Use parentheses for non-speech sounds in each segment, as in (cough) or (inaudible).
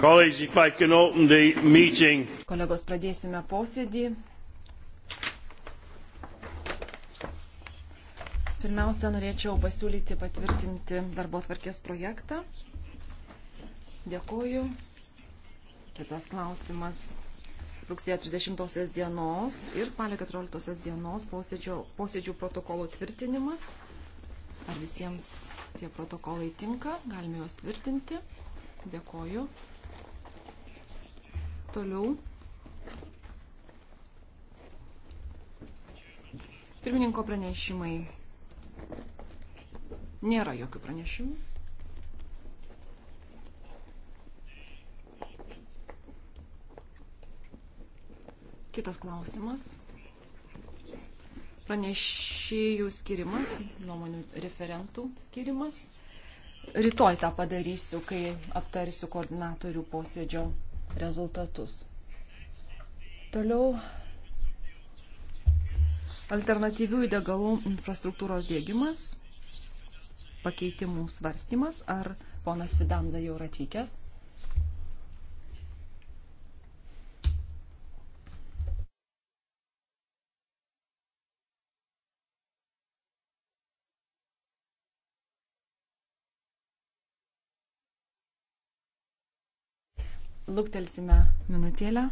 Kolegos, pradėsime posėdį. Pirmiausia, norėčiau pasiūlyti patvirtinti darbo tvarkės projektą. Dėkoju. Kitas klausimas. Rugsėjo 30 dienos ir spalio 14 dienos posėdžio, posėdžių protokolų tvirtinimas. Ar visiems tie protokolai tinka? Galime juos tvirtinti. Dėkoju. Toliau. Pirmininko pranešimai. Nėra jokių pranešimų. Kitas klausimas. Pranešėjų skirimas, nuomonių referentų skirimas. Rytoj tą padarysiu, kai aptarsiu koordinatorių posėdžio rezultatus. Toliau alternatyvių degalų infrastruktūros dėgymas, pakeitimų svarstymas, ar ponas Vidanza jau yra atvykęs? Luktelsime minutėlę.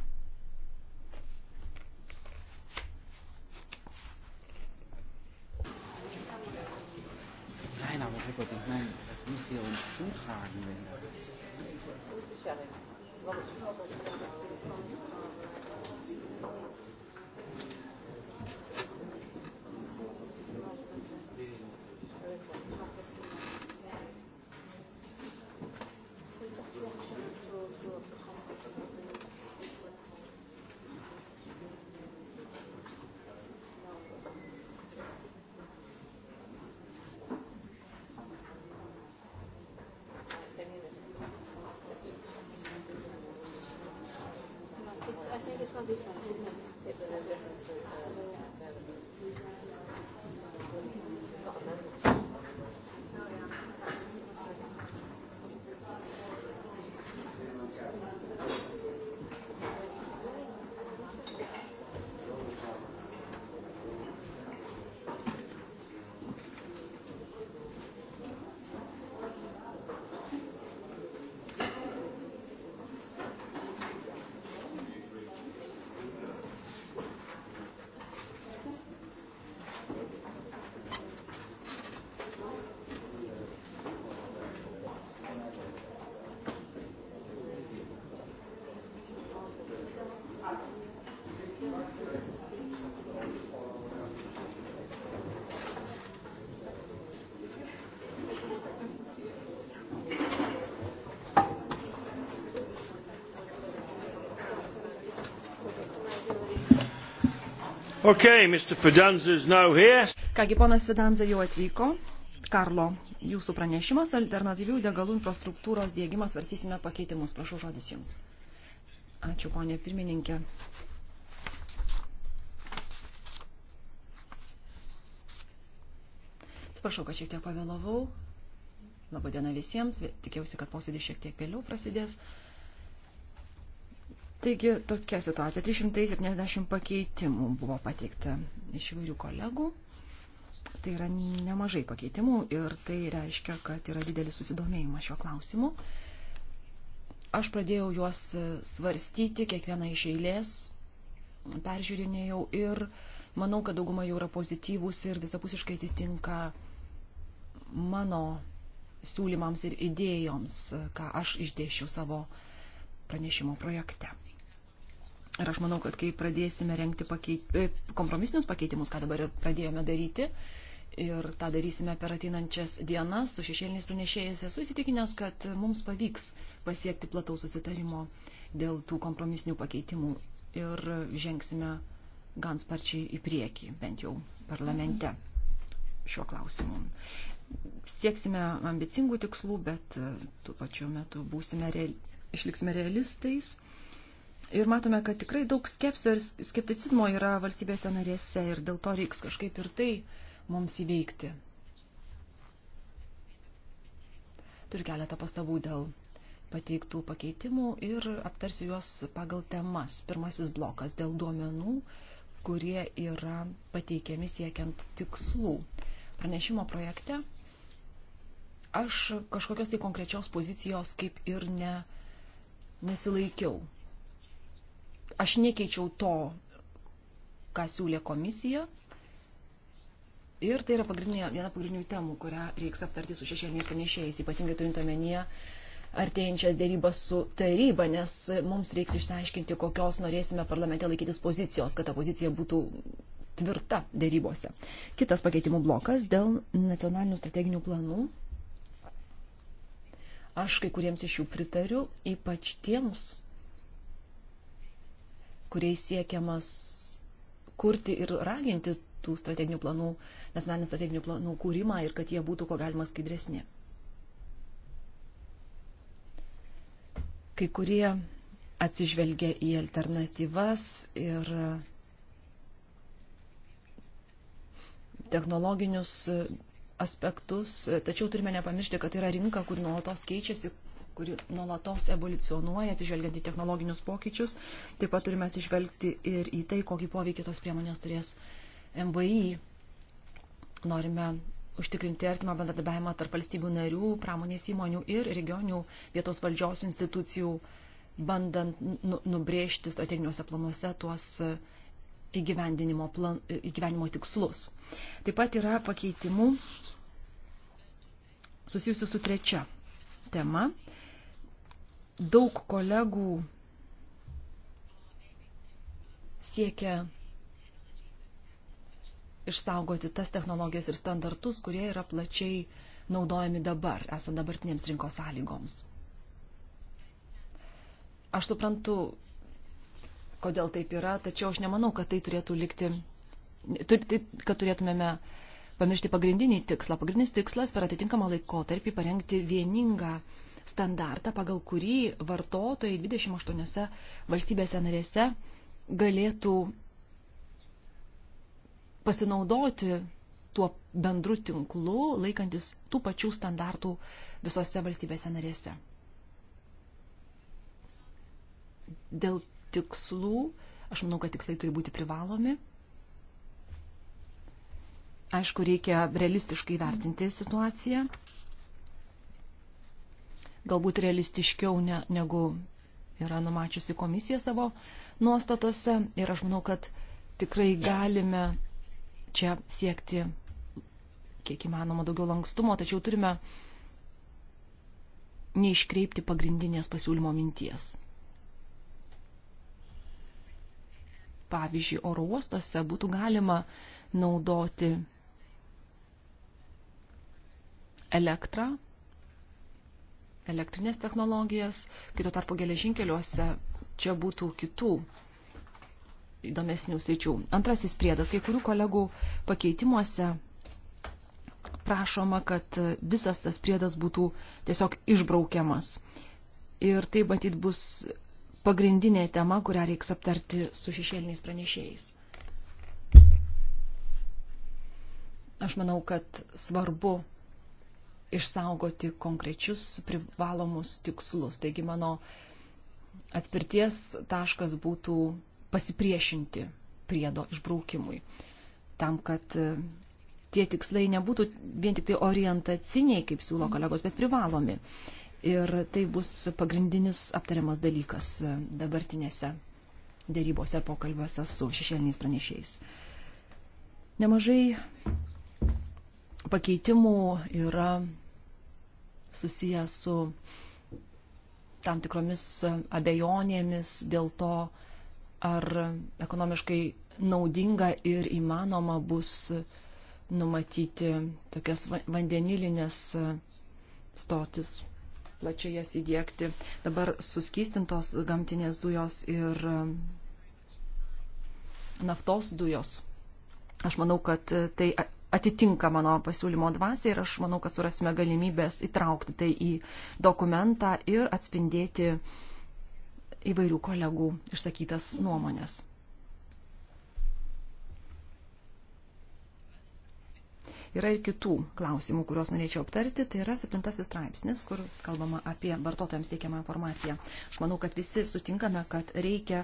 Nein, aber Herr Gott, ich meine, das müsst ihr uns zutragen, wenn das. Okay, Kągi, ponas Fidanza jau atvyko. Karlo, jūsų pranešimas alternatyvių degalų infrastruktūros dėgymas svarstysime pakeitimus. Prašau žodis jums. Ačiū, ponė pirmininkė. Atsiprašau, kad šiek tiek pavėlavau. Labadiena visiems. Tikėjausi, kad posėdis šiek tiek vėliau prasidės. Taigi tokia situacija. 370 pakeitimų buvo pateikta iš įvairių kolegų. Tai yra nemažai pakeitimų ir tai reiškia, kad yra didelis susidomėjimas šio klausimu. Aš pradėjau juos svarstyti kiekvieną iš eilės, peržiūrinėjau ir manau, kad dauguma jų yra pozityvūs ir visapusiškai atitinka mano siūlymams ir idėjoms, ką aš išdėšiau savo pranešimo projekte. Ir aš manau, kad kai pradėsime renkti pakeit, e, kompromisinius pakeitimus, ką dabar ir pradėjome daryti, ir tą darysime per ateinančias dienas su šešėliniais pranešėjais, esu įsitikinęs, kad mums pavyks pasiekti plataus susitarimo dėl tų kompromisinių pakeitimų ir žengsime gan sparčiai į priekį, bent jau parlamente šiuo klausimu. Sieksime ambicingų tikslų, bet tuo pačiu metu būsime real, išliksime realistais Ir matome, kad tikrai daug skepsio ir skepticizmo yra valstybėse narėse ir dėl to reiks kažkaip ir tai mums įveikti. Turiu keletą pastabų dėl pateiktų pakeitimų ir aptarsiu juos pagal temas. Pirmasis blokas dėl duomenų, kurie yra pateikiami siekiant tikslų. Pranešimo projekte aš kažkokios tai konkrečios pozicijos kaip ir ne, nesilaikiau aš nekeičiau to, ką siūlė komisija. Ir tai yra pagrindinė, viena pagrindinių temų, kurią reiks aptarti su šešėliniais panešėjais, ypatingai turint omenyje artėjančias dėrybas su taryba, nes mums reiks išsiaiškinti, kokios norėsime parlamente laikytis pozicijos, kad ta pozicija būtų tvirta dėrybose. Kitas pakeitimų blokas dėl nacionalinių strateginių planų. Aš kai kuriems iš jų pritariu, ypač tiems kuriais siekiamas kurti ir raginti tų strateginių planų, nacionalinių strateginių planų kūrimą ir kad jie būtų kuo galima skaidresni. Kai kurie atsižvelgia į alternatyvas ir technologinius aspektus, tačiau turime nepamiršti, kad tai yra rinka, kur nuolatos keičiasi, kuri nuolatos evoliucionuoja, atsižvelgiant į technologinius pokyčius. Taip pat turime atsižvelgti ir į tai, kokį poveikį tos priemonės turės MVI. Norime užtikrinti artimą bendradarbiavimą tarp valstybių narių, pramonės įmonių ir regionių vietos valdžios institucijų, bandant nu, nubrėžti strateginiuose planuose tuos įgyvendinimo, plan, įgyvendinimo tikslus. Taip pat yra pakeitimų susijusių su trečia tema Daug kolegų siekia išsaugoti tas technologijas ir standartus, kurie yra plačiai naudojami dabar, esant dabartinėms rinkos sąlygoms. Aš suprantu, kodėl taip yra, tačiau aš nemanau, kad tai turėtų likti, tai, kad turėtumėme pamiršti pagrindinį tikslą. Pagrindinis tikslas per atitinkamą laikotarpį parengti vieningą uh, standartą, pagal kurį vartotojai 28 valstybėse narėse galėtų pasinaudoti tuo bendru tinklu, laikantis tų pačių standartų visose valstybėse narėse. Dėl tikslų, aš manau, kad tikslai turi būti privalomi. Aišku, reikia realistiškai vertinti situaciją galbūt realistiškiau ne, negu yra numačiusi komisija savo nuostatose. Ir aš manau, kad tikrai galime čia siekti kiek įmanoma daugiau lankstumo, tačiau turime neiškreipti pagrindinės pasiūlymo minties. Pavyzdžiui, oro uostose būtų galima naudoti elektrą elektrinės technologijas, kito tarpo geležinkeliuose čia būtų kitų įdomesnių sričių. Antrasis priedas, kai kurių kolegų pakeitimuose prašoma, kad visas tas priedas būtų tiesiog išbraukiamas. Ir tai, matyt, bus pagrindinė tema, kurią reiks aptarti su šešėliniais pranešėjais. Aš manau, kad svarbu išsaugoti konkrečius privalomus tikslus. Taigi mano atspirties taškas būtų pasipriešinti priedo išbraukimui, tam, kad e, tie tikslai nebūtų vien tik tai orientaciniai, kaip siūlo kolegos, bet privalomi. Ir tai bus pagrindinis aptariamas dalykas e, dabartinėse dėrybose ir pokalbiuose su šešėliniais pranešėjais. Nemažai pakeitimų yra susijęs su tam tikromis abejonėmis dėl to, ar ekonomiškai naudinga ir įmanoma bus numatyti tokias vandenilinės stotis, plačiai jas įdėkti. Dabar suskystintos gamtinės dujos ir naftos dujos. Aš manau, kad tai atitinka mano pasiūlymo dvasia ir aš manau, kad surasime galimybės įtraukti tai į dokumentą ir atspindėti įvairių kolegų išsakytas nuomonės. Yra ir kitų klausimų, kuriuos norėčiau aptarti. Tai yra septintasis straipsnis, kur kalbama apie vartotojams teikiamą informaciją. Aš manau, kad visi sutinkame, kad reikia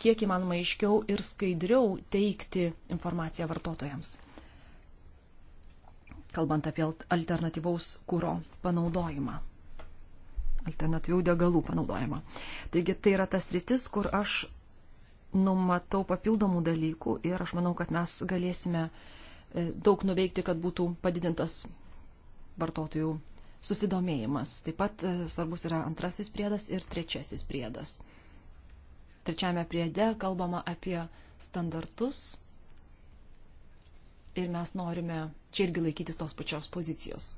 kiek įmanoma aiškiau ir skaidriau teikti informaciją vartotojams kalbant apie alternatyvaus kūro panaudojimą, alternatyvių degalų panaudojimą. Taigi tai yra tas rytis, kur aš numatau papildomų dalykų ir aš manau, kad mes galėsime e, daug nuveikti, kad būtų padidintas vartotojų susidomėjimas. Taip pat e, svarbus yra antrasis priedas ir trečiasis priedas. Trečiame priede kalbama apie standartus ir mes norime čia irgi laikytis tos pačios pozicijos.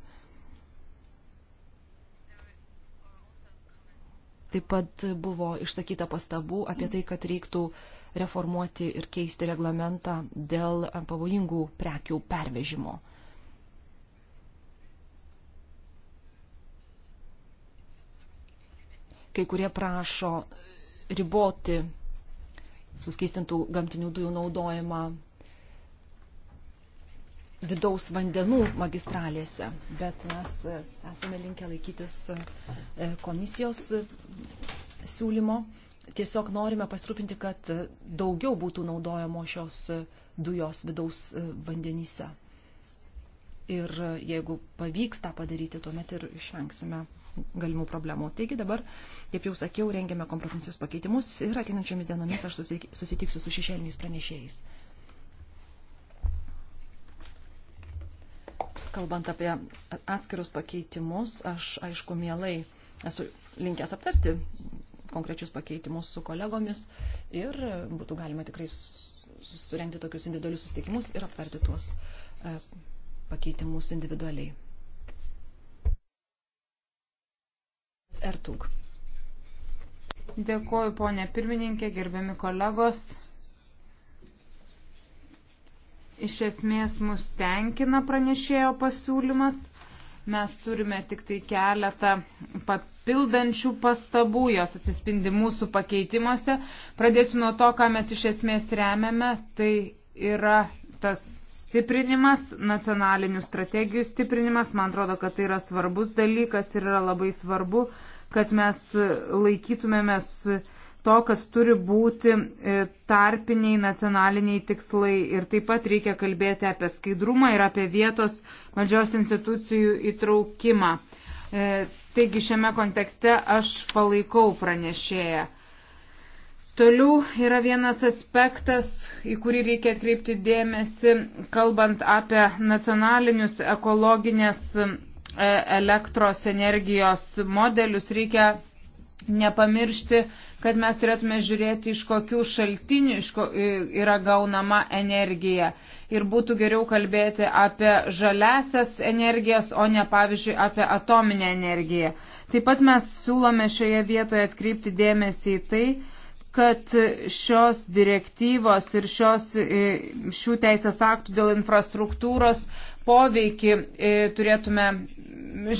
Taip pat buvo išsakyta pastabų apie tai, kad reiktų reformuoti ir keisti reglamentą dėl pavojingų prekių pervežimo. Kai kurie prašo riboti suskistintų gamtinių dujų naudojimą vidaus vandenų magistralėse, bet mes e, esame linkę laikytis e, komisijos e, siūlymo. Tiesiog norime pasirūpinti, kad daugiau būtų naudojamo šios dujos vidaus vandenyse. Ir jeigu pavyks tą padaryti, tuomet ir išvengsime galimų problemų. Taigi dabar, kaip jau sakiau, rengiame kompromisijos pakeitimus ir ateinančiomis dienomis aš susitiksiu su šešėliniais pranešėjais. Kalbant apie atskirus pakeitimus, aš aišku mielai esu linkęs aptarti konkrečius pakeitimus su kolegomis ir būtų galima tikrai surengti tokius individualius susitikimus ir aptarti tuos e, pakeitimus individualiai. Ertug. Dėkuoju, ponė pirmininkė, gerbiami kolegos. Iš esmės mus tenkina pranešėjo pasiūlymas. Mes turime tik tai keletą papildančių pastabų, jos atsispindi mūsų pakeitimuose. Pradėsiu nuo to, ką mes iš esmės remiame. Tai yra tas stiprinimas, nacionalinių strategijų stiprinimas. Man atrodo, kad tai yra svarbus dalykas ir yra labai svarbu, kad mes laikytumėmės to, kad turi būti e, tarpiniai nacionaliniai tikslai ir taip pat reikia kalbėti apie skaidrumą ir apie vietos valdžios institucijų įtraukimą. E, taigi šiame kontekste aš palaikau pranešėją. Toliau yra vienas aspektas, į kurį reikia atkreipti dėmesį, kalbant apie nacionalinius ekologinės e, elektros energijos modelius, reikia nepamiršti, kad mes turėtume žiūrėti, iš kokių šaltinių iš ko, yra gaunama energija. Ir būtų geriau kalbėti apie žaliasias energijas, o ne, pavyzdžiui, apie atominę energiją. Taip pat mes siūlome šioje vietoje atkreipti dėmesį į tai, kad šios direktyvos ir šios, šių teisės aktų dėl infrastruktūros poveikį turėtume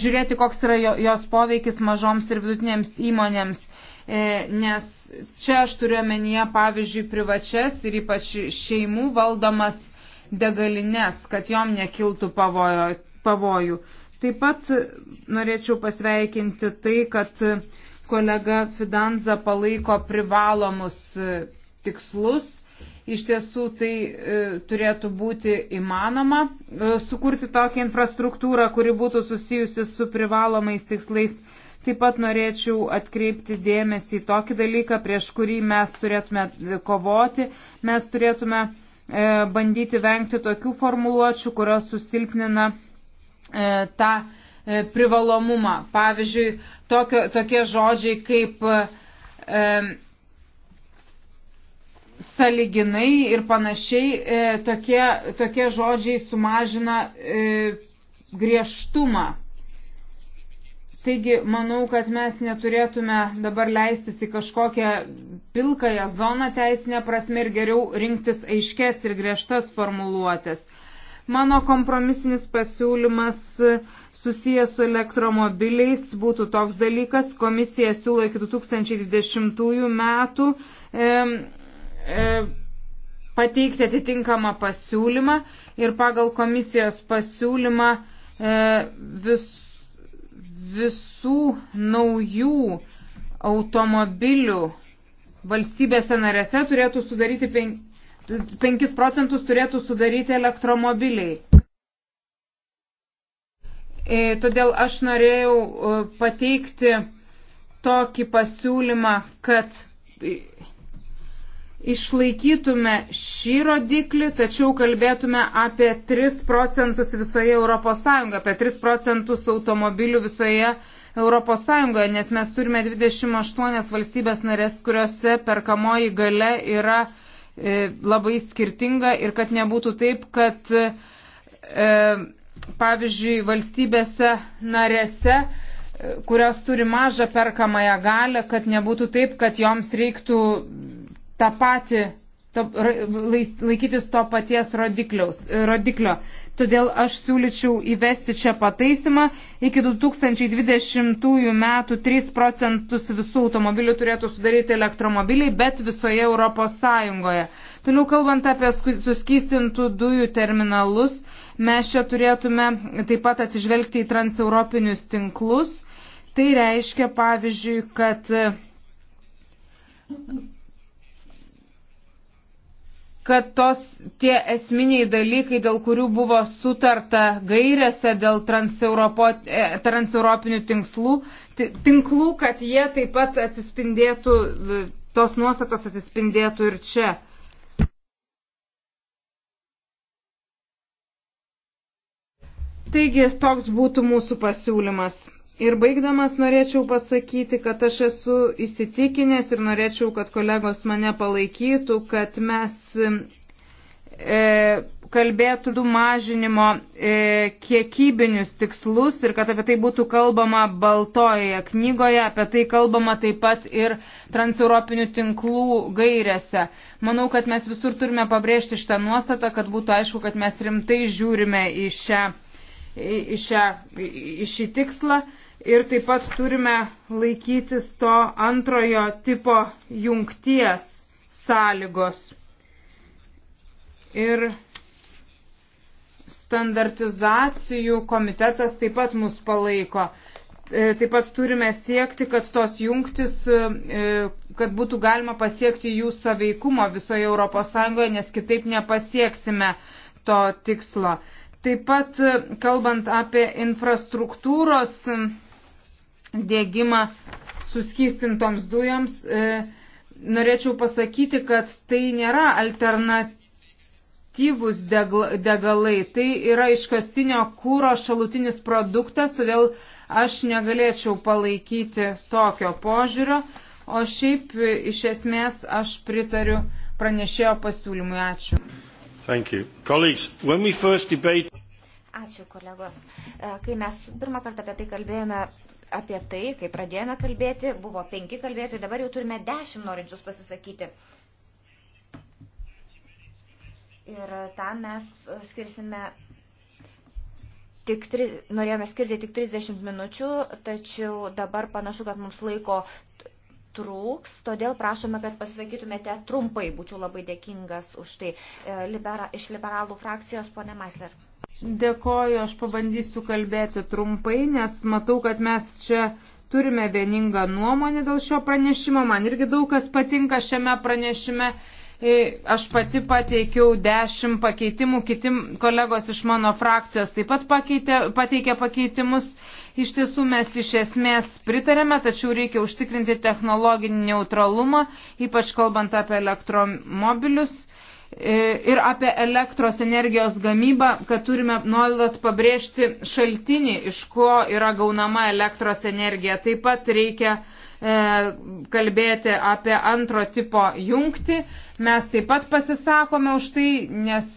žiūrėti, koks yra jos poveikis mažoms ir vidutinėms įmonėms E, nes čia aš turiu omenyje, pavyzdžiui, privačias ir ypač šeimų valdomas degalinės, kad jom nekiltų pavojo, pavojų. Taip pat norėčiau pasveikinti tai, kad kolega Fidanza palaiko privalomus e, tikslus. Iš tiesų tai e, turėtų būti įmanoma e, sukurti tokią infrastruktūrą, kuri būtų susijusi su privalomais tikslais Taip pat norėčiau atkreipti dėmesį į tokį dalyką, prieš kurį mes turėtume kovoti. Mes turėtume e, bandyti vengti tokių formuluočių, kurios susilpnina e, tą e, privalomumą. Pavyzdžiui, tokio, tokie žodžiai kaip saliginai ir panašiai, e, tokie, tokie žodžiai sumažina e, griežtumą. Taigi, manau, kad mes neturėtume dabar leistis į kažkokią pilkąją zoną teisinę prasme ir geriau rinktis aiškes ir griežtas formuluotės. Mano kompromisinis pasiūlymas susijęs su elektromobiliais būtų toks dalykas. Komisija siūlo iki 2020 metų e, e, pateikti atitinkamą pasiūlymą ir pagal komisijos pasiūlymą e, visų visų naujų automobilių valstybėse narėse turėtų sudaryti 5 procentus turėtų sudaryti elektromobiliai. E, todėl aš norėjau e, pateikti tokį pasiūlymą, kad išlaikytume šį rodiklį, tačiau kalbėtume apie 3 procentus visoje ES, apie 3 procentus automobilių visoje ES, nes mes turime 28 valstybės narės, kuriuose perkamoji gale yra e, labai skirtinga ir kad nebūtų taip, kad e, pavyzdžiui valstybėse narėse e, kurios turi mažą perkamąją galę, kad nebūtų taip, kad joms reiktų tą patį, to, laikytis to paties rodiklio. Todėl aš siūlyčiau įvesti čia pataisimą. Iki 2020 metų 3 procentus visų automobilių turėtų sudaryti elektromobiliai, bet visoje Europos Sąjungoje. Toliau kalbant apie suskystintų dujų terminalus, mes čia turėtume taip pat atsižvelgti į transeuropinius tinklus. Tai reiškia, pavyzdžiui, kad kad tos tie esminiai dalykai, dėl kurių buvo sutarta gairėse dėl e, transeuropinių tinklų, tinklų, kad jie taip pat atsispindėtų, e, tos nuostatos atsispindėtų ir čia. Taigi toks būtų mūsų pasiūlymas. Ir baigdamas norėčiau pasakyti, kad aš esu įsitikinęs ir norėčiau, kad kolegos mane palaikytų, kad mes e, kalbėtų mažinimo e, kiekybinius tikslus ir kad apie tai būtų kalbama baltojoje knygoje, apie tai kalbama taip pat ir transeuropinių tinklų gairėse. Manau, kad mes visur turime pabrėžti šitą nuostatą, kad būtų aišku, kad mes rimtai žiūrime į šią, į šią, į šį tikslą. E, ir taip pat turime laikytis to antrojo tipo jungties sąlygos. Ir standartizacijų komitetas taip pat mus palaiko. E, taip pat turime siekti, kad tos jungtis, e, e, kad būtų galima pasiekti jų saveikumo visoje ES, nes kitaip nepasieksime to tikslo. Taip pat, kalbant apie infrastruktūros dėgymą suskystintoms dujoms, e, norėčiau pasakyti, kad tai nėra alternatyvus degalai, tai yra iškastinio kūro šalutinis produktas, todėl aš negalėčiau palaikyti tokio požiūrio, o šiaip iš esmės aš pritariu pranešėjo pasiūlymui. Ačiū. Debate... Ačiū kolegos. E, kai mes pirmą kartą apie tai kalbėjome apie tai, kai pradėjome kalbėti, buvo penki kalbėtojai, dabar jau turime dešimt norinčius pasisakyti. Ir tam mes skirsime tik, tri, norėjome skirti tik 30 minučių, tačiau dabar panašu, kad mums laiko trūks, todėl prašome, kad pasakytumėte trumpai, būčiau labai dėkingas už tai. E, libera, iš liberalų frakcijos, ponė Maisler. Dėkoju, aš pabandysiu kalbėti trumpai, nes matau, kad mes čia turime vieningą nuomonę dėl šio pranešimo. Man irgi daug kas patinka šiame pranešime. E, aš pati pateikiau dešimt pakeitimų, kiti kolegos iš mano frakcijos taip pat pakeitė, pateikė pakeitimus. Iš tiesų mes iš esmės pritarėme, tačiau reikia užtikrinti technologinį neutralumą, ypač kalbant apie elektromobilius e, ir apie elektros energijos gamybą, kad turime nuolat pabrėžti šaltinį, iš ko yra gaunama elektros energija. Taip pat reikia e, kalbėti apie antro tipo jungti. Mes taip pat pasisakome už tai, nes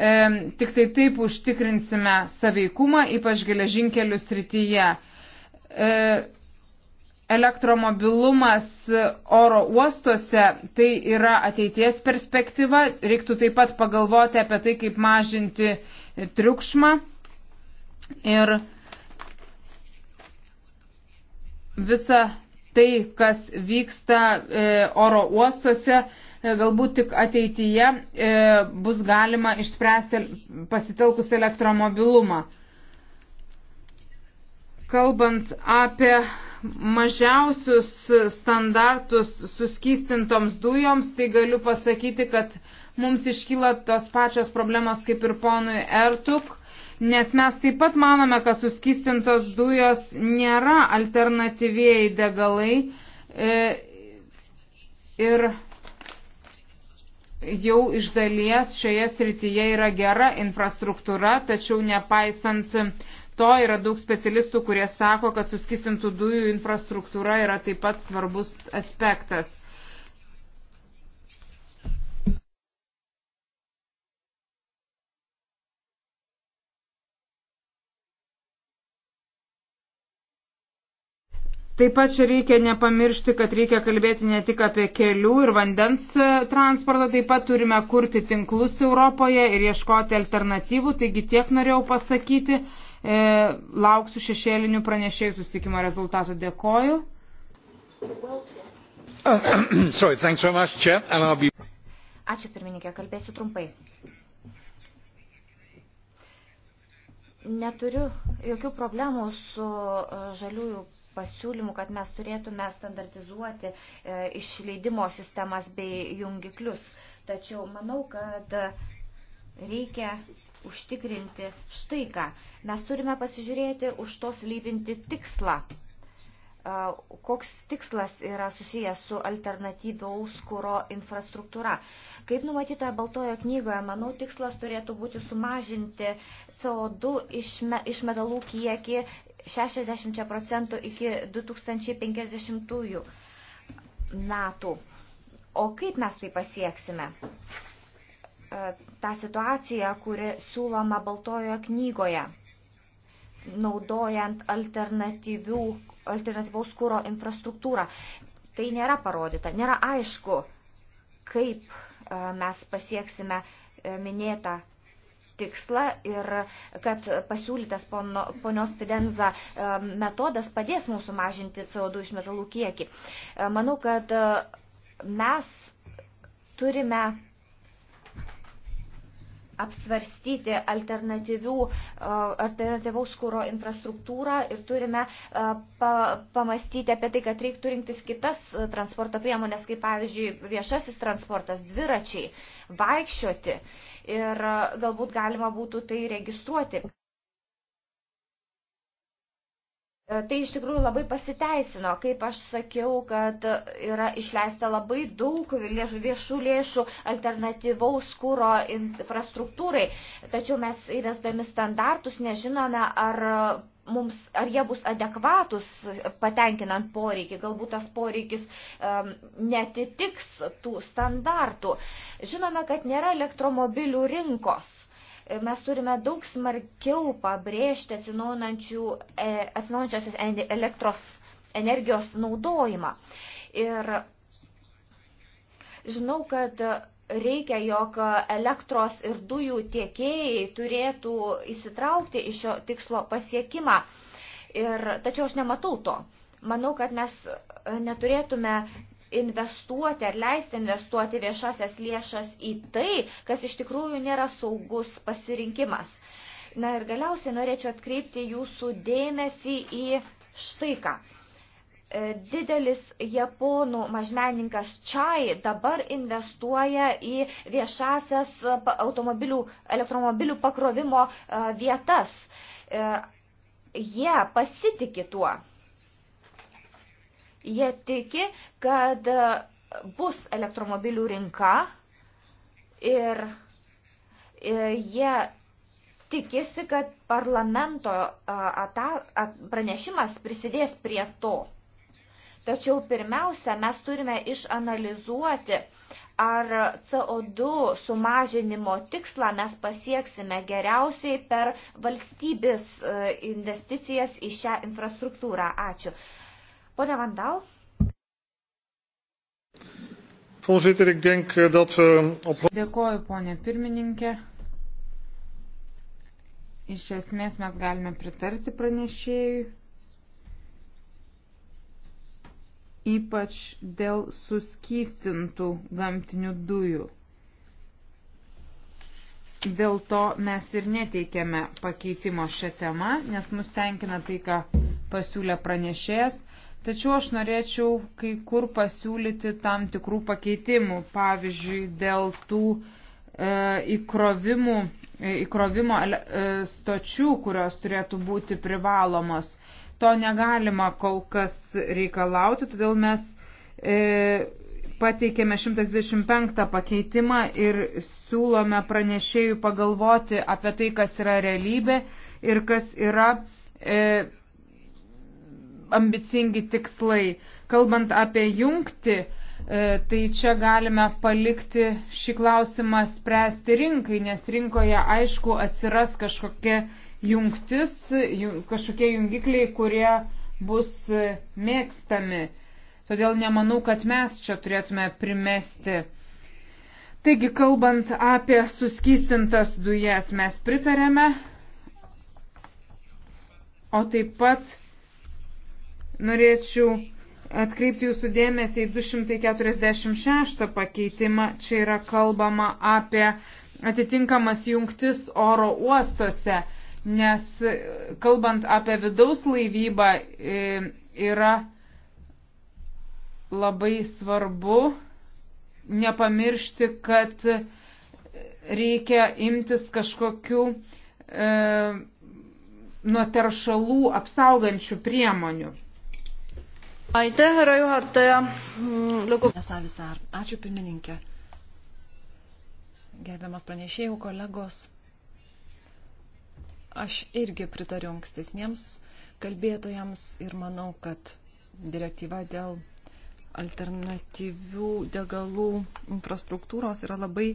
E, tik tai taip užtikrinsime saveikumą, ypač geležinkelių srityje. E, elektromobilumas oro uostuose tai yra ateities perspektyva. Reiktų taip pat pagalvoti apie tai, kaip mažinti triukšmą. Ir visa tai, kas vyksta e, oro uostuose, e, E, galbūt tik ateityje e, bus galima išspręsti pasitelkus elektromobilumą. Kalbant apie mažiausius standartus suskystintoms dujoms, tai galiu pasakyti, kad mums iškyla tos pačios problemos kaip ir ponui Ertuk, nes mes taip pat manome, kad suskystintos dujos nėra alternatyvėjai degalai. E, ir jau iš dalies šioje srityje yra gera infrastruktūra, tačiau nepaisant to yra daug specialistų, kurie sako, kad suskistintų dujų infrastruktūra yra taip pat svarbus aspektas. Taip pat čia reikia nepamiršti, kad reikia kalbėti ne tik apie kelių ir vandens e, transportą, taip pat turime kurti tinklus Europoje ir ieškoti alternatyvų. Taigi tiek norėjau pasakyti. E, lauksiu šešėlinių pranešėjų sustikimo rezultatų. Dėkoju. (coughs) Ačiū pirmininkė, kalbėsiu trumpai. Neturiu jokių problemų su e, žaliųjų pasiūlymų, kad mes turėtume standartizuoti e, išleidimo sistemas bei jungiklius. Tačiau manau, kad reikia užtikrinti štai ką. Mes turime pasižiūrėti už to slypinti tikslą. E, koks tikslas yra susijęs su alternatyvaus kūro infrastruktūra. Kaip numatytoje Baltojo knygoje, manau, tikslas turėtų būti sumažinti CO2 išmetalų kiekį 60 procentų iki 2050 metų. O kaip mes tai pasieksime? E, Ta situacija, kuri siūloma Baltojoje knygoje, naudojant alternatyvaus kūro infrastruktūrą. Tai nėra parodyta, nėra aišku, kaip e, mes pasieksime e, minėtą tikslą ir kad pasiūlytas pono, ponios Fidenza metodas padės mūsų mažinti CO2 išmetalų kiekį. Manau, kad mes turime apsvarstyti e, alternatyvaus kūro infrastruktūrą ir turime e, pa, pamastyti apie tai, kad reiktų rinktis kitas e, transporto priemonės, kaip pavyzdžiui viešasis transportas, dviračiai, vaikščioti ir galbūt galima būtų tai registruoti. E, tai iš tikrųjų labai pasiteisino, kaip aš sakiau, kad yra išleista labai daug viešų lėšų alternatyvaus kūro infrastruktūrai, tačiau mes įvesdami standartus nežinome, ar, mums, ar jie bus adekvatus patenkinant poreikį, galbūt tas poreikis um, netitiks tų standartų. Žinome, kad nėra elektromobilių rinkos mes turime daug smarkiau pabrėžti e, atsinaujinančios elektros energijos naudojimą. Ir žinau, kad reikia, jog elektros ir dujų tiekėjai turėtų įsitraukti į šio tikslo pasiekimą. Ir, tačiau aš nematau to. Manau, kad mes neturėtume investuoti ar leisti investuoti viešasias lėšas į tai, kas iš tikrųjų nėra saugus pasirinkimas. Na ir galiausiai norėčiau atkreipti jūsų dėmesį į štai ką. E, didelis japonų mažmeninkas Čai dabar investuoja į viešasias automobilių, elektromobilių pakrovimo e, vietas. E, jie pasitikė tuo. Jie tiki, kad e, bus elektromobilių rinka ir e, jie tikisi, kad parlamento e, ata, pranešimas prisidės prie to. Tačiau pirmiausia, mes turime išanalizuoti, ar CO2 sumažinimo tikslą mes pasieksime geriausiai per valstybės investicijas į šią infrastruktūrą. Ačiū. Pone Vandal. Voorzitter, ik denk eh, dat we op. Dėkoju, ponė pirmininkė. Iš esmės mes galime pritarti pranešėjui, ypač dėl suskystintų gamtinių dujų. Dėl to mes ir neteikėme pakeitimo šią temą, nes mus tenkina tai, ką pasiūlė pranešėjas. Tačiau aš norėčiau kai kur pasiūlyti tam tikrų pakeitimų, pavyzdžiui, dėl tų e, įkrovimų, e, įkrovimo e, stočių, kurios turėtų būti privalomos. To negalima kol kas reikalauti, todėl mes e, pateikėme 125 pakeitimą ir siūlome pranešėjų pagalvoti apie tai, kas yra realybė ir kas yra e, ambicingi tikslai. Kalbant apie jungti, e, tai čia galime palikti šį klausimą spręsti rinkai, nes rinkoje aišku atsiras kažkokia jungtis, kažkokie jungikliai, kurie bus e, mėgstami. Todėl nemanau, kad mes čia turėtume primesti. Taigi, kalbant apie suskystintas dujas, mes pritarėme, o taip pat norėčiau atkreipti jūsų dėmesį į 246 pakeitimą. Čia yra kalbama apie atitinkamas jungtis oro uostuose, nes e, kalbant apie vidaus laivybą e, yra labai svarbu nepamiršti, kad reikia imtis kažkokių e, nuo teršalų apsaugančių priemonių. Aitė, yra juhataja. Nesavisar. Mm, Ačiū pirmininkė. Gerbiamas pranešėjų kolegos. Aš irgi pritariu ankstesniems kalbėtojams ir manau, kad direktyva dėl alternatyvių degalų infrastruktūros yra labai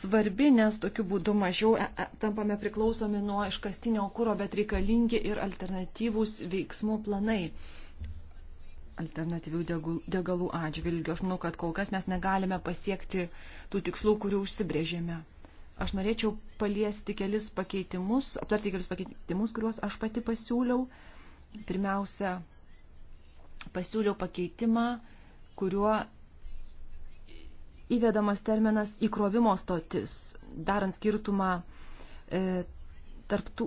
svarbi, nes tokiu būdu mažiau e, e, tampame priklausomi nuo iškastinio kūro, bet reikalingi ir alternatyvūs veiksmų planai alternatyvių degalų atžvilgių. Aš manau, kad kol kas mes negalime pasiekti tų tikslų, kurių užsibrėžėme. Aš norėčiau paliesti kelis pakeitimus, aptarti kelis pakeitimus, kuriuos aš pati pasiūliau. Pirmiausia, pasiūliau pakeitimą, kuriuo įvedamas terminas įkrovimo stotis, darant skirtumą e, tarptų,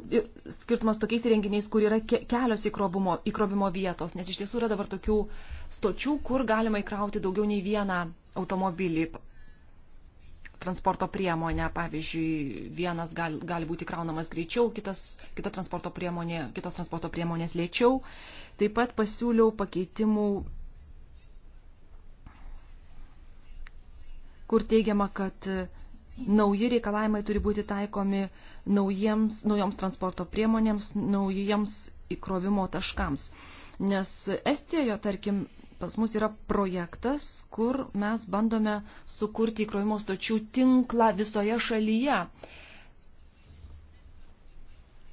skirtumas tokiais įrenginiais, kur yra kelios įkrovimo, įkrovimo vietos, nes iš tiesų yra dabar tokių stočių, kur galima įkrauti daugiau nei vieną automobilį transporto priemonę, pavyzdžiui, vienas gali, gali būti kraunamas greičiau, kitas, kita transporto priemonė, kitos transporto priemonės lėčiau. Taip pat pasiūliau pakeitimų, kur teigiama, kad uh, Nauji reikalavimai turi būti taikomi naujiems, naujoms transporto priemonėms, naujiems įkrovimo taškams. Nes Estijoje, tarkim, pas mus yra projektas, kur mes bandome sukurti įkrovimo stočių tinklą visoje šalyje.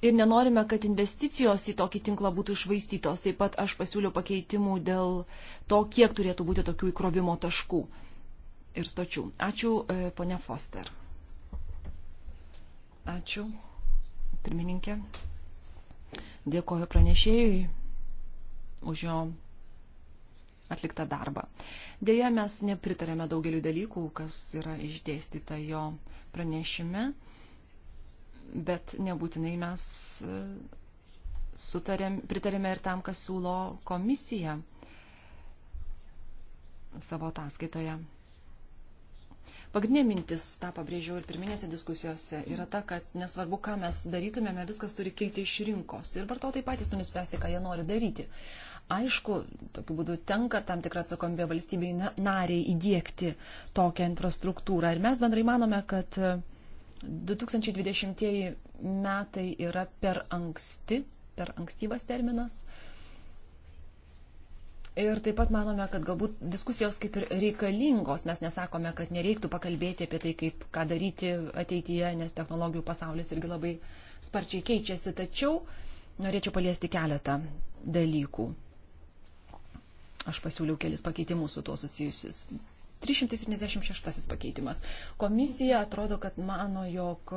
Ir nenorime, kad investicijos į tokį tinklą būtų išvaistytos. Taip pat aš pasiūliau pakeitimų dėl to, kiek turėtų būti tokių įkrovimo taškų ir stočių. Ačiū, e, ponia Foster. Ačiū, pirmininkė. Dėkoju pranešėjui už jo atliktą darbą. Deja, mes nepritarėme daugeliu dalykų, kas yra išdėstyta jo pranešime, bet nebūtinai mes e, sutarėm, pritarėme ir tam, kas siūlo komisija savo ataskaitoje. Pagrindinė mintis, tą pabrėžiau ir pirminėse diskusijose, yra ta, kad nesvarbu, ką mes darytumėme, viskas turi kilti iš rinkos. Ir vartotojai patys turi spręsti, ką jie nori daryti. Aišku, tokiu būdu tenka tam tikrą atsakomybę valstybei nariai įdėkti tokią infrastruktūrą. Ir mes bendrai manome, kad 2020 metai yra per anksti, per ankstyvas terminas. Uh, Ir taip pat manome, kad galbūt diskusijos kaip ir reikalingos, mes nesakome, kad nereiktų pakalbėti apie tai, kaip ką daryti ateityje, nes technologijų pasaulis irgi labai sparčiai keičiasi, tačiau norėčiau paliesti keletą dalykų. Aš pasiūliau kelis pakeitimus su tuo susijusius. 376 pakeitimas. Komisija atrodo, kad mano, jog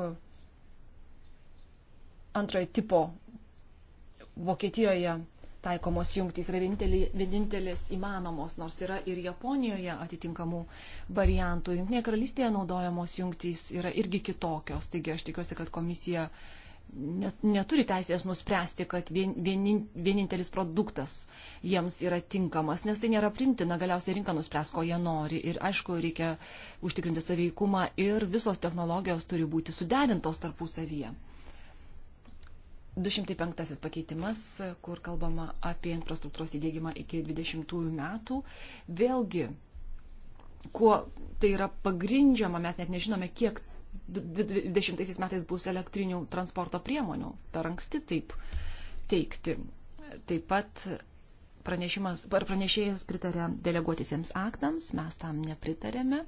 antrojo tipo Vokietijoje taikomos jungtys yra vienintelės įmanomos, nors yra ir Japonijoje atitinkamų variantų. Junktinėje karalystėje naudojamos jungtys yra irgi kitokios, taigi aš tikiuosi, kad komisija net, neturi teisės nuspręsti, kad vien, vienin, vienintelis produktas jiems yra tinkamas, nes tai nėra primtina, galiausiai rinka nuspręs, ko jie nori. Ir aišku, reikia užtikrinti saveikumą ir visos technologijos turi būti suderintos tarpusavyje. 205 pakeitimas, kur kalbama apie infrastruktūros įdėgymą iki 20 metų. Vėlgi, kuo tai yra pagrindžiama, mes net nežinome, kiek 20 metais bus elektrinių transporto priemonių. Per anksti taip teikti. Taip pat pranešimas, ar pranešėjas pritarė deleguotisiems aktams, mes tam nepritarėme.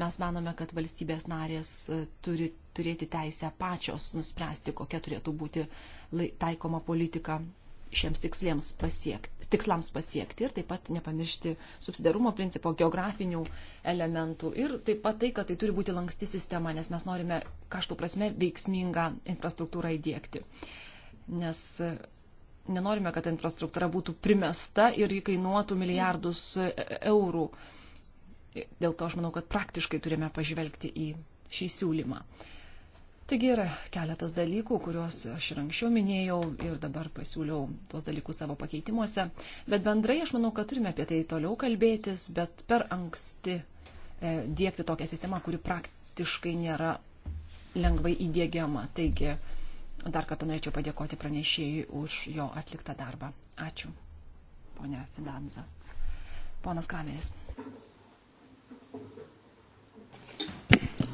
Mes manome, kad valstybės narės e, turi turėti teisę pačios nuspręsti, kokia turėtų būti taikoma politika šiems tiksliems pasiekti, tikslams pasiekti ir taip pat nepamiršti subsidarumo principo, geografinių elementų ir taip pat tai, kad tai turi būti lanksti sistema, nes mes norime kažtų prasme veiksmingą infrastruktūrą įdėkti. Nes nenorime, kad infrastruktūra būtų primesta ir ji kainuotų milijardus eurų. Dėl to aš manau, kad praktiškai turime pažvelgti į šį siūlymą. Taigi yra keletas dalykų, kuriuos aš ir anksčiau minėjau ir dabar pasiūliau tuos dalykus savo pakeitimuose. Bet bendrai aš manau, kad turime apie tai toliau kalbėtis, bet per anksti e, dėkti tokią sistemą, kuri praktiškai nėra lengvai įdėgiama. Taigi, Dar kartą norėčiau padėkoti pranešėjui už jo atliktą darbą. Ačiū, ponia Fidanza. Ponas Krameris.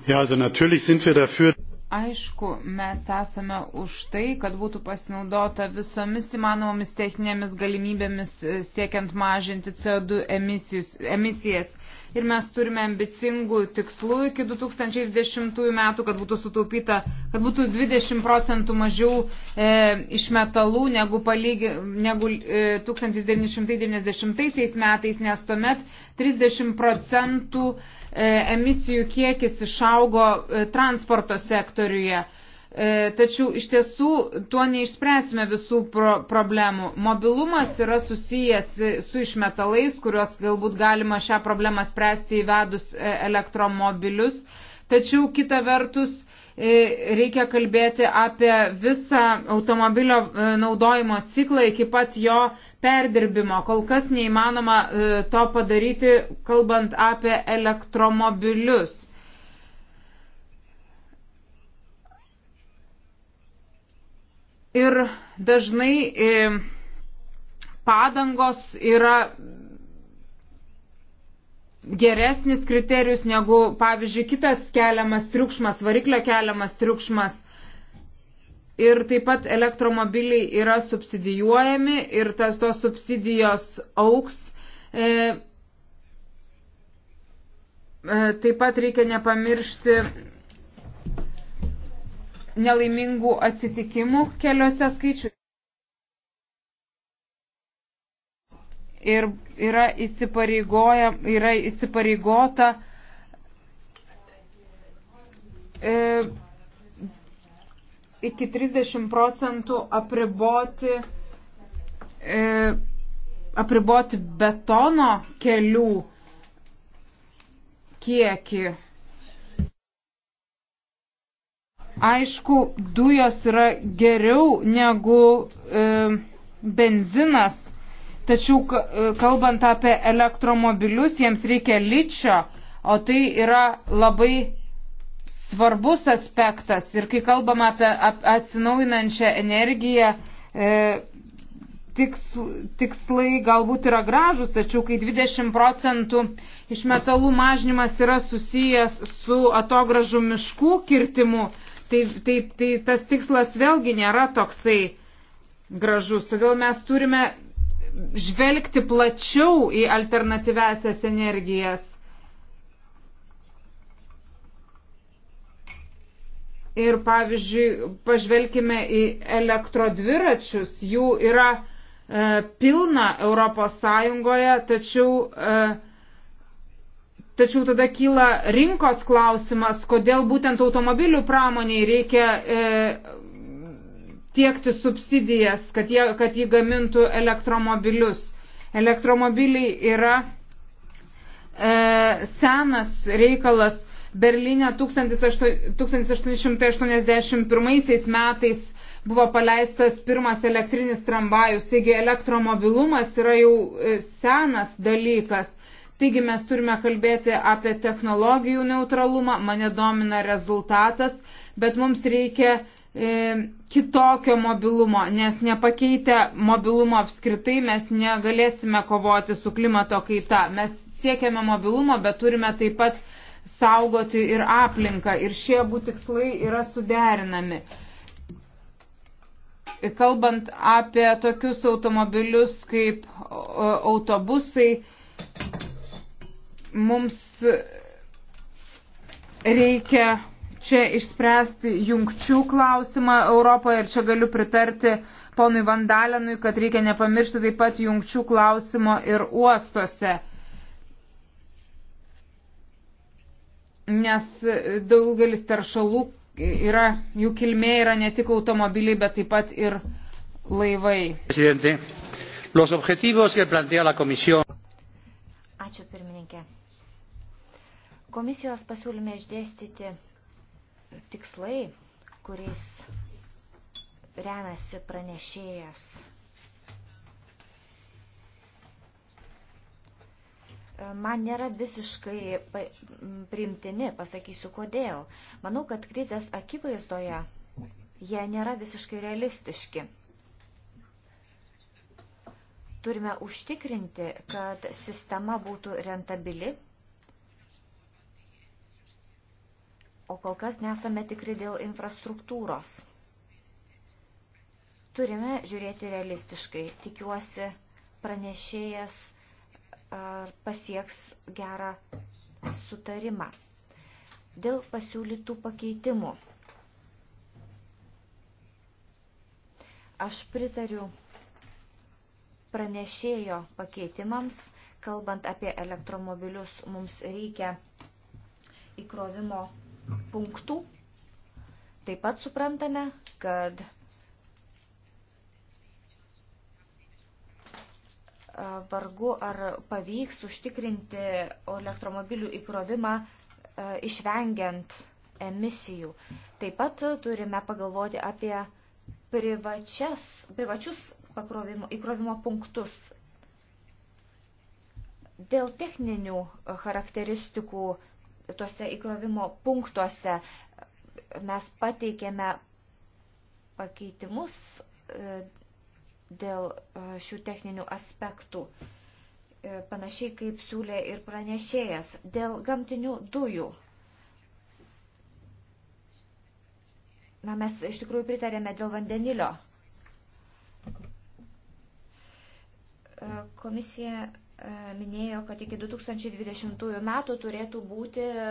Ja, also natürlich sind wir dafür. Aišku, mes esame už tai, kad būtų pasinaudota visomis įmanomomis techninėmis galimybėmis e, siekiant mažinti CO2 emisijus, emisijas. Ir mes turime ambicingų tikslų iki 2010 metų, kad būtų sutaupyta, kad būtų 20 procentų mažiau e, iš metalų negu, palygi, negu e, 1990 metais, nes tuomet 30 procentų e, emisijų kiekis išaugo e, transporto sektoriuje sektoriuje. E, tačiau iš tiesų tuo neišspręsime visų pro problemų. Mobilumas yra susijęs su išmetalais, kuriuos galbūt galima šią problemą spręsti įvedus e, elektromobilius. Tačiau kita vertus e, reikia kalbėti apie visą automobilio naudojimo ciklą iki pat jo perdirbimo. Kol kas neįmanoma to padaryti, kalbant apie elektromobilius. Ir dažnai e, padangos yra geresnis kriterijus negu, pavyzdžiui, kitas keliamas triukšmas, variklio keliamas triukšmas. Ir taip pat elektromobiliai yra subsidijuojami ir tas tos subsidijos auks. E, e, taip pat reikia nepamiršti nelaimingų atsitikimų keliuose skaičių. Ir yra, yra įsipareigota e, iki 30 procentų apriboti, e, apriboti betono kelių kiekį. Aišku, dujos yra geriau negu e, benzinas, tačiau e, kalbant apie elektromobilius, jiems reikia ličio, o tai yra labai svarbus aspektas. Ir kai kalbam apie atsinaujinančią energiją, e, tikslai galbūt yra gražus, tačiau kai 20 procentų iš metalų mažnymas yra susijęs su atogražų miškų kirtimu, tai, tai, tai tas tikslas vėlgi nėra toksai gražus. Todėl mes turime žvelgti plačiau į alternatyvesias energijas. Ir pavyzdžiui, pažvelkime į elektrodviračius. Jų yra e, pilna Europos Sąjungoje, tačiau e, Tačiau tada kyla rinkos klausimas, kodėl būtent automobilių pramoniai reikia e, tiekti subsidijas, kad jie, kad jie gamintų elektromobilius. Elektromobiliai yra e, senas reikalas. Berlyne 1881 metais buvo paleistas pirmas elektrinis tramvajus, taigi elektromobilumas yra jau e, senas dalykas. Taigi mes turime kalbėti apie technologijų neutralumą, mane domina rezultatas, bet mums reikia e, kitokio mobilumo, nes nepakeitę mobilumo apskritai mes negalėsime kovoti su klimato kaita. Mes siekiame mobilumo, bet turime taip pat saugoti ir aplinką ir šie abu tikslai yra suderinami kalbant apie tokius automobilius kaip e, autobusai, mums reikia čia išspręsti jungčių klausimą Europoje ir čia galiu pritarti ponui Vandalenui, kad reikia nepamiršti taip pat jungčių klausimo ir uostuose. Nes daugelis teršalų yra, jų kilmė yra ne tik automobiliai, bet taip pat ir laivai. Presidente, los objetivos que plantea la Comisión. Ačiū pirmininkė. Komisijos pasiūlyme išdėstyti tikslai, kuriais renasi pranešėjas. Man nėra visiškai priimtini, pasakysiu kodėl. Manau, kad krizės akivaizdoje jie nėra visiškai realistiški. Turime užtikrinti, kad sistema būtų rentabili, o kol kas nesame tikri dėl infrastruktūros. Turime žiūrėti realistiškai. Tikiuosi, pranešėjas pasieks gerą sutarimą. Dėl pasiūlytų pakeitimų. Aš pritariu pranešėjo pakeitimams, kalbant apie elektromobilius, mums reikia įkrovimo punktų. Taip pat suprantame, kad e, vargu ar pavyks užtikrinti elektromobilių įkrovimą e, išvengiant emisijų. Taip pat turime pagalvoti apie privačias, privačius pakrovimo, įkrovimo punktus. Dėl techninių charakteristikų tuose įkrovimo punktuose mes pateikėme pakeitimus e, dėl e, šių techninių aspektų, e, panašiai kaip siūlė ir pranešėjas, dėl gamtinių dujų. Na, mes iš tikrųjų pritarėme dėl vandenilio E, komisija e, minėjo, kad iki 2020 metų turėtų būti e,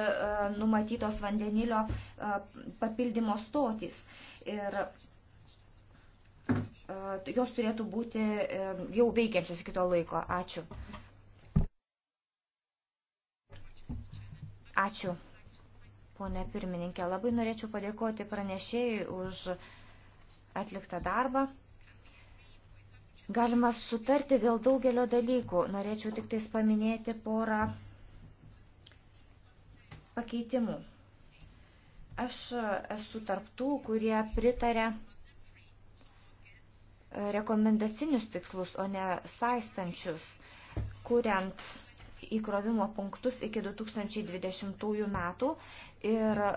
numatytos vandenilio papildymo stotys. Ir jos turėtų būti jau veikiančios iki to laiko. Ačiū. Ačiū, ponė pirmininkė. Labai norėčiau padėkoti pranešėjai už atliktą darbą. Galima sutarti dėl daugelio dalykų. Norėčiau tik tais paminėti porą pakeitimų. Aš esu tarptų, kurie pritarė rekomendacinius tikslus, o ne saistančius, kuriant įkrovimo punktus iki 2020 metų ir e,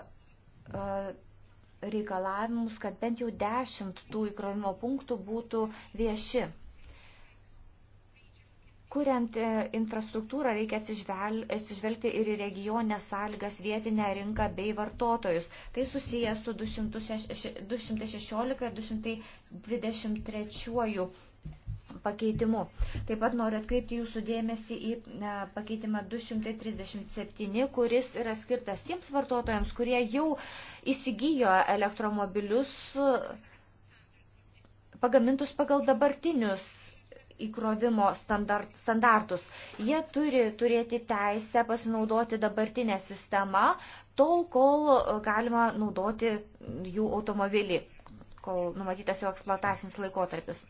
reikalavimus, kad bent jau 10 tų įkrovimo punktų būtų vieši. Kuriant e, infrastruktūrą reikia atsižvelgti ir į regionę sąlygas, vietinę rinką bei vartotojus. Tai susiję su 216 ir 223 pakeitimu. Taip pat noriu atkreipti jūsų dėmesį į e, pakeitimą 237, kuris yra skirtas tiems vartotojams, kurie jau įsigijo elektromobilius pagamintus pagal dabartinius įkrovimo standart, standartus. Jie turi turėti teisę pasinaudoti dabartinę sistemą, tol kol e, galima naudoti jų automobilį, kol numatytas jo eksploatacinis laikotarpis.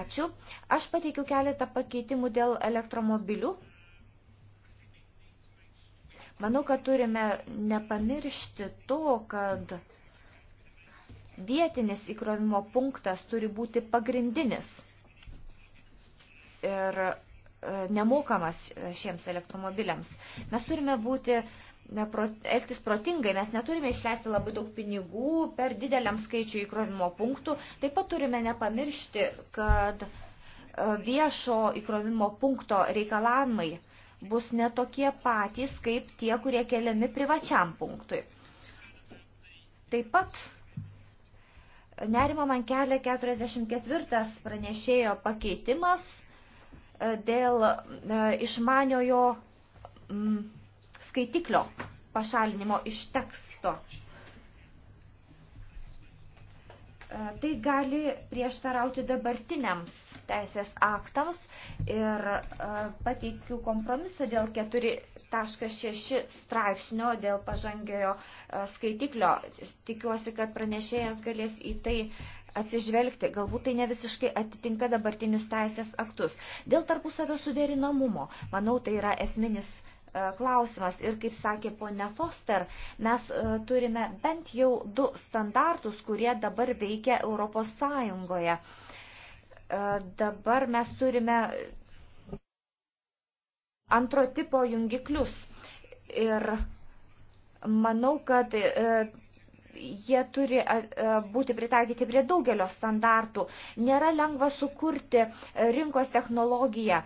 Ačiū. Aš pateikiu keletą pakeitimų dėl elektromobilių. Manau, kad turime nepamiršti to, kad vietinis įkrovimo punktas turi būti pagrindinis ir e, nemokamas šiems elektromobiliams. Mes turime būti e, elgtis protingai, mes neturime išleisti labai daug pinigų per dideliam skaičiu įkrovimo punktų. Taip pat turime nepamiršti, kad e, viešo įkrovimo punkto reikalavimai bus netokie patys, kaip tie, kurie keliami privačiam punktui. Taip pat nerimo man kelia 44 pranešėjo pakeitimas – dėl e, išmaniojo mm, skaitiklio pašalinimo iš teksto. E, tai gali prieštarauti dabartiniams teisės aktams ir e, pateikiu kompromisą dėl 4.6 straipsnio dėl pažangiojo skaitiklio. Tikiuosi, kad pranešėjas galės į tai atsižvelgti, galbūt tai ne visiškai atitinka dabartinius teisės aktus. Dėl tarpusavio suderinamumo, manau, tai yra esminis e, klausimas ir kaip sakė ponia Foster, mes e, turime bent jau du standartus, kurie dabar veikia Europos Sąjungoje. E, dabar mes turime antro tipo jungiklius ir manau, kad jie turi būti pritaikyti prie daugelio standartų. Nėra lengva sukurti e, rinkos technologiją.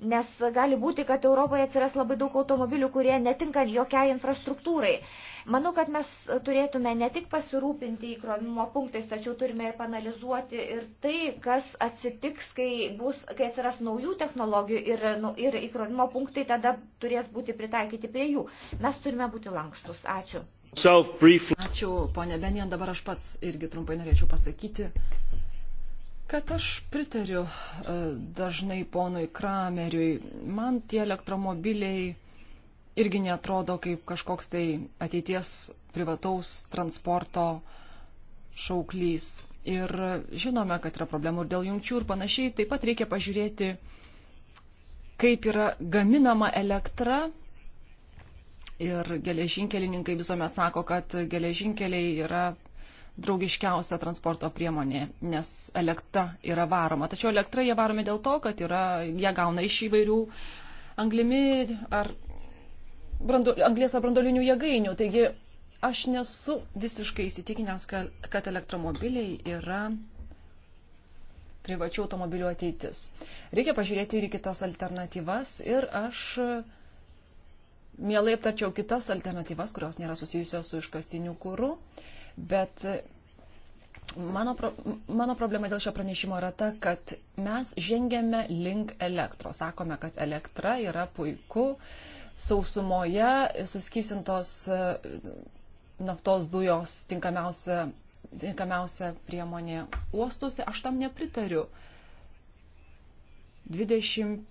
nes gali būti, kad Europoje atsiras labai daug automobilių, kurie netinka jokiai infrastruktūrai. Manau, kad mes turėtume ne tik pasirūpinti įkrovimo punktais, tačiau turime panalizuoti ir tai, kas atsitiks, kai, bus, kai atsiras naujų technologijų ir, nu, ir įkrovimo punktai tada turės būti pritaikyti prie jų. Mes turime būti lankstus. Ačiū. Ačiū, ponė Benjan, dabar aš pats irgi trumpai norėčiau pasakyti kad aš pritariu e, dažnai ponui Krameriui. Man tie elektromobiliai irgi netrodo kaip kažkoks tai ateities privataus transporto šauklys. Ir žinome, kad yra problemų ir dėl jungčių ir panašiai. Taip pat reikia pažiūrėti, kaip yra gaminama elektra. Ir geležinkelininkai visuomet sako, kad geležinkeliai yra draugiškiausia transporto priemonė, nes elektra yra varoma. Tačiau elektra jie varomi dėl to, kad yra, jie gauna iš įvairių anglimi ar brandu, anglės ar brandolinių jėgainių. Taigi aš nesu visiškai įsitikinęs, kad elektromobiliai yra privačių automobilių ateitis. Reikia pažiūrėti ir į kitas alternatyvas ir aš mielai aptarčiau kitas alternatyvas, kurios nėra susijusios su iškastiniu kūru. Uh, bet e, mano, pro, mano problema dėl šio pranešimo yra ta, kad mes žengėme link elektros. Sakome, kad elektra yra puiku, sausumoje suskysintos e, naftos dujos tinkamiausia, tinkamiausia priemonė uostuose. Aš tam nepritariu. 25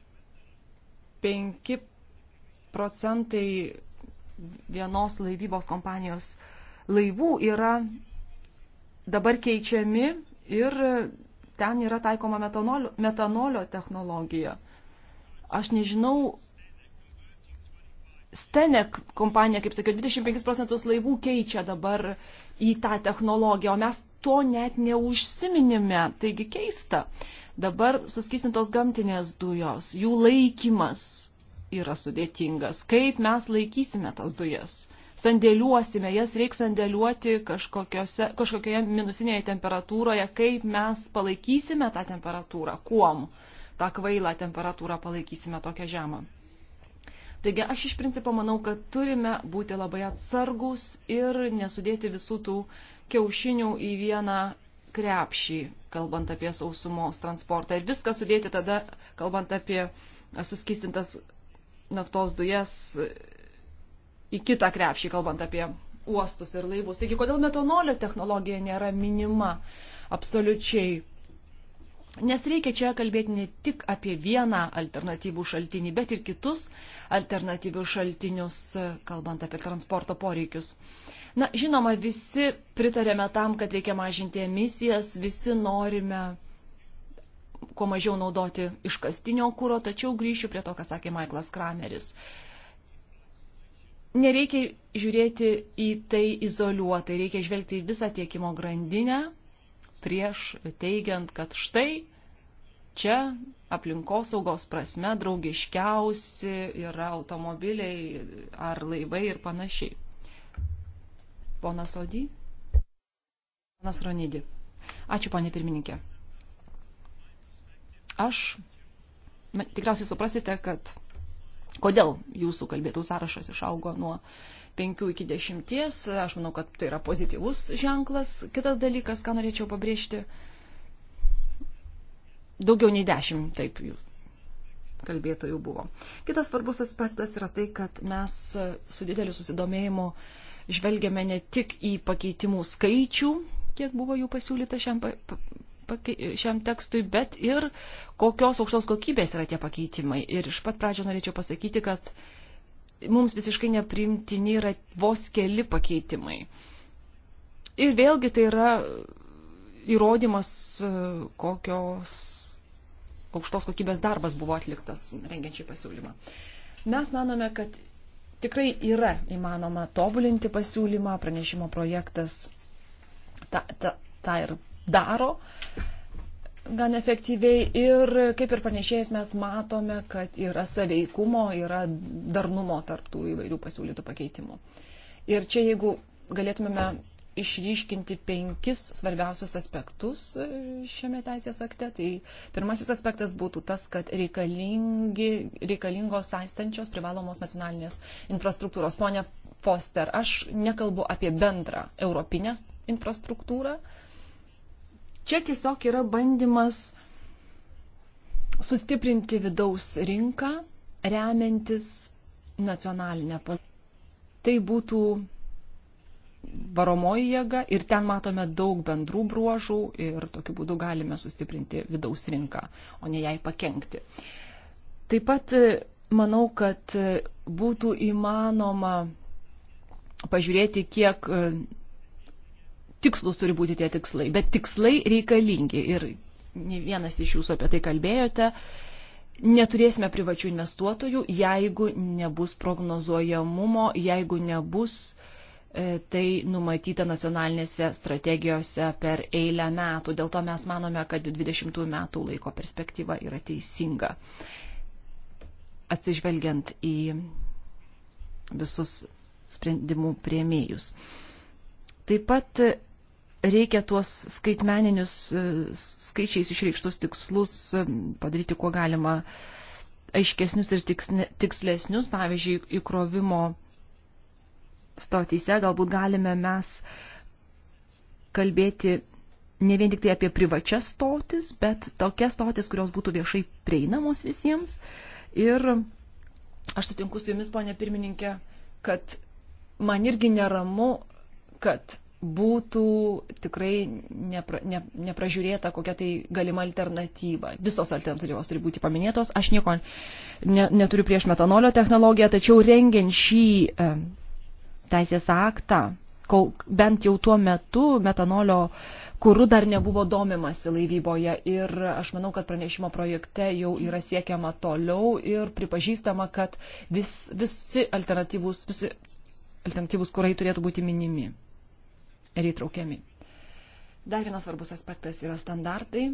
procentai vienos laivybos kompanijos uh, laivų yra dabar keičiami ir ten yra taikoma metanolio, metanolio technologija. Aš nežinau, Stenek kompanija, kaip sakiau, 25 procentus laivų keičia dabar į tą technologiją, o mes to net neužsiminime, taigi keista. Dabar suskysintos gamtinės dujos, jų laikymas yra sudėtingas. Kaip mes laikysime tas dujas? sandėliuosime, jas reiks sandėliuoti kažkokioje minusinėje temperatūroje, kaip mes palaikysime tą temperatūrą, kuom tą kvailą temperatūrą palaikysime tokią žemą. Taigi aš iš principo manau, kad turime būti labai atsargus ir nesudėti visų tų kiaušinių į vieną krepšį, kalbant apie sausumos transportą. Ir viską sudėti tada, kalbant apie suskistintas naftos dujas, į kitą krepšį, kalbant apie uostus ir laivus. Taigi, kodėl metanolio technologija nėra minima absoliučiai? Nes reikia čia kalbėti ne tik apie vieną alternatyvų šaltinį, bet ir kitus alternatyvius šaltinius, kalbant apie transporto poreikius. Na, žinoma, visi pritarėme tam, kad reikia mažinti emisijas, visi norime kuo mažiau naudoti iškastinio kūro, tačiau grįšiu prie to, ką sakė Michaelas Krameris nereikia žiūrėti į tai izoliuotai, reikia žvelgti į visą tiekimo grandinę prieš teigiant, kad štai čia aplinkosaugos prasme draugiškiausi yra automobiliai ar laivai ir panašiai. Ponas Odį? Ponas Ronidį. Ačiū, ponė pirmininkė. Aš tikriausiai suprasite, kad Kodėl jūsų kalbėtų sąrašas išaugo nuo 5 iki 10? Aš manau, kad tai yra pozityvus ženklas. Kitas dalykas, ką norėčiau pabrėžti, daugiau nei 10 taip jų kalbėtojų buvo. Kitas svarbus aspektas yra tai, kad mes su dideliu susidomėjimu žvelgiame ne tik į pakeitimų skaičių, kiek buvo jų pasiūlyta šiam šiam tekstui, bet ir kokios aukštos kokybės yra tie pakeitimai. Ir iš pat pradžio norėčiau pasakyti, kad mums visiškai neprimtini yra vos keli pakeitimai. Ir vėlgi tai yra įrodymas, kokios aukštos kokybės darbas buvo atliktas rengiančiai pasiūlymą. Mes manome, kad tikrai yra įmanoma tobulinti pasiūlymą, pranešimo projektas ta, ta, tą ir daro gan efektyviai ir kaip ir pranešėjas mes matome, kad yra saveikumo, yra darnumo tarptų įvairių pasiūlytų pakeitimų. Ir čia jeigu galėtumėme išryškinti penkis svarbiausius aspektus šiame teisės akte. Tai pirmasis aspektas būtų tas, kad reikalingos saistančios privalomos nacionalinės infrastruktūros. Pone Foster, aš nekalbu apie bendrą europinę infrastruktūrą, Čia tiesiog yra bandymas sustiprinti vidaus rinką, remiantis nacionalinę politiką. Tai būtų varomoji jėga ir ten matome daug bendrų bruožų ir tokiu būdu galime sustiprinti vidaus rinką, o ne jai pakengti. Taip pat e, manau, kad e, būtų įmanoma pažiūrėti, kiek e, tikslus turi būti tie tikslai, bet tikslai reikalingi ir ne vienas iš jūsų apie tai kalbėjote. Neturėsime privačių investuotojų, jeigu nebus prognozuojamumo, jeigu nebus e, tai numatyta nacionalinėse strategijose per eilę metų. Dėl to mes manome, kad 20 metų laiko perspektyva yra teisinga. Atsižvelgiant į visus sprendimų prieimėjus. Taip pat reikia tuos skaitmeninius e, skaičiais išreikštus tikslus e, padaryti kuo galima aiškesnius ir tikslesnius. Pavyzdžiui, įkrovimo stotyse galbūt galime mes kalbėti ne vien tik tai apie privačias stotis, bet tokias stotis, kurios būtų viešai prieinamos visiems. Ir aš sutinku su jumis, ponė pirmininkė, kad man irgi neramu, kad būtų tikrai nepra, ne, nepražiūrėta kokia tai galima alternatyva. Visos alternatyvos turi būti paminėtos. Aš nieko ne, neturiu prieš metanolio technologiją, tačiau rengiant šį e, teisės aktą, kol bent jau tuo metu metanolio kurų dar nebuvo domimasi laivyboje ir aš manau, kad pranešimo projekte jau yra siekiama toliau ir pripažįstama, kad vis, visi alternatyvus, visi alternatyvus kurai turėtų būti minimi ir įtraukiami. Dar vienas svarbus aspektas yra standartai.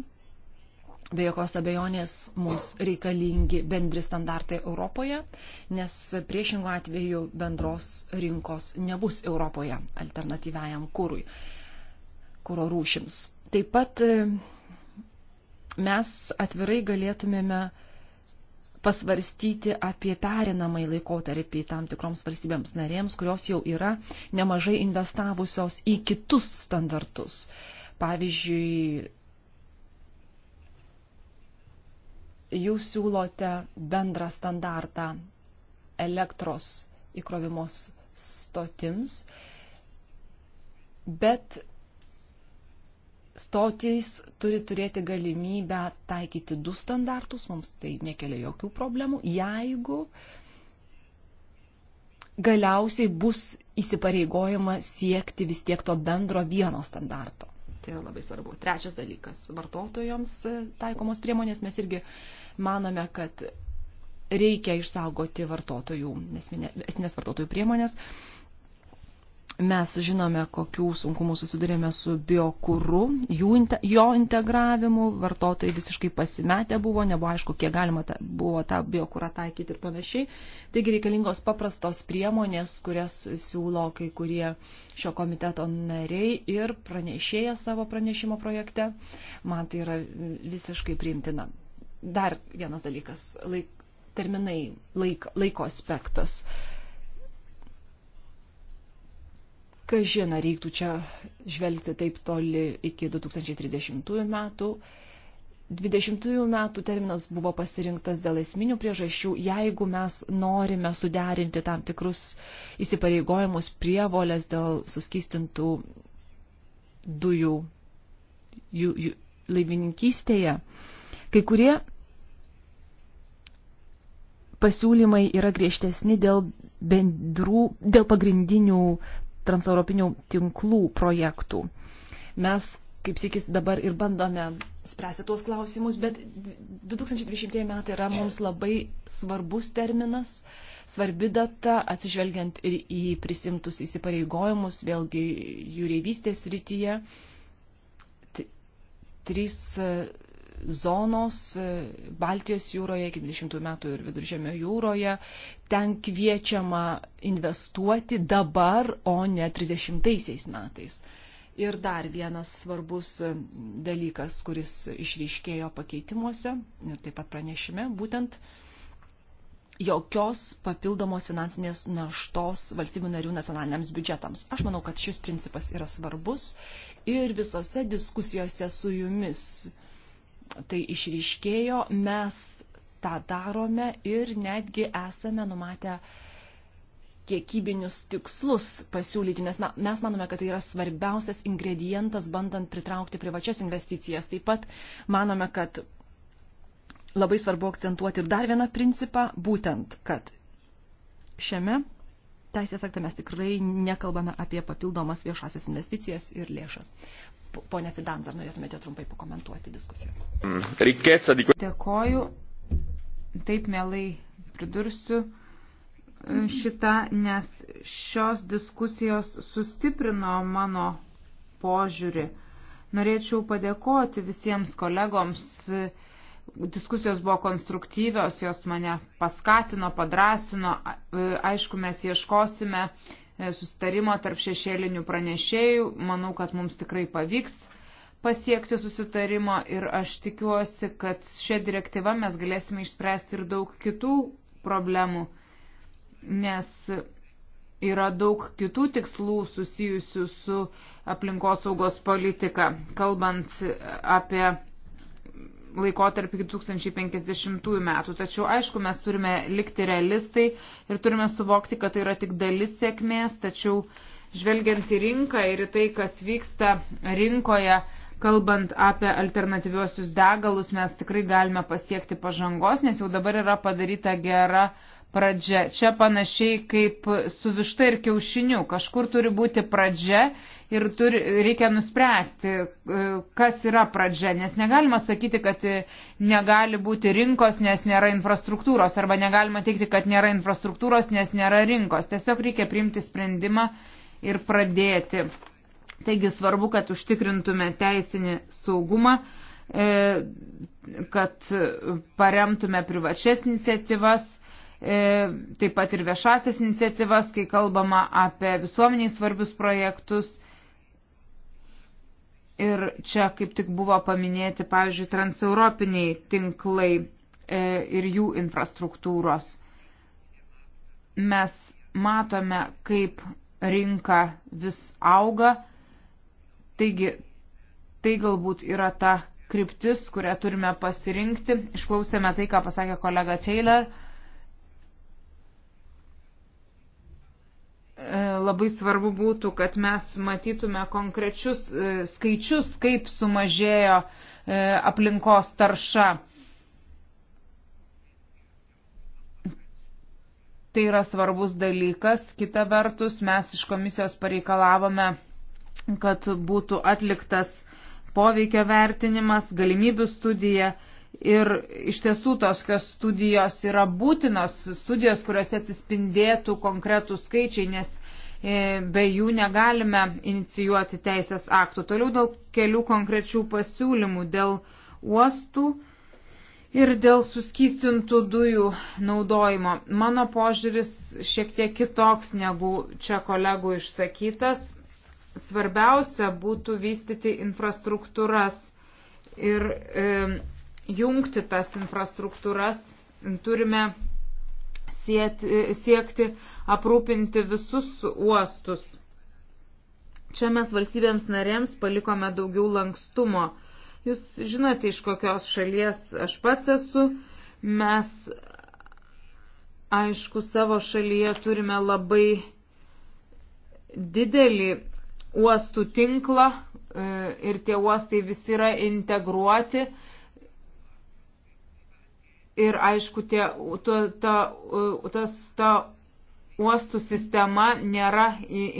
Be jokios abejonės mums reikalingi bendri standartai Europoje, nes priešingų atveju bendros rinkos nebus Europoje alternatyviajam kūrui, kūro rūšims. Taip pat e, mes atvirai galėtumėme uh, pasvarstyti apie perinamąjį laikotarpį tam tikroms valstybėms narėms, kurios jau yra nemažai investavusios į kitus standartus. Pavyzdžiui, jūs siūlote bendrą standartą elektros įkrovimos stotims, bet stotys turi turėti galimybę taikyti du standartus, mums tai nekelia jokių problemų, jeigu galiausiai bus įsipareigojama siekti vis tiek to bendro vieno standarto. Tai yra labai svarbu. Trečias dalykas - vartotojams taikomos priemonės. Mes irgi manome, kad reikia išsaugoti vartotojų, esminės vartotojų priemonės. Uh, Mes žinome, kokių sunkumų susidurėme su biokuru, jų, jo integravimu, vartotojai visiškai pasimetę buvo, nebuvo aišku, kiek galima ta, buvo tą biokurą taikyti ir panašiai. Taigi reikalingos paprastos priemonės, kurias siūlo kai kurie šio komiteto nariai ir pranešėja savo pranešimo projekte. Man tai yra visiškai priimtina. Dar vienas dalykas laik, terminai, laik, laiko aspektas. Uh, Kažina, reiktų čia žvelgti taip toli iki 2030 metų. 20 metų terminas buvo pasirinktas dėl esminių priežasčių, jeigu mes norime suderinti tam tikrus įsipareigojimus prievolės dėl suskistintų dujų jų, jų, laivininkystėje. Kai kurie pasiūlymai yra griežtesni dėl bendrų, dėl pagrindinių transeuropinių tinklų projektų. Mes, kaip sėkis, dabar ir bandome spręsti tuos klausimus, bet 2020 metai yra mums labai svarbus terminas, svarbi data, atsižvelgiant ir į prisimtus įsipareigojimus, vėlgi jūreivystės rytyje. Trys zonos e, Baltijos jūroje iki 20 metų ir viduržėmio jūroje. Ten kviečiama investuoti dabar, o ne 30 metais. Ir dar vienas svarbus e, dalykas, kuris išryškėjo pakeitimuose ir taip pat pranešime, būtent jokios papildomos finansinės naštos valstybių narių nacionaliniams biudžetams. Aš manau, kad šis principas yra svarbus ir visose diskusijose su jumis tai išryškėjo, mes tą darome ir netgi esame numatę kiekybinius tikslus pasiūlyti, nes mes manome, kad tai yra svarbiausias ingredientas, bandant pritraukti privačias investicijas. Taip pat manome, kad labai svarbu akcentuoti ir dar vieną principą, būtent, kad šiame teisės aktą mes tikrai nekalbame apie papildomas viešasias investicijas ir lėšas. Pone Fidan, dar norėtumėte trumpai pakomentuoti diskusijas. Mm, Dėkoju. Taip mielai pridursiu e, šitą, nes šios diskusijos sustiprino mano požiūrį. Norėčiau padėkoti visiems kolegoms diskusijos buvo konstruktyvios, jos mane paskatino, padrasino. E, aišku, mes ieškosime e, sustarimo tarp šešėlinių pranešėjų. Manau, kad mums tikrai pavyks pasiekti susitarimo ir aš tikiuosi, kad šią direktyvą mes galėsime išspręsti ir daug kitų problemų, nes yra daug kitų tikslų susijusių su aplinkosaugos politika, kalbant apie laikotarpį iki 2050 metų. Tačiau, aišku, mes turime likti realistai ir turime suvokti, kad tai yra tik dalis sėkmės, tačiau žvelgiant į rinką ir į tai, kas vyksta rinkoje, kalbant apie alternatyviosius degalus, mes tikrai galime pasiekti pažangos, nes jau dabar yra padaryta gera pradžia. Čia panašiai kaip su višta ir kiaušiniu. Kažkur turi būti pradžia ir turi, reikia nuspręsti, e, kas yra pradžia, nes negalima sakyti, kad e, negali būti rinkos, nes nėra infrastruktūros, arba negalima teikti, kad nėra infrastruktūros, nes nėra rinkos. Tiesiog reikia priimti sprendimą ir pradėti. Taigi svarbu, kad užtikrintume teisinį saugumą e, kad paremtume privačias iniciatyvas, taip pat ir viešasias iniciatyvas, kai kalbama apie visuomeniai svarbius projektus. Ir čia kaip tik buvo paminėti, pavyzdžiui, transeuropiniai tinklai e, ir jų infrastruktūros. Mes matome, kaip rinka vis auga, taigi tai galbūt yra ta kryptis, kurią turime pasirinkti. Išklausėme tai, ką pasakė kolega Taylor. E, labai svarbu būtų, kad mes matytume konkrečius e, skaičius, kaip sumažėjo e, aplinkos tarša. Tai yra svarbus dalykas. Kita vertus, mes iš komisijos pareikalavome, kad būtų atliktas poveikio vertinimas, galimybių studija. Ir iš tiesų tokios studijos yra būtinos, studijos, kuriuose atsispindėtų konkretų skaičiai, nes E, be jų negalime inicijuoti teisės aktų. Toliau dėl kelių konkrečių pasiūlymų, dėl uostų ir dėl suskystintų dujų naudojimo. Mano požiūris šiek tiek kitoks negu čia kolegų išsakytas. Svarbiausia būtų vystyti infrastruktūras ir e, jungti tas infrastruktūras. Turime sieti, siekti aprūpinti visus uostus. Čia mes valstybėms narėms palikome daugiau lankstumo. Jūs žinote, iš kokios šalies aš pats esu. Mes, aišku, savo šalyje turime labai didelį uostų tinklą e, ir tie uostai visi yra integruoti Ir aišku, tie, ta, ta, tas, ta uostų sistema nėra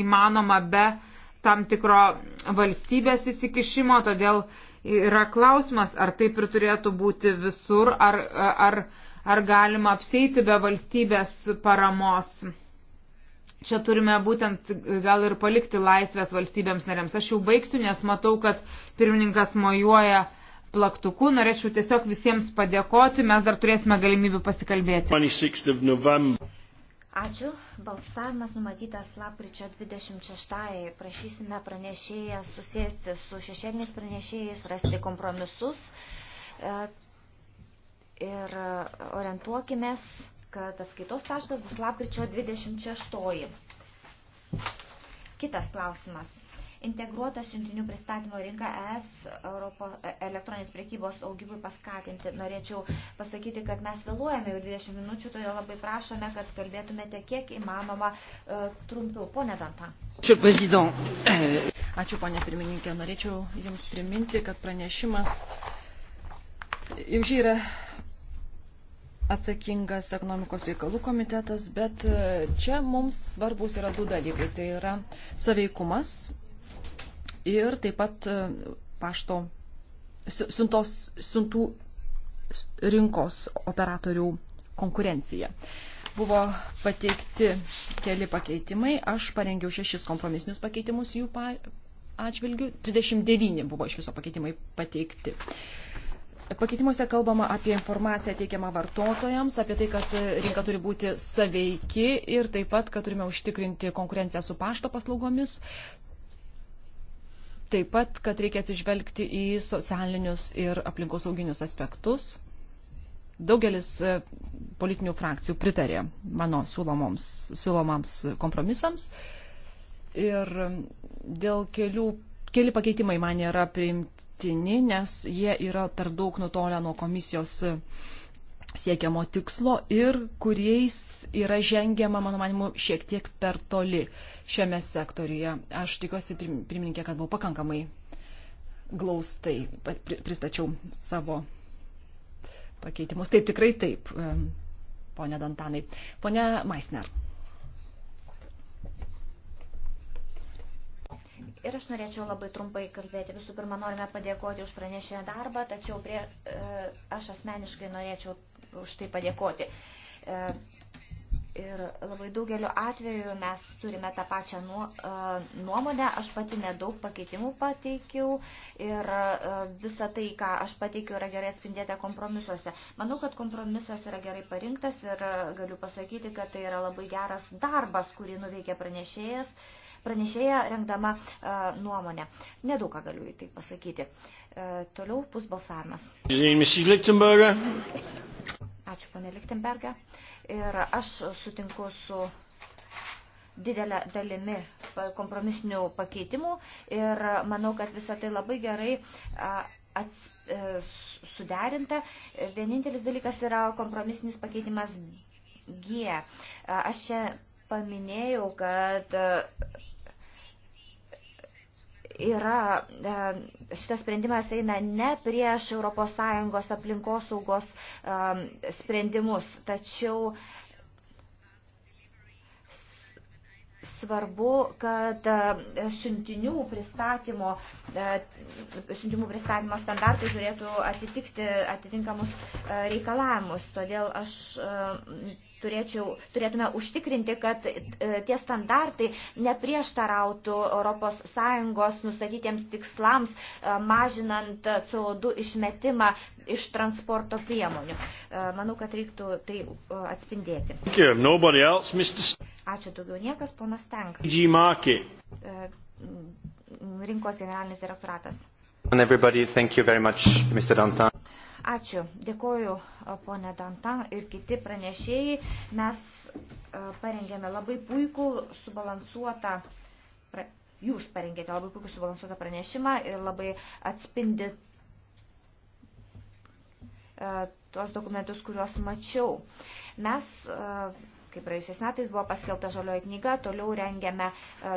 įmanoma be tam tikro valstybės įsikišimo, todėl yra klausimas, ar taip ir turėtų būti visur, ar, ar, ar galima apseiti be valstybės paramos. Čia turime būtent gal ir palikti laisvės valstybėms narėms. Aš jau baigsiu, nes matau, kad pirmininkas mojuoja plaktuku. Norėčiau tiesiog visiems padėkoti. Mes dar turėsime galimybių pasikalbėti. Ačiū. Balsavimas numatytas lapkričio 26-ąją. Prašysime pranešėją susėsti su šešėliniais pranešėjais, rasti kompromisus. E, ir orientuokimės, kad atskaitos taškas bus lapkričio 26-oji. Kitas klausimas. Integruota siuntinių pristatymo rinka ES Europo, e, elektroninės priekybos augimui paskatinti. Norėčiau pasakyti, kad mes vėluojame jau 20 minučių, todėl labai prašome, kad kalbėtumėte kiek įmanoma e, trumpiau. Pone Danta. Ačiū, ponė pirmininkė. Norėčiau Jums priminti, kad pranešimas Jums yra atsakingas ekonomikos reikalų komitetas, bet e, čia mums svarbus yra du dalykai. Tai yra saveikumas ir taip pat e, pašto siuntos, siuntų rinkos operatorių konkurencija. Buvo pateikti keli pakeitimai, aš parengiau šešis kompromisinius pakeitimus jų pa atžvilgių, 39 buvo iš viso pakeitimai pateikti. Pakeitimuose kalbama apie informaciją teikiamą vartotojams, apie tai, kad rinka turi būti saveiki ir taip pat, kad turime užtikrinti konkurenciją su pašto paslaugomis, Taip pat, kad reikia atsižvelgti į socialinius ir aplinkosauginius aspektus. Daugelis e, politinių frakcijų pritarė mano siūlomoms, siūlomams kompromisams. Ir e, dėl kelių, keli pakeitimai man yra priimtini, nes jie yra per daug nutolę nuo komisijos uh, siekiamo tikslo ir kuriais yra žengiama, mano manimu, šiek tiek per toli šiame sektoriuje. Aš tikiuosi, pirmininkė, kad buvau pakankamai glaustai pristačiau savo pakeitimus. Taip, tikrai taip, ponė Dantanai. Pone Maisner. Ir aš norėčiau labai trumpai kalbėti. Visų pirma, norime padėkoti už pranešėją darbą, tačiau prie, e, aš asmeniškai norėčiau už tai padėkoti. E, ir labai daugeliu atveju mes turime tą pačią e, nuomonę, aš pati nedaug pakeitimų pateikiau ir visa tai, ką aš pateikiau, yra gerai atspindėta kompromisuose. Manau, kad kompromisas yra gerai parinktas ir galiu pasakyti, kad tai yra labai geras darbas, kurį nuveikė pranešėjas pranešėja rengdama e, nuomonę. Nedaug ką galiu į tai pasakyti. E, toliau bus balsavimas. Ačiū, ponė Lichtenbergė. Ir aš sutinku su didelę dalimi kompromisinių pakeitimų ir manau, kad visą tai labai gerai ats, e, suderinta. Vienintelis dalykas yra kompromisinis pakeitimas G. Aš čia paminėjau, kad yra, e, šitas sprendimas eina ne prieš ES aplinkosaugos e, sprendimus, tačiau svarbu, kad e, siuntinių pristatymo, siuntimų pristatymo standartai turėtų atitikti atitinkamus reikalavimus. Todėl aš turėčiau, turėtume užtikrinti, kad e, tie standartai neprieštarautų ES nustatytiems tikslams, e, mažinant CO2 išmetimą iš transporto priemonių. E, manau, kad reiktų tai atspindėti. Ačiū daugiau niekas, ponas Tenka. Rinkos generalinis direktoratas. Everybody, thank you very much, Mr. Dantan. Ačiū. Dėkoju, ponė Danta ir kiti pranešėjai. Mes parengėme labai puikų, subalansuotą. Jūs parengėte labai puikų subalansuotą pranešimą ir labai atspindi tuos dokumentus, kuriuos mačiau. Mes, kaip praėjusiais metais buvo paskelbta žalioji knyga, toliau rengiame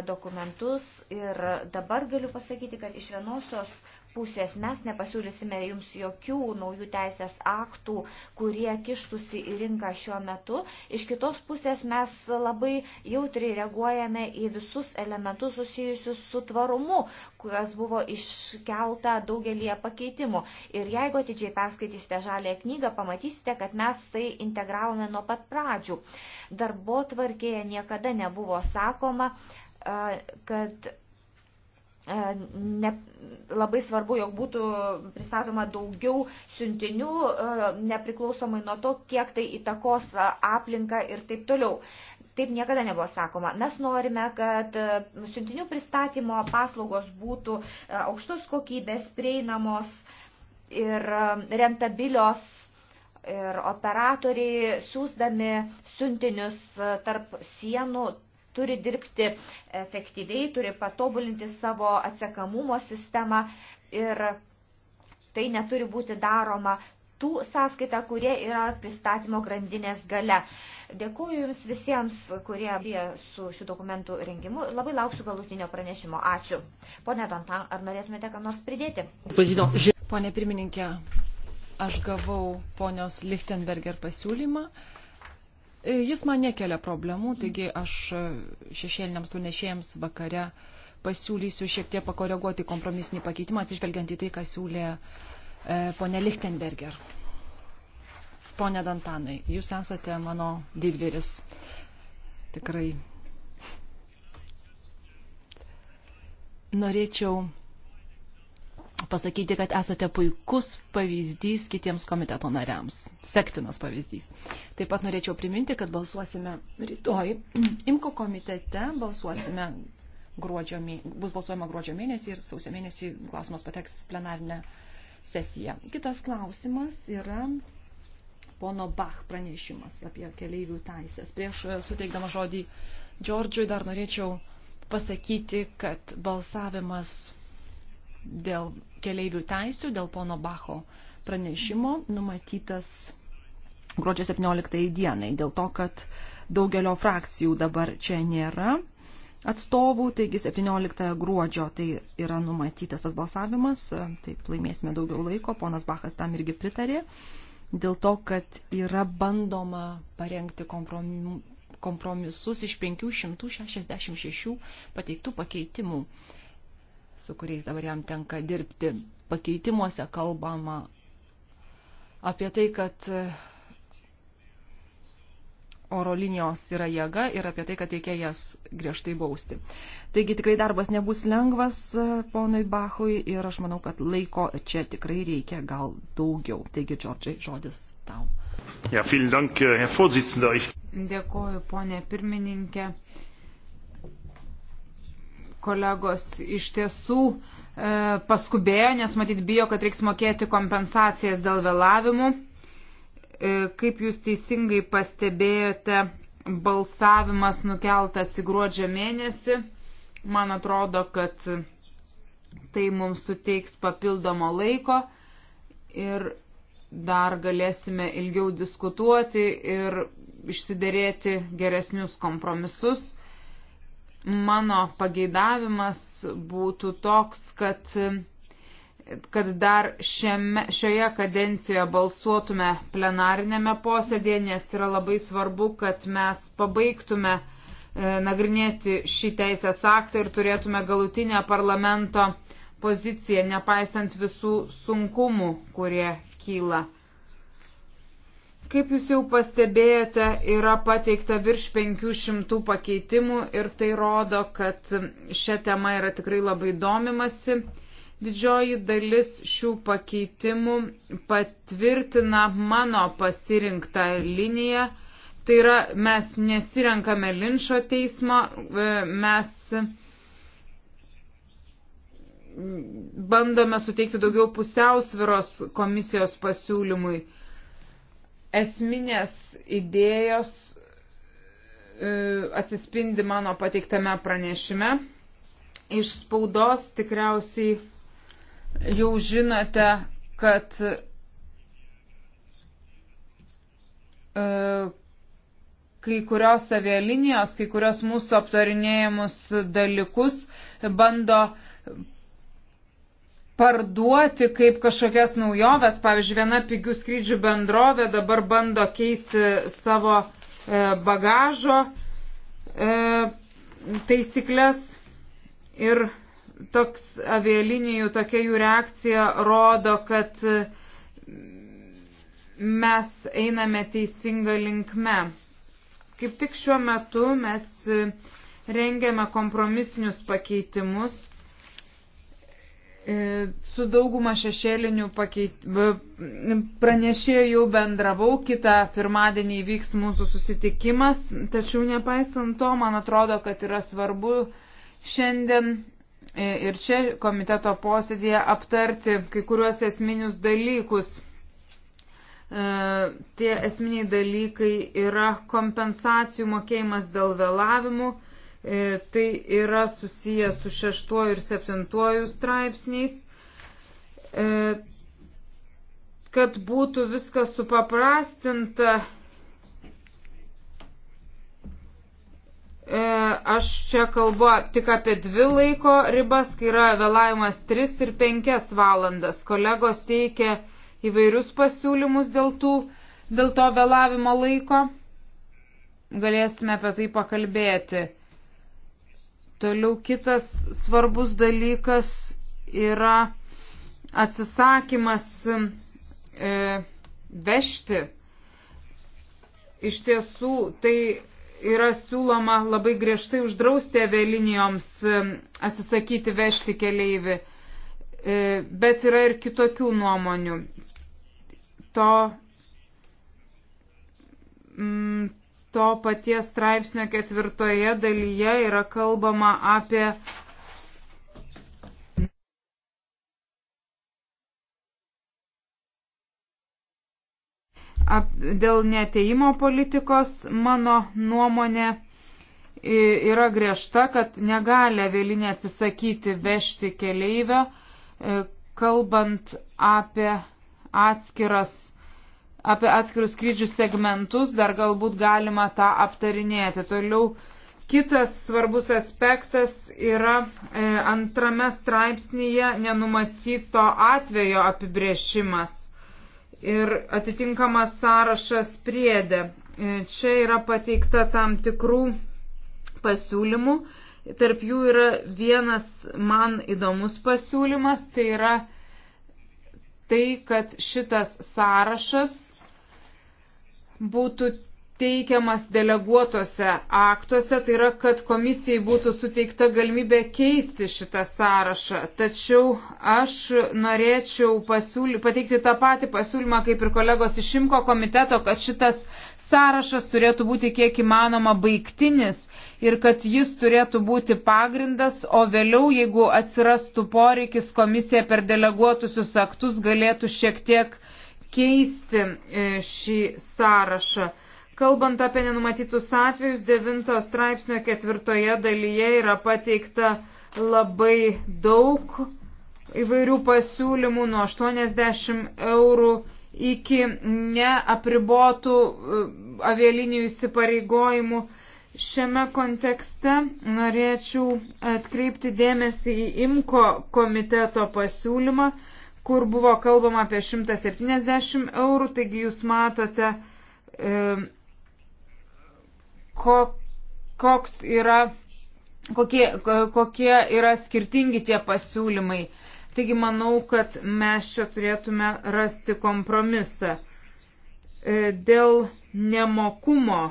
dokumentus ir dabar galiu pasakyti, kad iš vienosios pusės mes nepasiūlysime jums jokių naujų teisės aktų, kurie kištusi į rinką šiuo metu. Iš kitos pusės mes labai jautriai reaguojame į visus elementus susijusius su tvarumu, kas buvo iškelta daugelie pakeitimų. Ir jeigu atidžiai perskaitysite žalę knygą, pamatysite, kad mes tai integravome nuo pat pradžių. Darbo tvarkėje niekada nebuvo sakoma, kad E, ne, labai svarbu, jog būtų pristatoma daugiau siuntinių, e, nepriklausomai nuo to, kiek tai įtakos aplinką ir taip toliau. Taip niekada nebuvo sakoma. Mes norime, kad e, siuntinių pristatymo paslaugos būtų aukštos kokybės, prieinamos ir rentabilios. Ir operatoriai siūsdami siuntinius tarp sienų turi dirbti efektyviai, turi patobulinti savo atsekamumo sistemą ir tai neturi būti daroma tų sąskaita, kurie yra pristatymo grandinės gale. Dėkuoju Jums visiems, kurie su šių dokumentų rengimu. Labai lauksiu galutinio pranešimo. Ačiū. Pone Dantan, ar norėtumėte ką nors pridėti? Pone pirmininkė, aš gavau ponios Lichtenberger pasiūlymą. Jis man nekelia problemų, taigi aš e, šešėliniams sunešėjams vakare pasiūlysiu šiek tiek pakoreguoti kompromisinį pakeitimą, atsižvelgiant į tai, ką siūlė e, ponė Lichtenberger. Pone Dantanai, jūs esate mano didvyris. Tikrai. Norėčiau pasakyti, kad esate puikus pavyzdys kitiems komiteto nariams. Sektinas pavyzdys. Taip pat norėčiau priminti, kad balsuosime rytoj. Imko komitete balsuosime gruodžio mėnesį, bus balsuojama gruodžio mėnesį ir sausio mėnesį klausimas pateks plenarinę sesiją. Kitas klausimas yra pono Bach pranešimas apie keleivių teisės. Prieš e, suteikdama žodį Džordžiui dar norėčiau pasakyti, kad balsavimas dėl keleivių teisių, dėl pono Bacho pranešimo numatytas gruodžio 17 dienai, dėl to, kad daugelio frakcijų dabar čia nėra atstovų, taigi 17 gruodžio tai yra numatytas tas balsavimas, taip laimėsime daugiau laiko, ponas Bachas tam irgi pritarė, dėl to, kad yra bandoma parengti kompromisus iš 566 pateiktų pakeitimų su kuriais dabar jam tenka dirbti. Pakeitimuose kalbama apie tai, kad e, oro linijos yra jėga ir apie tai, kad reikia jas griežtai bausti. Taigi tikrai darbas nebus lengvas e, ponui Bachui ir aš manau, kad laiko čia tikrai reikia gal daugiau. Taigi, Džordžiai, žodis tau. Ja, dank, Dėkoju, ponė pirmininkė kolegos iš tiesų e, paskubėjo, nes matyt bijo, kad reiks mokėti kompensacijas dėl vėlavimų. E, kaip jūs teisingai pastebėjote, balsavimas nukeltas į gruodžio mėnesį. Man atrodo, kad tai mums suteiks papildomo laiko ir dar galėsime ilgiau diskutuoti ir išsiderėti geresnius kompromisus mano pageidavimas būtų toks, kad, kad dar šiame, šioje kadencijoje balsuotume plenarinėme posėdėje, nes yra labai svarbu, kad mes pabaigtume e, nagrinėti šį teisės aktą ir turėtume galutinę parlamento poziciją, nepaisant visų sunkumų, kurie kyla. Kaip jūs jau pastebėjote, yra pateikta virš 500 pakeitimų ir tai rodo, kad šią temą yra tikrai labai domimasi. Didžioji dalis šių pakeitimų patvirtina mano pasirinktą liniją. Tai yra, mes nesirenkame linčio teismo, e, mes bandome suteikti daugiau pusiausviros komisijos pasiūlymui esminės idėjos e, atsispindi mano pateiktame pranešime. Iš spaudos tikriausiai jau žinote, kad e, kai kurios avialinijos, kai kurios mūsų aptarinėjimus dalykus bando parduoti kaip kažkokias naujoves. Pavyzdžiui, viena pigių skrydžių bendrovė dabar bando keisti savo e, bagažo e, taisyklės ir toks avialinijų tokia jų reakcija rodo, kad e, mes einame teisinga linkme. Kaip tik šiuo metu mes rengiame kompromisinius pakeitimus E, su dauguma šešėlinių pakeit... E, pranešėjų bendravau, kitą pirmadienį vyks mūsų susitikimas, tačiau nepaisant to, man atrodo, kad yra svarbu šiandien e, ir čia komiteto posėdėje aptarti kai kuriuos esminius dalykus tie esminiai dalykai yra kompensacijų mokėjimas dėl vėlavimų, E, tai yra susiję su šeštuoju ir septintuoju straipsniais, e, kad būtų viskas supaprastinta. E, aš čia kalbu tik apie dvi laiko ribas, kai yra vėlavimas 3 ir 5 valandas. Kolegos teikia įvairius pasiūlymus dėl, tų, dėl to vėlavimo laiko. Galėsime apie tai pakalbėti. Toliau kitas svarbus dalykas yra atsisakymas e, vežti. Iš tiesų, tai yra siūloma labai griežtai uždrausti avialinijoms e, atsisakyti vežti keleivį, e, bet yra ir kitokių nuomonių. To, mm, to paties straipsnio ketvirtoje dalyje yra kalbama apie ap, dėl neteimo politikos mano nuomonė yra griežta, kad negali avialinė atsisakyti vežti keleivio, e, kalbant apie atskiras Apie atskirus skrydžių segmentus dar galbūt galima tą aptarinėti. Toliau kitas svarbus aspektas yra e, antrame straipsnėje nenumatyto atvejo apibrėžimas ir atitinkamas sąrašas priedė. E, čia yra pateikta tam tikrų pasiūlymų. Tarp jų yra vienas man įdomus pasiūlymas, tai yra tai, kad šitas sąrašas būtų teikiamas deleguotose aktuose, tai yra, kad komisijai būtų suteikta galimybė keisti šitą sąrašą. Tačiau aš norėčiau pasiūly, pateikti tą patį pasiūlymą kaip ir kolegos iš Šimko komiteto, kad šitas sąrašas turėtų būti kiek įmanoma baigtinis ir kad jis turėtų būti pagrindas, o vėliau, jeigu atsirastų poreikis, komisija per deleguotusius aktus galėtų šiek tiek keisti e, šį sąrašą. Kalbant apie nenumatytus atvejus, 9 straipsnio ketvirtoje dalyje yra pateikta labai daug įvairių pasiūlymų nuo 80 eurų iki neapribotų e, avialinijų įsipareigojimų. Šiame kontekste norėčiau atkreipti dėmesį į IMKO komiteto pasiūlymą, kur buvo kalbama apie 170 eurų, taigi jūs matote, e, ko, koks yra, kokie, kokie yra skirtingi tie pasiūlymai. Taigi manau, kad mes čia turėtume rasti kompromisą. E, dėl nemokumo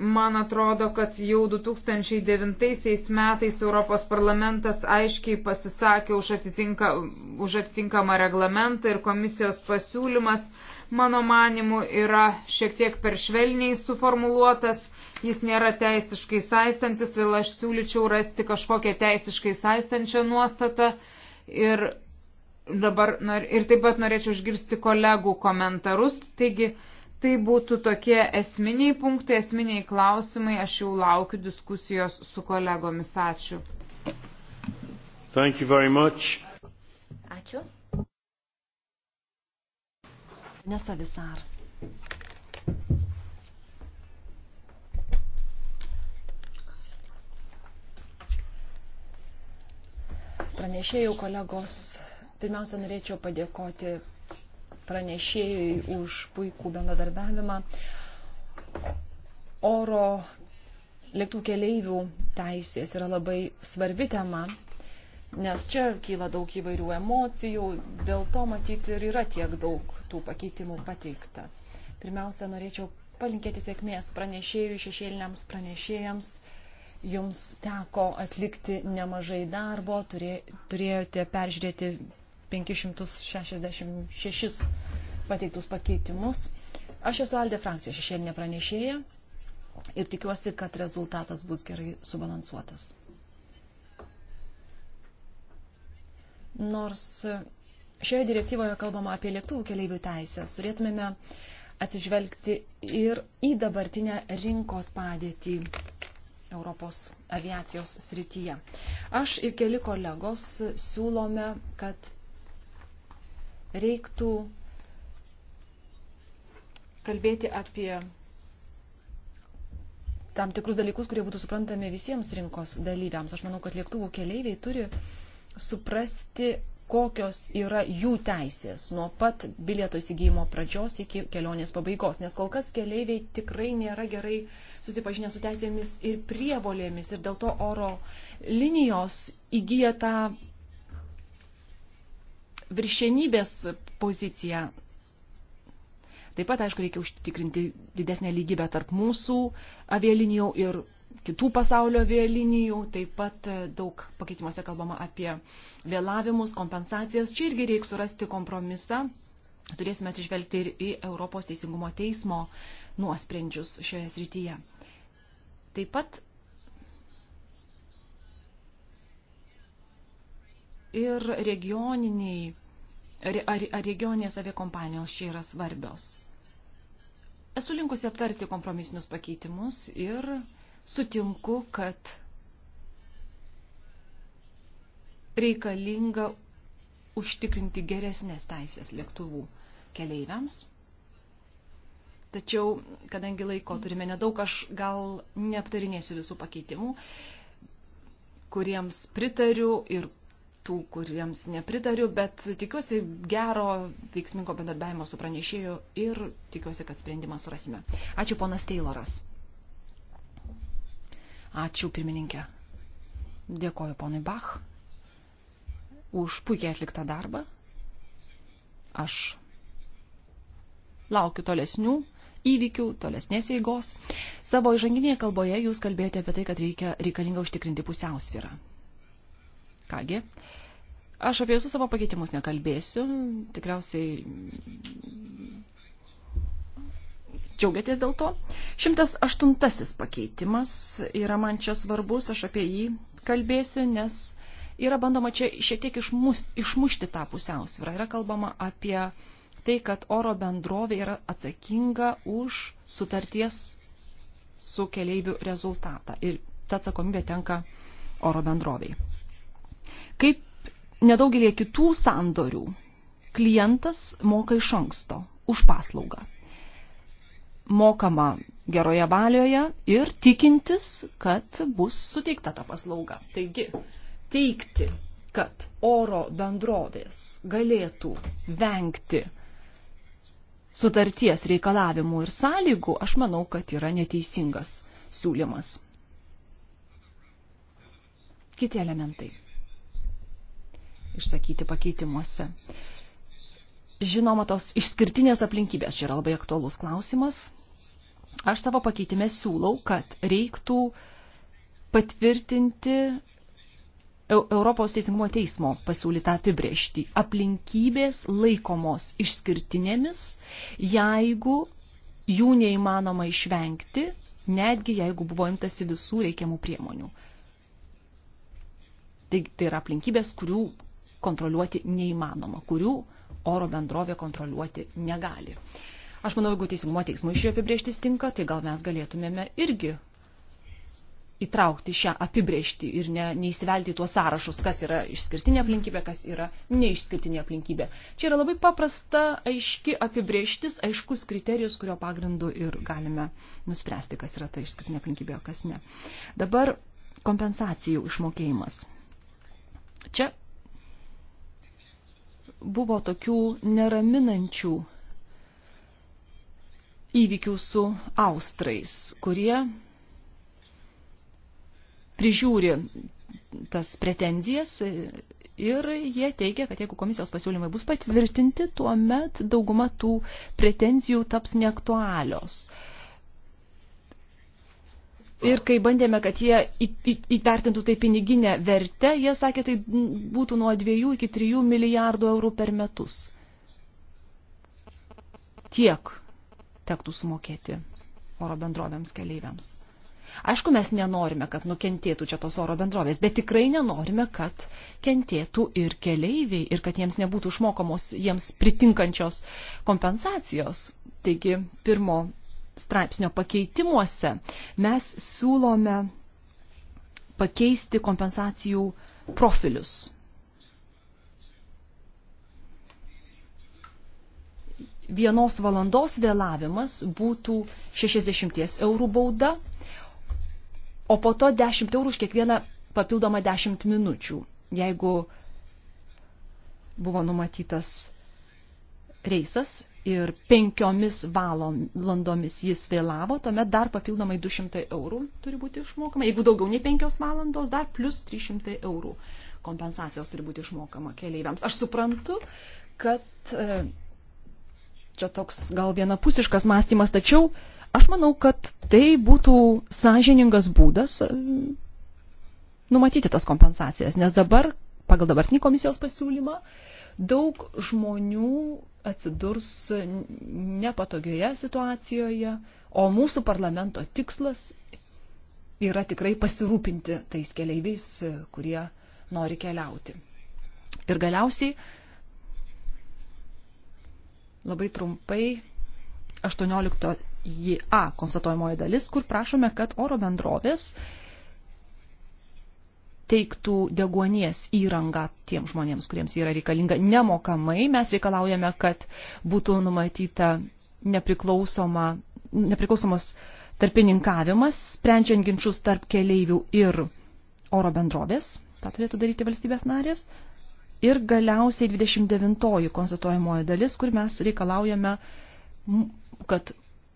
Man atrodo, kad jau 2009 metais Europos parlamentas aiškiai pasisakė už, atitinka, už atitinkamą reglamentą ir komisijos pasiūlymas, mano manimu, yra šiek tiek peršvelniai suformuluotas, jis nėra teisiškai saistantis, todėl aš siūlyčiau rasti kažkokią teisiškai saistančią nuostatą. Ir, dabar, ir taip pat norėčiau išgirsti kolegų komentarus. Taigi, Tai būtų tokie esminiai punktai, esminiai klausimai. Aš jau laukiu diskusijos su kolegomis. Ačiū. Ačiū. Nesavisar. Pranešėjau kolegos, pirmiausia, norėčiau padėkoti pranešėjai už puikų bendradarbiavimą. Oro lėktuvų keleivių teisės yra labai svarbi tema, nes čia kyla daug įvairių emocijų, dėl to matyti ir yra tiek daug tų pakeitimų pateikta. Pirmiausia, norėčiau palinkėti sėkmės pranešėjų, šešėliniams pranešėjams. Jums teko atlikti nemažai darbo, turėjote peržiūrėti 566 pateiktus pakeitimus. Aš esu Aldė frakcija šešėlinė pranešėja ir tikiuosi, kad rezultatas bus gerai subalansuotas. Nors šioje direktyvoje kalbama apie lėktuvų keleivių teisės, turėtumėme atsižvelgti ir į dabartinę rinkos padėtį Europos aviacijos srityje. Aš ir keli kolegos siūlome, kad reiktų kalbėti apie tam tikrus dalykus, kurie būtų suprantami visiems rinkos dalyviams. Aš manau, kad lėktuvų keleiviai turi suprasti, kokios yra jų teisės nuo pat bilieto įsigijimo pradžios iki kelionės pabaigos, nes kol kas keleiviai tikrai nėra gerai susipažinę su teisėmis ir prievolėmis ir dėl to oro linijos įgyja tą viršienybės poziciją. Taip pat, aišku, reikia užtikrinti didesnę lygybę tarp mūsų avialinijų ir kitų pasaulio avialinijų. Taip pat e, daug pakeitimuose kalbama apie vėlavimus, kompensacijas. Čia irgi reikia surasti kompromisą. Turėsime atsižvelgti ir į Europos Teisingumo teismo nuosprendžius šioje srityje. Taip pat ir regioniniai, ar, ar, ar regioninės aviakompanijos čia yra svarbios. Esu linkusi aptarti kompromisinius pakeitimus ir sutinku, kad reikalinga užtikrinti geresnės teisės lėktuvų keleiviams. Tačiau, kadangi laiko turime nedaug, aš gal neaptarinėsiu visų pakeitimų, kuriems pritariu ir tų, kuriems nepritariu, bet tikiuosi gero veiksmingo bendarbiavimo su pranešėju ir tikiuosi, kad sprendimą surasime. Ačiū ponas Tayloras. Ačiū pirmininkė. Dėkoju ponui Bach už puikiai atliktą darbą. Aš laukiu tolesnių įvykių, tolesnės eigos. Savo įžanginėje kalboje jūs kalbėjote apie tai, kad reikia reikalinga užtikrinti pusiausvyrą Kągi, aš apie visus savo pakeitimus nekalbėsiu, tikriausiai džiaugiatės dėl to. 108 pakeitimas yra man čia svarbus, aš apie jį kalbėsiu, nes yra bandoma čia šiek tiek išmušti, išmušti tą pusiausvyrą. Yra kalbama apie tai, kad oro bendrovė yra atsakinga už sutarties su keleiviu rezultatą. Ir ta atsakomybė tenka oro bendroviai. Kaip nedaugelį kitų sandorių, klientas moka iš anksto už paslaugą. Mokama geroje valioje ir tikintis, kad bus suteikta ta paslauga. Taigi, teikti, kad oro bendrovės galėtų vengti sutarties reikalavimų ir sąlygų, aš manau, kad yra neteisingas siūlymas. Kiti elementai išsakyti pakeitimuose. Žinoma, tos išskirtinės aplinkybės čia yra labai aktuolus klausimas. Aš savo pakeitime siūlau, kad reiktų patvirtinti e-, Europos teisingumo teismo pasiūlytą apibrėžtį. Aplinkybės laikomos išskirtinėmis, jeigu jų neįmanoma išvengti, netgi jeigu buvo imtasi visų reikiamų priemonių. Tai, tai yra aplinkybės, kurių kontroliuoti neįmanoma, kurių oro bendrovė kontroliuoti negali. Aš manau, jeigu teisingumo teismo iš jo apibrieštis tinka, tai gal mes galėtumėme irgi įtraukti šią apibrėžtį ir ne, neįsivelti į tuos sąrašus, kas yra išskirtinė aplinkybė, kas yra neišskirtinė aplinkybė. Čia yra labai paprasta, aiški apibrėžtis, aiškus kriterijus, kurio pagrindu ir galime nuspręsti, kas yra ta išskirtinė aplinkybė, o kas ne. Dabar kompensacijų išmokėjimas. Čia buvo tokių neraminančių įvykių su austrais, kurie prižiūri tas pretenzijas ir jie teigia, kad jeigu komisijos pasiūlymai bus patvirtinti, tuomet dauguma tų pretenzijų taps neaktualios. Uh, Ir kai bandėme, kad jie įvertintų tai piniginę vertę, jie sakė, tai būtų nuo 2 iki 3 milijardų eurų per metus. Tiek tektų sumokėti oro bendrovėms keleiviams. Aišku, mes nenorime, kad nukentėtų čia tos oro bendrovės, bet tikrai nenorime, kad kentėtų ir keleiviai ir kad jiems nebūtų išmokamos jiems pritinkančios kompensacijos. Taigi, pirmo straipsnio pakeitimuose mes siūlome pakeisti kompensacijų profilius. Vienos valandos vėlavimas būtų 60 eurų bauda, o po to 10 eurų už kiekvieną papildomą 10 minučių, jeigu buvo numatytas reisas ir penkiomis valandomis jis vėlavo, tuomet dar papildomai 200 eurų turi būti išmokama. Jeigu daugiau nei penkios valandos, dar plus 300 eurų kompensacijos turi būti išmokama keleiviams. Aš suprantu, kad e, čia toks gal vienapusiškas mąstymas, tačiau aš manau, kad tai būtų sąžiningas būdas e, numatyti tas kompensacijas, nes dabar, pagal dabartinį komisijos pasiūlymą, daug žmonių atsidurs nepatogioje situacijoje, o mūsų parlamento tikslas yra tikrai pasirūpinti tais keleiviais, kurie nori keliauti. Ir galiausiai labai trumpai 18 JA konstatuojamoji dalis, kur prašome, kad oro bendrovės teiktų deguonies įrangą tiem žmonėms, kuriems yra reikalinga nemokamai. Mes reikalaujame, kad būtų numatyta nepriklausoma, nepriklausomas tarpininkavimas, sprendžiant ginčius tarp keleivių ir oro bendrovės. Ta turėtų daryti valstybės narės. Ir galiausiai 29 konstatuojamoji dalis, kur mes reikalaujame, kad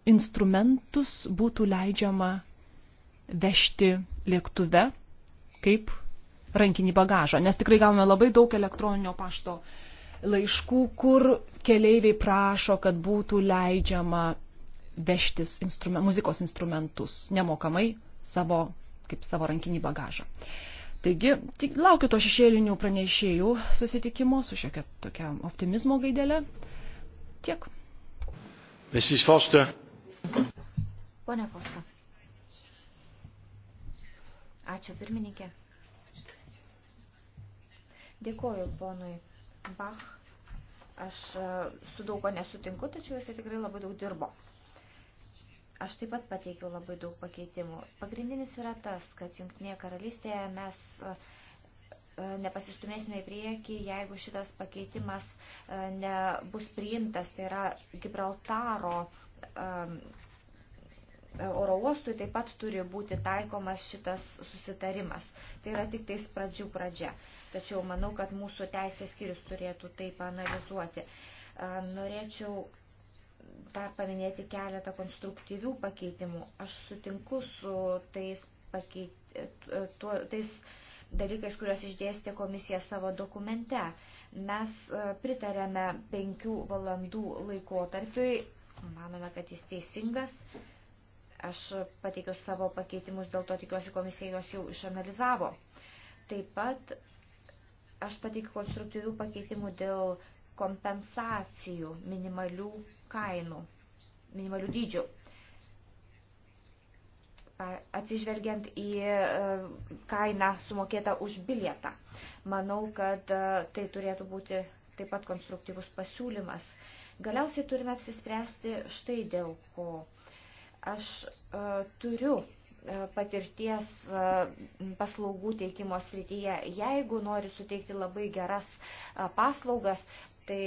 instrumentus būtų leidžiama vežti lėktuve kaip rankinį bagažą, nes tikrai gavome labai daug elektroninio pašto laiškų, kur keleiviai prašo, kad būtų leidžiama vežtis instrument, muzikos instrumentus nemokamai savo, kaip savo rankinį bagažą. Taigi, tik laukiu to šešėlinių pranešėjų susitikimo su šiokia tokia optimizmo gaidelė. Tiek. Mrs. Foster. Pone Foster. Ačiū pirmininkė. Dėkoju ponui Bach. Aš e, su daug ko nesutinku, tačiau jisai tikrai labai daug dirbo. Aš taip pat pateikiau labai daug pakeitimų. Pagrindinis yra tas, kad Junktinėje karalystėje mes e, e, nepasistumėsime į priekį, jeigu šitas pakeitimas nebus priimtas, tai yra Gibraltaro oro uostui taip pat turi būti taikomas šitas susitarimas. Tai yra tik tais pradžių pradžia. Tačiau manau, kad mūsų teisės skyrius turėtų tai analizuoti. Norėčiau dar paminėti keletą konstruktyvių pakeitimų. Aš sutinku su tais, pakeit, tuo, tais dalykais, kuriuos išdėstė komisija savo dokumente. Mes pritarėme penkių valandų laikotarpiui, manome, kad jis teisingas. Aš pateikiu savo pakeitimus, dėl to tikiuosi komisija juos jau išanalizavo. Taip pat Aš pateikiu konstruktyvių pakeitimų dėl kompensacijų minimalių kainų, minimalių dydžių. Atsižvelgiant į e, kainą sumokėtą už bilietą. Manau, kad e, tai turėtų būti taip pat konstruktyvus pasiūlymas. Galiausiai turime apsispręsti štai dėl ko. Aš uh, turiu E, patirties e, paslaugų teikimo srityje. Jeigu nori suteikti labai geras e, paslaugas, tai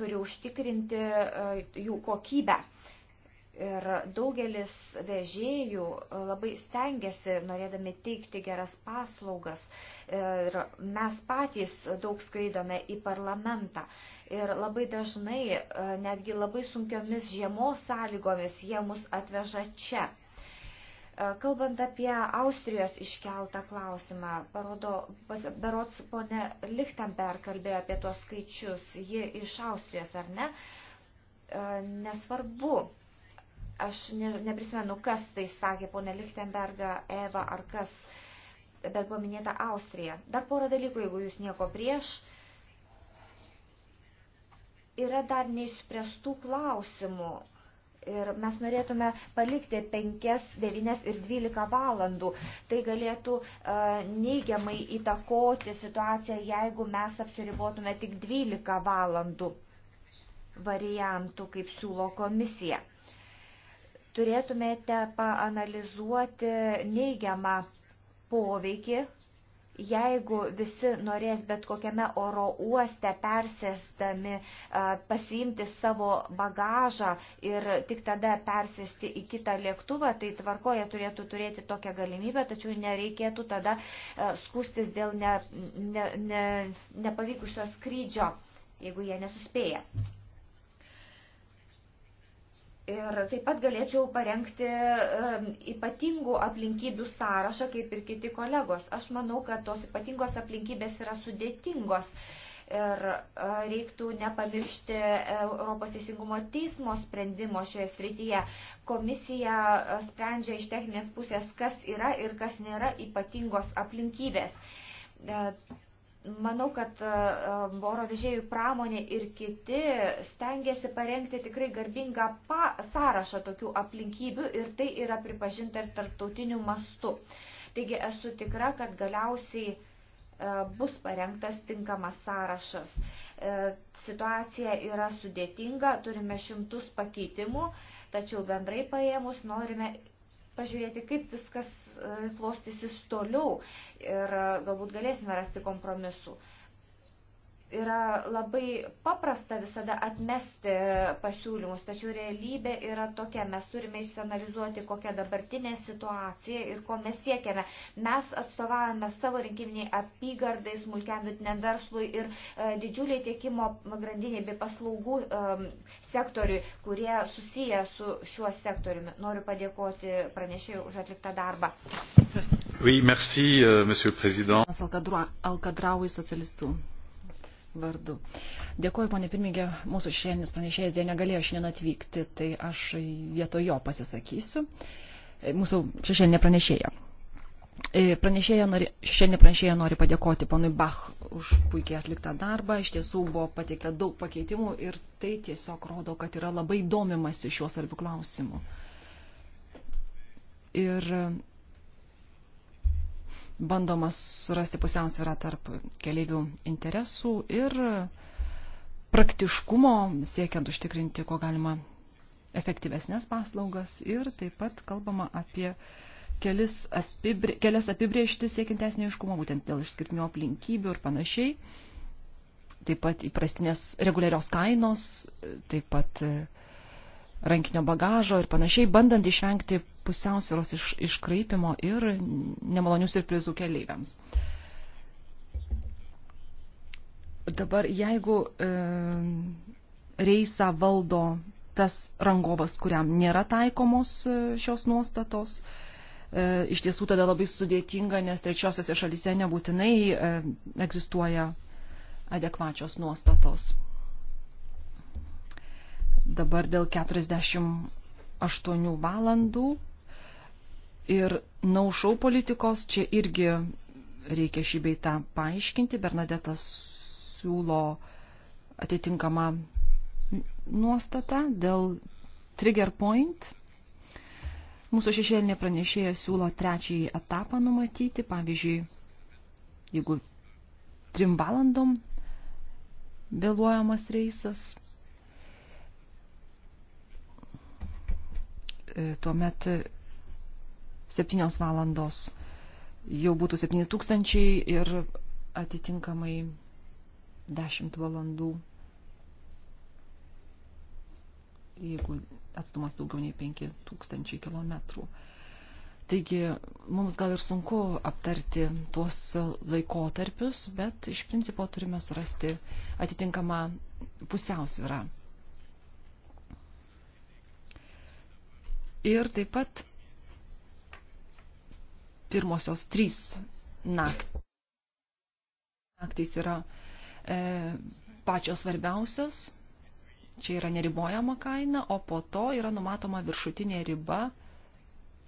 turi užtikrinti jų kokybę. Ir daugelis vežėjų labai stengiasi, norėdami teikti geras paslaugas. Ir mes patys daug skraidome į parlamentą. Ir labai dažnai, netgi labai sunkiomis žiemos sąlygomis, jie mus atveža čia. E, kalbant apie Austrijos iškeltą klausimą, parodo, berots ponė Lichtenberg kalbėjo apie tuos skaičius, ji iš Austrijos ar ne, e, nesvarbu. Aš ne, neprisimenu, kas tai sakė, ponė Lichtenberga, Eva ar kas, bet buvo minėta Austrija. Dar porą dalykų, jeigu jūs nieko prieš. Yra dar neišspręstų klausimų Ir mes norėtume palikti 5, 9 ir 12 valandų. Tai galėtų e, neigiamai įtakoti situaciją, jeigu mes apsiribotume tik 12 valandų variantų, kaip siūlo komisija. Turėtumėte paanalizuoti neigiamą poveikį Jeigu visi norės bet kokiame oro uoste persėstami pasiimti savo bagažą ir tik tada persėsti į kitą lėktuvą, tai tvarkoje turėtų turėti tokią galimybę, tačiau nereikėtų tada skūstis dėl ne, ne, ne, nepavykusios skrydžio, jeigu jie nesuspėja. Ir taip pat galėčiau parengti ypatingų aplinkybių sąrašą, kaip ir kiti kolegos. Aš manau, kad tos ypatingos aplinkybės yra sudėtingos. Ir e, reiktų nepamiršti e, Europos teisingumo teismo sprendimo šioje srityje. Komisija e, sprendžia iš techninės pusės, kas yra ir kas nėra ypatingos aplinkybės. Manau, kad e, e, oro vežėjų pramonė ir kiti stengiasi parengti tikrai garbingą sąrašą tokių aplinkybių ir tai yra pripažinta ir tarptautiniu mastu. Taigi esu tikra, kad galiausiai e, bus parengtas tinkamas sąrašas. Situacija yra sudėtinga, turime šimtus pakeitimų, tačiau bendrai paėmus norime pažiūrėti, kaip viskas e, klostysis toliau ir e, galbūt galėsime rasti kompromisų yra labai paprasta visada atmesti pasiūlymus, tačiau realybė yra tokia, mes turime išsianalizuoti, kokia dabartinė situacija ir ko mes siekiame. Mes atstovavome savo rinkiminiai apygardai, smulkiam vidiniam verslui ir e, didžiuliai tiekimo grandiniai bei paslaugų e, sektoriui, kurie susiję su šiuo sektoriumi. Noriu padėkoti pranešėjui už atliktą darbą. Oui, merci, euh, Monsieur le Président. Alkadraui socialistų vardu. Dėkuoju, ponė pirmingė, mūsų šiandienis pranešėjas dėl negalėjo šiandien atvykti, tai aš vietoj jo pasisakysiu. E, mūsų šešėlinė pranešėja. E, pranešėja nori, šiandien pranešėja nori padėkoti ponui Bach už puikiai atliktą darbą. Iš tiesų buvo pateikta daug pakeitimų ir tai tiesiog rodo, kad yra labai domimasi šiuo svarbiu klausimu. Ir bandomas surasti pusiausvyrą tarp keliaivių interesų ir praktiškumo, siekiant užtikrinti, ko galima efektyvesnės paslaugas ir taip pat kalbama apie kelis apibrė, kelias apibrieštis siekiant teisinio iškumo, būtent dėl išskirtinių aplinkybių ir panašiai. Taip pat įprastinės reguliarios kainos, taip pat uh, rankinio bagažo ir panašiai, bandant išvengti pusiausvėros iš, iškraipimo ir nemalonių surprizų keleiviams. Dabar jeigu e, reisą valdo tas rangovas, kuriam nėra taikomos e, šios nuostatos, e, iš tiesų tada labai sudėtinga, nes trečiosiose šalyse nebūtinai e, egzistuoja adekvačios nuostatos dabar dėl 48 valandų ir naušau politikos čia irgi reikia šį beitą paaiškinti. Bernadetas siūlo atitinkamą nuostatą dėl trigger point. Mūsų šešėlinė pranešėja siūlo trečiąjį etapą numatyti, pavyzdžiui, jeigu trim valandom vėluojamas reisas, E, tuomet 7 valandos jau būtų 7 tūkstančiai ir atitinkamai 10 valandų, jeigu atstumas daugiau nei 5 tūkstančiai kilometrų. Taigi mums gal ir sunku aptarti tuos laikotarpius, bet iš principo turime surasti atitinkamą pusiausvyrą Ir taip pat pirmosios trys naktys. Naktys yra e, pačios svarbiausios, čia yra neribojama kaina, o po to yra numatoma viršutinė riba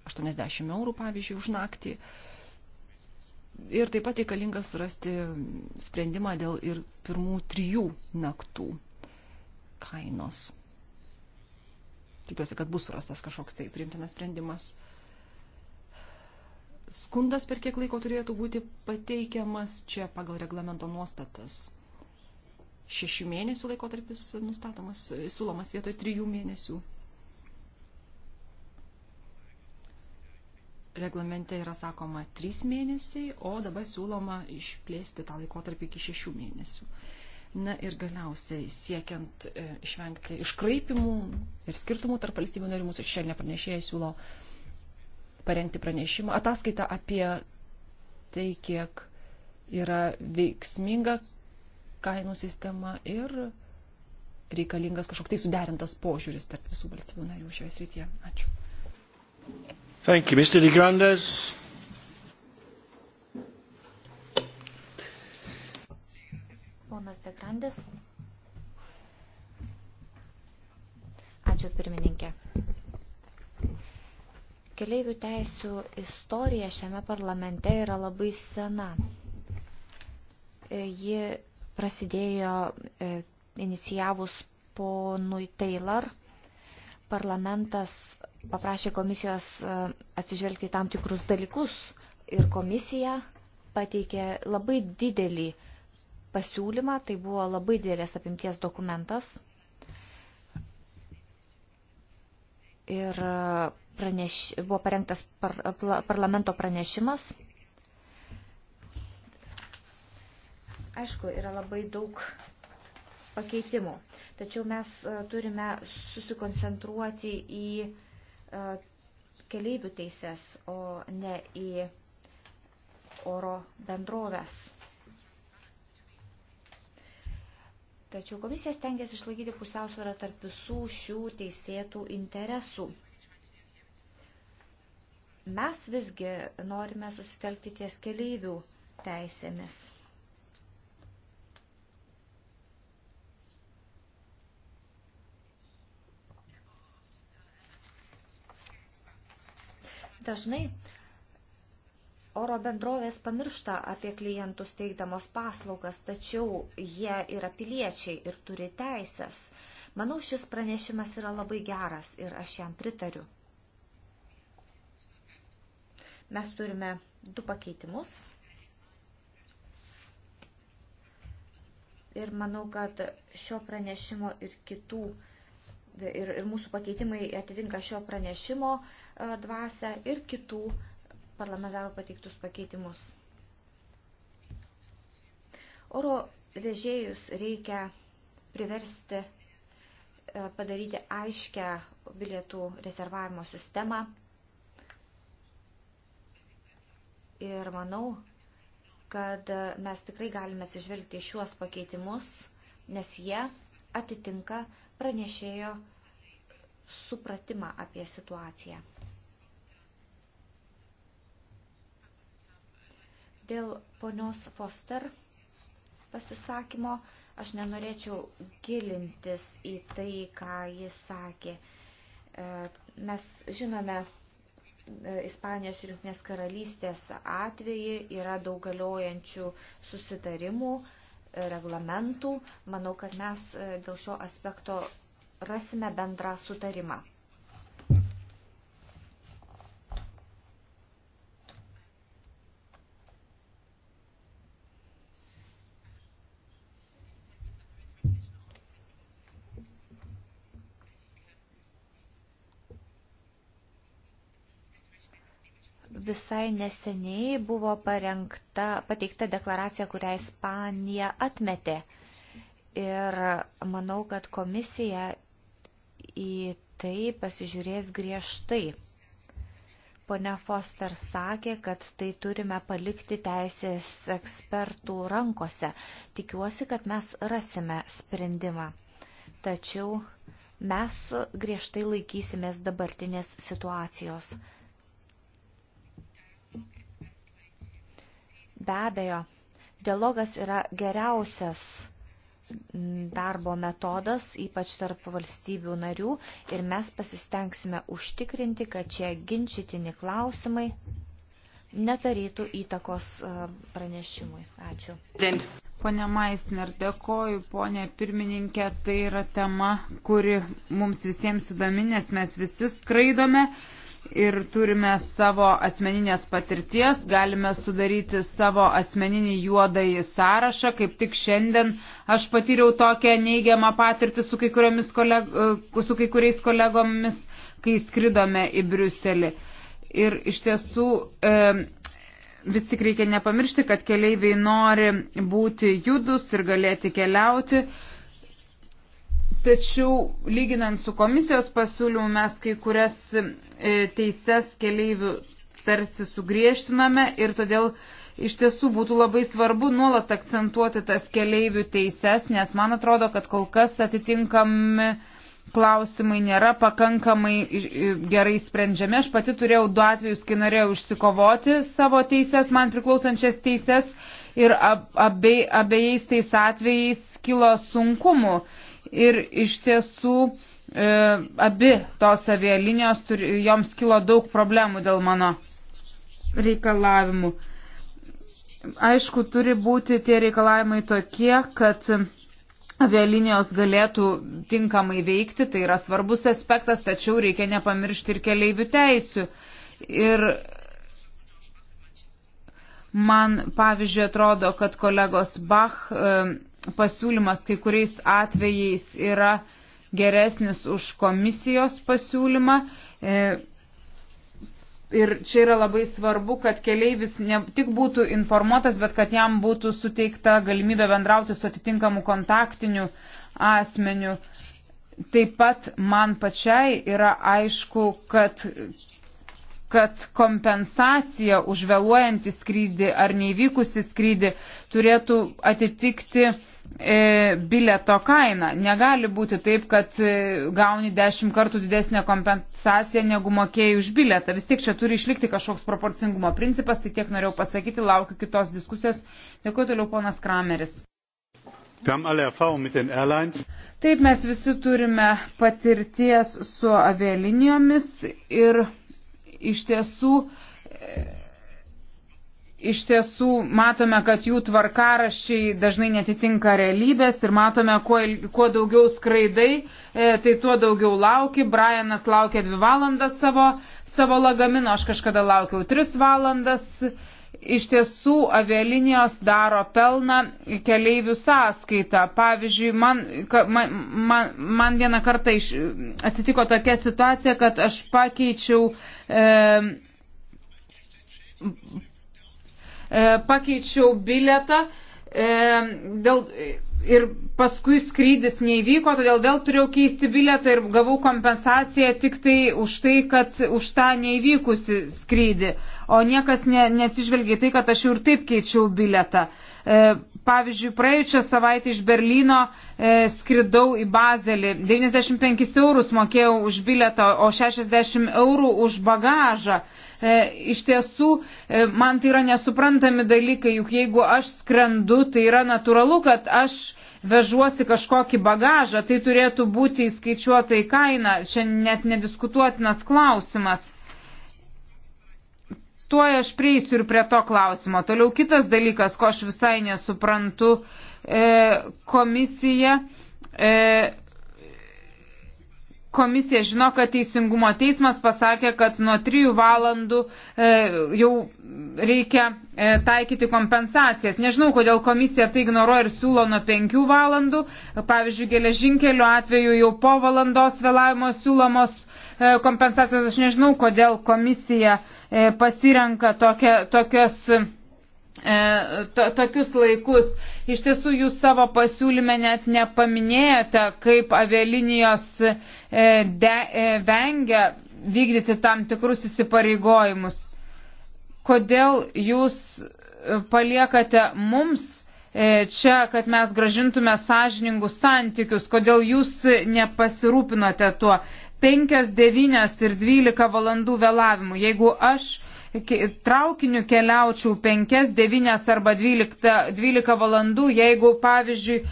80 eurų, pavyzdžiui, už naktį. Ir taip pat reikalingas surasti sprendimą dėl ir pirmų trijų naktų kainos tikiuosi, kad bus surastas kažkoks tai priimtinas sprendimas. Skundas per kiek laiko turėtų būti pateikiamas čia pagal reglamento nuostatas. Šešių mėnesių laikotarpis nustatomas, siūlomas vietoj trijų mėnesių. Reglamente yra sakoma trys mėnesiai, o dabar siūloma išplėsti tą laikotarpį iki šešių mėnesių. Na ir galiausiai siekiant e, išvengti iškraipimų ir skirtumų tarp valstybių narių mūsų šešėlinė pranešėja siūlo parengti pranešimą, ataskaitą apie tai, kiek yra veiksminga kainų sistema ir reikalingas kažkoks tai suderintas požiūris tarp visų valstybių narių šioje srityje. Ačiū. Thank you, Mr. De Grandes. Ponas Degrandės. Ačiū pirmininkė. Keleivių teisių istorija šiame parlamente yra labai sena. E, ji prasidėjo e, inicijavus ponui Taylor. Parlamentas paprašė komisijos e, atsižvelgti tam tikrus dalykus ir komisija pateikė labai didelį uh, pasiūlymą. Tai buvo labai didelės apimties dokumentas. Ir praneš, buvo parengtas par, par, parlamento pranešimas. Aišku, yra labai daug pakeitimų. Tačiau mes e, turime susikoncentruoti į e, keleivių teises, o ne į oro bendrovės. Tačiau komisija stengiasi išlaikyti pusiausvyrą tarp visų šių teisėtų interesų. Mes visgi norime susitelkti ties keleivių teisėmis. Dažnai oro bendrovės pamiršta apie klientus teikdamos paslaugas, tačiau jie yra piliečiai ir turi teisės. Manau, šis pranešimas yra labai geras ir aš jam pritariu. Mes turime du pakeitimus. Ir manau, kad šio pranešimo ir kitų ir, ir mūsų pakeitimai atitinka šio pranešimo e, dvasę ir kitų uh, parlamentarų pateiktus pakeitimus. Oro vežėjus reikia priversti e, padaryti aiškę bilietų rezervavimo sistemą. Ir manau, kad e, mes tikrai galime atsižvelgti šiuos pakeitimus, nes jie atitinka pranešėjo supratimą apie situaciją. Dėl ponios Foster pasisakymo aš nenorėčiau gilintis į tai, ką jis sakė. E, mes žinome e, Ispanijos ir Junktinės karalystės atvejį, yra daug galiojančių susitarimų, e, reglamentų. Manau, kad mes dėl šio aspekto rasime bendrą sutarimą. visai neseniai buvo parengta, pateikta deklaracija, kurią Ispanija atmetė. Ir manau, kad komisija į tai pasižiūrės griežtai. Pone Foster sakė, kad tai turime palikti teisės ekspertų rankose. Tikiuosi, kad mes rasime sprendimą. Tačiau mes griežtai laikysimės dabartinės situacijos. Be abejo, dialogas yra geriausias mm, darbo metodas, ypač tarp valstybių narių, ir mes pasistengsime užtikrinti, kad čia ginčytini klausimai netarytų įtakos e, pranešimui. Ačiū. Dent. Pone Maisner, dėkoju, ponė pirmininkė, tai yra tema, kuri mums visiems įdomi, nes mes visi skraidome ir turime savo asmeninės patirties, galime sudaryti savo asmeninį juodąjį sąrašą. Kaip tik šiandien aš patyriau tokią neigiamą patirtį su kai, koleg... E, su kai kuriais kolegomis, kai skridome į Briuselį. Ir iš tiesų. E, vis tik reikia nepamiršti, kad keleiviai nori būti judus ir galėti keliauti. Tačiau, lyginant su komisijos pasiūlymu, mes kai kurias e, teises keleivių tarsi sugriežtiname ir todėl iš tiesų būtų labai svarbu nuolat akcentuoti tas keleivių teises, nes man atrodo, kad kol kas atitinkami klausimai nėra pakankamai gerai sprendžiami. Aš pati turėjau du atvejus, kai norėjau išsikovoti savo teises, man priklausančias teises ir abie, abiejais tais atvejais kilo sunkumų. Ir iš tiesų e, abi tos avialinijos, turi, joms kilo daug problemų dėl mano reikalavimų. Aišku, turi būti tie reikalavimai tokie, kad avialinijos galėtų tinkamai veikti, tai yra svarbus aspektas, tačiau reikia nepamiršti ir keleivių teisių. Ir man, pavyzdžiui, atrodo, kad kolegos Bach e, pasiūlymas kai kuriais atvejais yra geresnis už komisijos pasiūlymą. E, Ir čia yra labai svarbu, kad keleivis ne tik būtų informuotas, bet kad jam būtų suteikta galimybė bendrauti su atitinkamu kontaktiniu asmeniu. Taip pat man pačiai yra aišku, kad, kad kompensacija už vėluojantį skrydį ar neįvykusi skrydį turėtų atitikti uh, E, bileto kaina. Negali būti taip, kad e, gauni dešimt kartų didesnę kompensaciją, negu mokėjai už biletą. Vis tiek čia turi išlikti kažkoks proporcingumo principas, tai tiek norėjau pasakyti, laukiu kitos diskusijos. Dėkuoju toliau, ponas Krameris. Taip, mes visi turime patirties su avialinijomis ir iš tiesų. E, iš tiesų matome, kad jų tvarkarašiai dažnai netitinka realybės ir matome, kuo, kuo daugiau skraidai, e, tai tuo daugiau lauki. Brianas laukia dvi valandas savo, savo lagamino, aš kažkada laukiau tris valandas. Iš tiesų avialinijos daro pelną keleivių sąskaitą. Pavyzdžiui, man, ka, man, man, man vieną kartą iš, atsitiko tokia situacija, kad aš pakeičiau e, E, pakeičiau biletą e, dėl, ir paskui skrydis neįvyko, todėl vėl turėjau keisti biletą ir gavau kompensaciją tik tai už tai, kad už tą neįvykusi skrydį. O niekas ne, neatsižvelgia tai, kad aš jau ir taip keičiau biletą. E, pavyzdžiui, praėjusią savaitę iš Berlyno e, skridau į Bazelį. 95 eurus mokėjau už biletą, o 60 eurų už bagažą. E, iš tiesų, e, man tai yra nesuprantami dalykai, juk jeigu aš skrendu, tai yra natūralu, kad aš vežuosi kažkokį bagažą, tai turėtų būti įskaičiuota į kainą, čia net nediskutuotinas klausimas. Tuo aš prieisiu ir prie to klausimo. Toliau kitas dalykas, ko aš visai nesuprantu, e, komisija e, komisija žino, kad teisingumo teismas pasakė, kad nuo 3 valandų e, jau reikia e, taikyti kompensacijas. Nežinau, kodėl komisija tai ignoruoja ir siūlo nuo 5 valandų. Pavyzdžiui, geležinkelių atveju jau po valandos vėlavimo siūlomos e, kompensacijos. Aš nežinau, kodėl komisija e, pasirenka tokia, tokias. E, E, tokius laikus. Iš tiesų, jūs savo pasiūlyme net nepaminėjote, kaip avialinijos e, de, e, vengia vykdyti tam tikrus įsipareigojimus. Kodėl jūs e, paliekate mums čia, kad mes gražintume sąžiningus santykius, kodėl jūs nepasirūpinote tuo 5, 9 ir 12 valandų vėlavimu. Jeigu aš traukiniu keliaučiau 5, 9 arba 12, 12 valandų, jeigu, pavyzdžiui,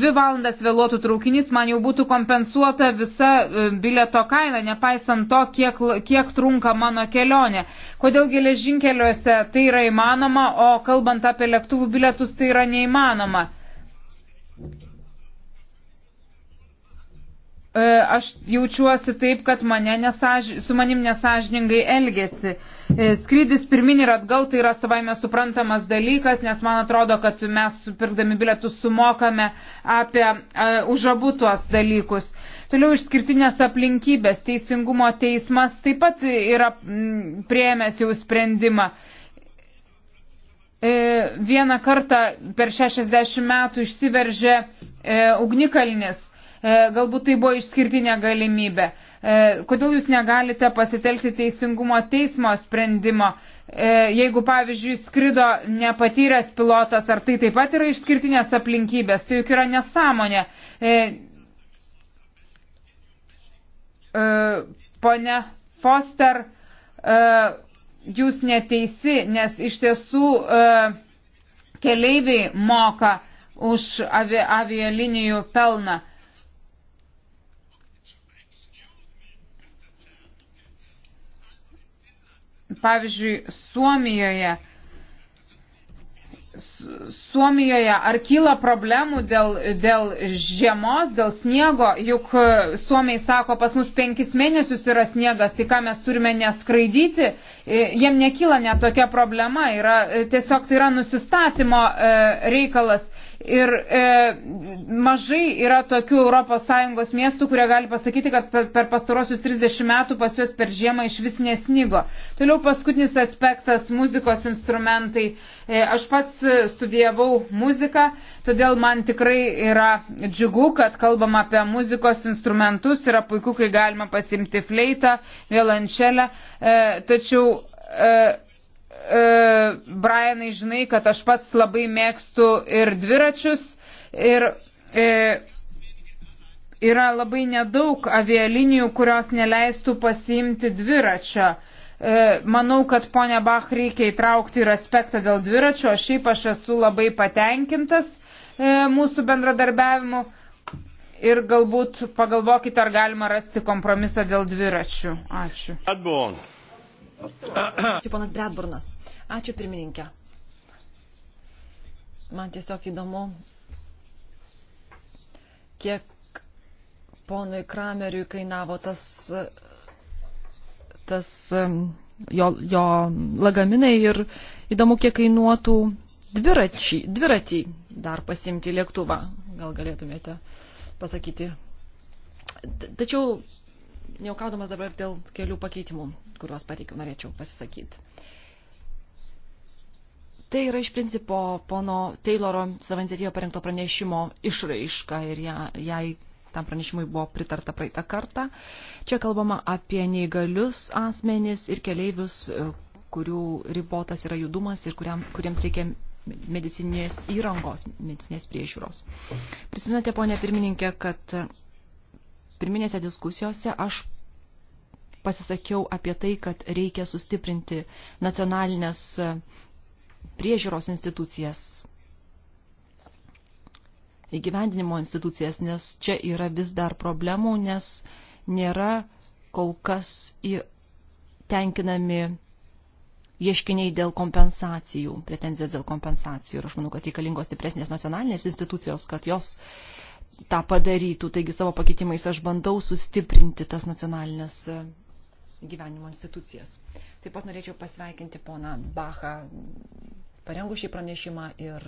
2 valandas vėluotų traukinys, man jau būtų kompensuota visa e, bileto kaina, nepaisant to, kiek, kiek trunka mano kelionė. Kodėl geležinkeliuose tai yra įmanoma, o kalbant apie lėktuvų biletus tai yra neįmanoma. E, aš jaučiuosi taip, kad nesaž... su manim nesažiningai elgesi. E, skrydis pirmin ir atgal tai yra savaime suprantamas dalykas, nes man atrodo, kad mes pirkdami bilietus sumokame apie uh, e, užabu tuos dalykus. Toliau išskirtinės aplinkybės. Teisingumo teismas taip pat yra prieėmęs jau sprendimą. Vieną kartą per 60 metų išsiveržė ugnikalnis E, galbūt tai buvo išskirtinė galimybė. E, kodėl jūs negalite pasitelkti teisingumo teismo sprendimo? E, jeigu, pavyzdžiui, skrido nepatyręs pilotas, ar tai taip pat yra išskirtinės aplinkybės, tai juk yra nesąmonė. Pone Foster, jūs neteisi, nes iš tiesų keleiviai moka už avialinijų pelną. Pavyzdžiui, Suomijoje. Suomijoje ar kyla problemų dėl, dėl žiemos, dėl sniego, juk e, Suomiai sako, pas mus penkis mėnesius yra sniegas, tai ką mes turime neskraidyti, e, jiem nekyla net tokia problema, yra, e, tiesiog tai yra nusistatymo reikalas Ir e, mažai yra tokių ES miestų, kurie gali pasakyti, kad per pastarosius 30 metų pas juos per žiemą iš vis nesnygo. Toliau paskutinis aspektas - muzikos instrumentai. E, aš pats studijavau muziką, todėl man tikrai yra džiugu, kad kalbam apie muzikos instrumentus. Yra puiku, kai galima pasimti fleitą, violončelę. E, tačiau. E, E, Brianai, žinai, kad aš pats labai mėgstu ir dviračius. Ir e, yra labai nedaug avialinijų, kurios neleistų pasiimti dviračio. E, manau, kad ponia Bach reikia įtraukti ir aspektą dėl dviračio, o šiaip aš esu labai patenkintas e, mūsų bendradarbiavimu. Ir galbūt pagalvokite, ar galima rasti kompromisą dėl dviračių. Ačiū. Atbon. Ačiū, ponas Bredburnas. Ačiū, pirmininkė. Man tiesiog įdomu, kiek ponui Krameriui kainavo tas, tas um, jo, jo lagaminai ir įdomu, kiek kainuotų dviračiai, dviratį dar pasimti lėktuvą. Gal galėtumėte pasakyti. Tačiau neaukaudamas dabar dėl kelių pakeitimų, kuriuos pateikiu, norėčiau pasisakyti. Tai yra iš principo pono Tayloro savancijatėjo parengto pranešimo išraiška ir ją, jai tam pranešimui buvo pritarta praeitą kartą. Čia kalbama apie neįgalius asmenis ir keleivius, kurių ribotas yra judumas ir kuriam, kuriems reikia medicinės įrangos, medicinės priežiūros. Prisiminate, ponė pirmininkė, kad pirminėse diskusijose aš pasisakiau apie tai, kad reikia sustiprinti nacionalinės priežiūros institucijas, įgyvendinimo institucijas, nes čia yra vis dar problemų, nes nėra kol kas į tenkinami ieškiniai dėl kompensacijų, pretenzijos dėl kompensacijų. Ir aš manau, kad reikalingos stipresnės nacionalinės institucijos, kad jos uh, tą padarytų. Taigi savo pakeitimais aš bandau sustiprinti tas nacionalinės e, gyvenimo institucijas. Taip pat norėčiau pasveikinti poną Bachą, parengus šį pranešimą ir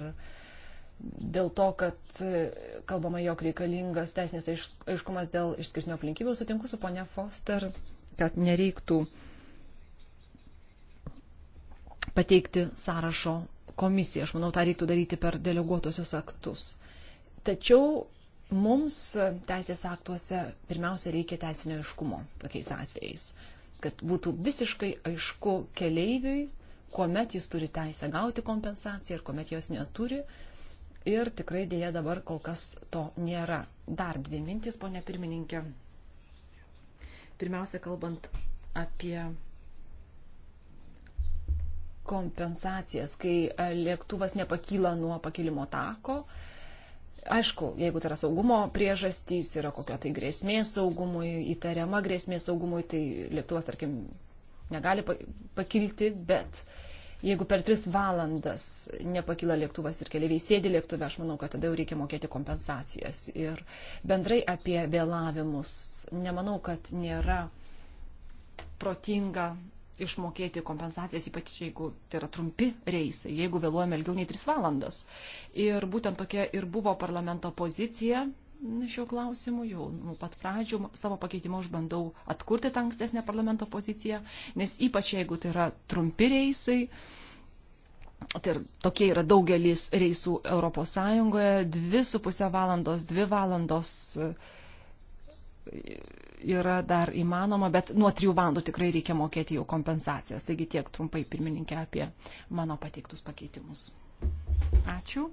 dėl to, kad e, kalbama, jog reikalingas teisinės aiškumas dėl išskirtinio aplinkybių, sutinku su ponia Foster, kad nereiktų pateikti sąrašo komisiją. Aš manau, tą reiktų daryti per deleguotosius aktus. Tačiau Mums teisės aktuose pirmiausia reikia teisinio aiškumo tokiais atvejais, kad būtų visiškai aišku keleiviui, kuomet jis turi teisę gauti kompensaciją ir kuomet jos neturi. Ir tikrai dėja dabar kol kas to nėra. Dar dvi mintys, ponia pirmininkė. Pirmiausia, kalbant apie kompensacijas, kai lėktuvas nepakyla nuo pakilimo tako, Aišku, jeigu tai yra saugumo priežastys, yra kokio tai grėsmės saugumui, įtariama grėsmės saugumui, tai lėktuvas, tarkim, negali pakilti, bet jeigu per tris valandas nepakyla lėktuvas ir keliaiviai sėdi lėktuve, aš manau, kad tada jau reikia mokėti kompensacijas. Ir bendrai apie vėlavimus, nemanau, kad nėra protinga išmokėti kompensacijas, ypač jeigu tai yra trumpi reisai, jeigu vėluojame ilgiau nei 3 valandas. Ir būtent tokia ir buvo parlamento pozicija šiuo klausimu, jau nuo pat pradžių savo pakeitimo aš bandau atkurti tą ankstesnę parlamento poziciją, nes ypač jeigu tai yra trumpi reisai, tai tokie yra daugelis reisų Europos Sąjungoje, dvi su pusę valandos, dvi valandos yra dar įmanoma, bet nuo 3 valandų tikrai reikia mokėti jau kompensacijas. Taigi tiek trumpai pirmininkė apie mano pateiktus pakeitimus. Ačiū.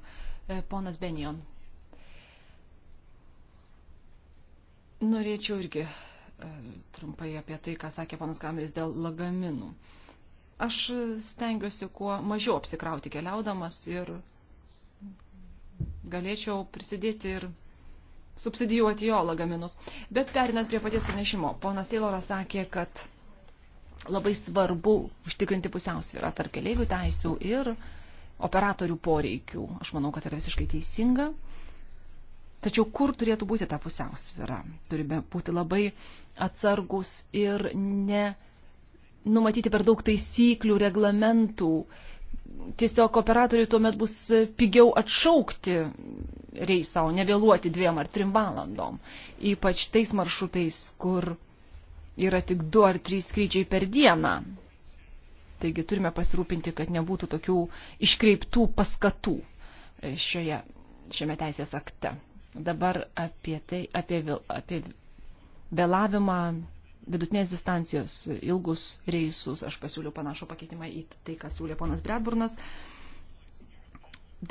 E, ponas Benion. Norėčiau irgi e, trumpai apie tai, ką sakė ponas Krameris dėl lagaminų. Aš stengiuosi kuo mažiau apsikrauti keliaudamas ir galėčiau prisidėti ir subsidijuoti jo lagaminus. Bet perinant prie paties pranešimo, ponas Tayloras sakė, kad labai svarbu užtikrinti pusiausvyrą tarp keliaivių teisių ir operatorių poreikių. Aš manau, kad tai yra visiškai teisinga. Tačiau kur turėtų būti ta pusiausvyrą? Turime būti labai atsargus ir ne numatyti per daug taisyklių, reglamentų, tiesiog operatoriui tuomet bus pigiau atšaukti reisą, o nevėluoti dviem ar trim valandom. Ypač tais maršrutais, kur yra tik du ar trys skrydžiai per dieną. Taigi turime pasirūpinti, kad nebūtų tokių iškreiptų paskatų e, šioje, šiame teisės akte. Dabar apie tai, apie, apie vėlavimą vidutinės distancijos ilgus reisus. Aš pasiūliau panašų pakeitimą į tai, ką siūlė ponas Bredburnas.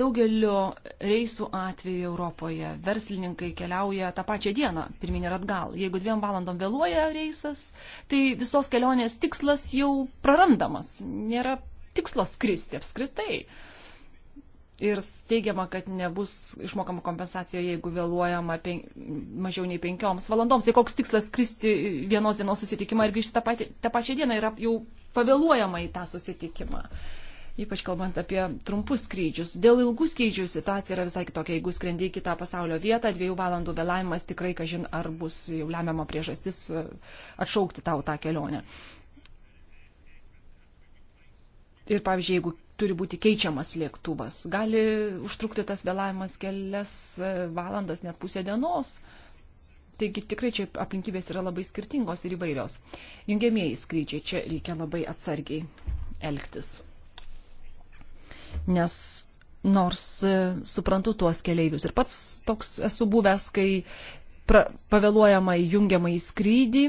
Daugelio reisų atveju Europoje verslininkai keliauja tą pačią dieną, pirmin ir atgal. Jeigu dviem valandom vėluoja reisas, tai visos kelionės tikslas jau prarandamas. Nėra tikslo skristi apskritai. Uh, ir teigiama, kad nebus išmokama kompensacija, jeigu vėluojama pen, mažiau nei penkioms valandoms. Tai koks tikslas skristi vienos dienos susitikimą ir grįžti tą, patį, tą pačią dieną yra jau pavėluojama į tą susitikimą. Ypač kalbant apie trumpus skrydžius. Dėl ilgų skrydžių situacija yra visai kitokia. Jeigu skrendi į kitą pasaulio vietą, dviejų valandų vėlavimas tikrai, kažin, ar bus jau lemiama priežastis e, atšaukti tau tą kelionę. Ir pavyzdžiui, jeigu turi būti keičiamas lėktuvas. Gali užtrukti tas vėlavimas kelias e, valandas, net pusę dienos. Taigi tikrai čia aplinkybės yra labai skirtingos ir įvairios. Jungiamieji skrydžiai čia reikia labai atsargiai elgtis. Nes nors e, suprantu tuos keleivius ir pats toks esu buvęs, kai pra, pavėluojama į jungiamąjį skrydį,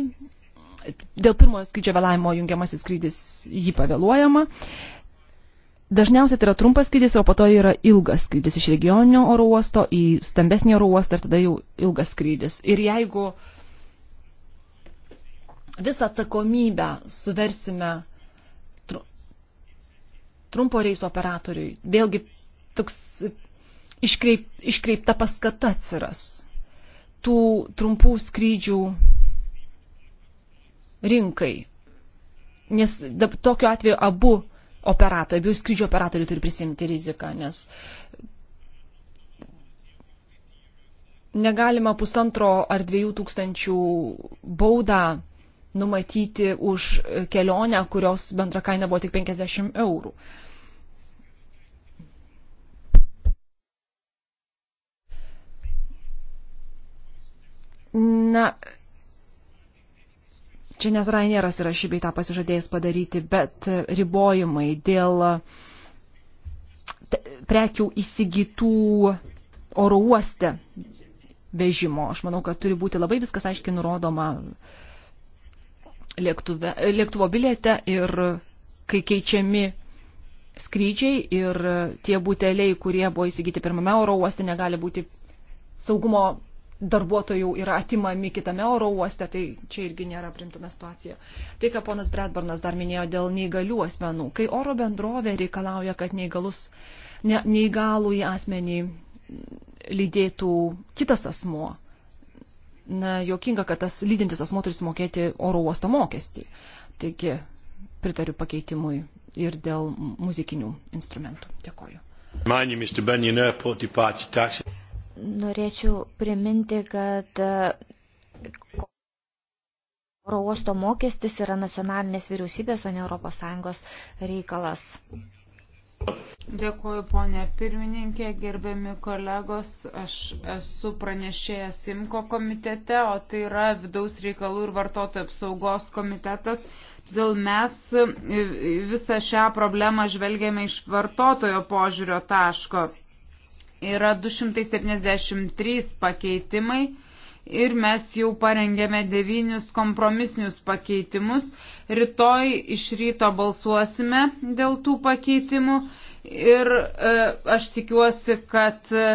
dėl pirmojo skrydžio vėlavimo jungiamasis skrydis jį pavėluojama, Dažniausiai tai yra trumpas skrydis, o po to yra ilgas skrydis iš regioninio oro uosto į stambesnį oro uostą ir tada jau ilgas skrydis. Ir jeigu visą atsakomybę suversime trumpo reiso operatoriui, vėlgi toks iškreip, iškreipta paskata atsiras tų trumpų skrydžių rinkai. Nes tokiu atveju abu operatorių, abiejų skrydžių operatorių turi prisimti riziką, nes negalima pusantro ar dviejų tūkstančių baudą numatyti už kelionę, kurios bendra kaina buvo tik 50 eurų. Na, Čia nes Rainieras yra šį beitą pasižadėjęs padaryti, bet e, ribojimai dėl prekių įsigytų oro uoste vežimo. Aš manau, kad turi būti labai viskas aiškiai nurodoma lėktuve, lėktuvo biliete ir kai keičiami skrydžiai ir tie buteliai, kurie buvo įsigyti pirmame oro uoste, negali būti saugumo darbuotojų yra atimami kitame oro uoste, tai čia irgi nėra primtina situacija. Tai, ką ponas Bredbarnas dar minėjo dėl neįgalių asmenų. Kai oro bendrovė reikalauja, kad neįgalus, ne, neįgalų į asmenį lydėtų kitas asmo, na, jokinga, kad tas lydintis asmo turi sumokėti oro uosto mokestį. Taigi, pritariu pakeitimui ir dėl muzikinių instrumentų. Dėkoju. Mani, Mr. Benyon Airport Departure Taxi norėčiau priminti, kad e, oro uosto mokestis yra nacionalinės vyriausybės, o ne ES reikalas. Dėkuoju, ponė pirmininkė, gerbiami kolegos. Aš esu pranešėjęs Simko komitete, o tai yra vidaus reikalų ir vartotojų apsaugos komitetas. Todėl mes visą šią problemą žvelgėme iš vartotojo požiūrio taško. Yra 273 pakeitimai ir mes jau parengėme devynis kompromisinius pakeitimus. Rytoj iš ryto balsuosime dėl tų pakeitimų ir e, aš tikiuosi, kad e,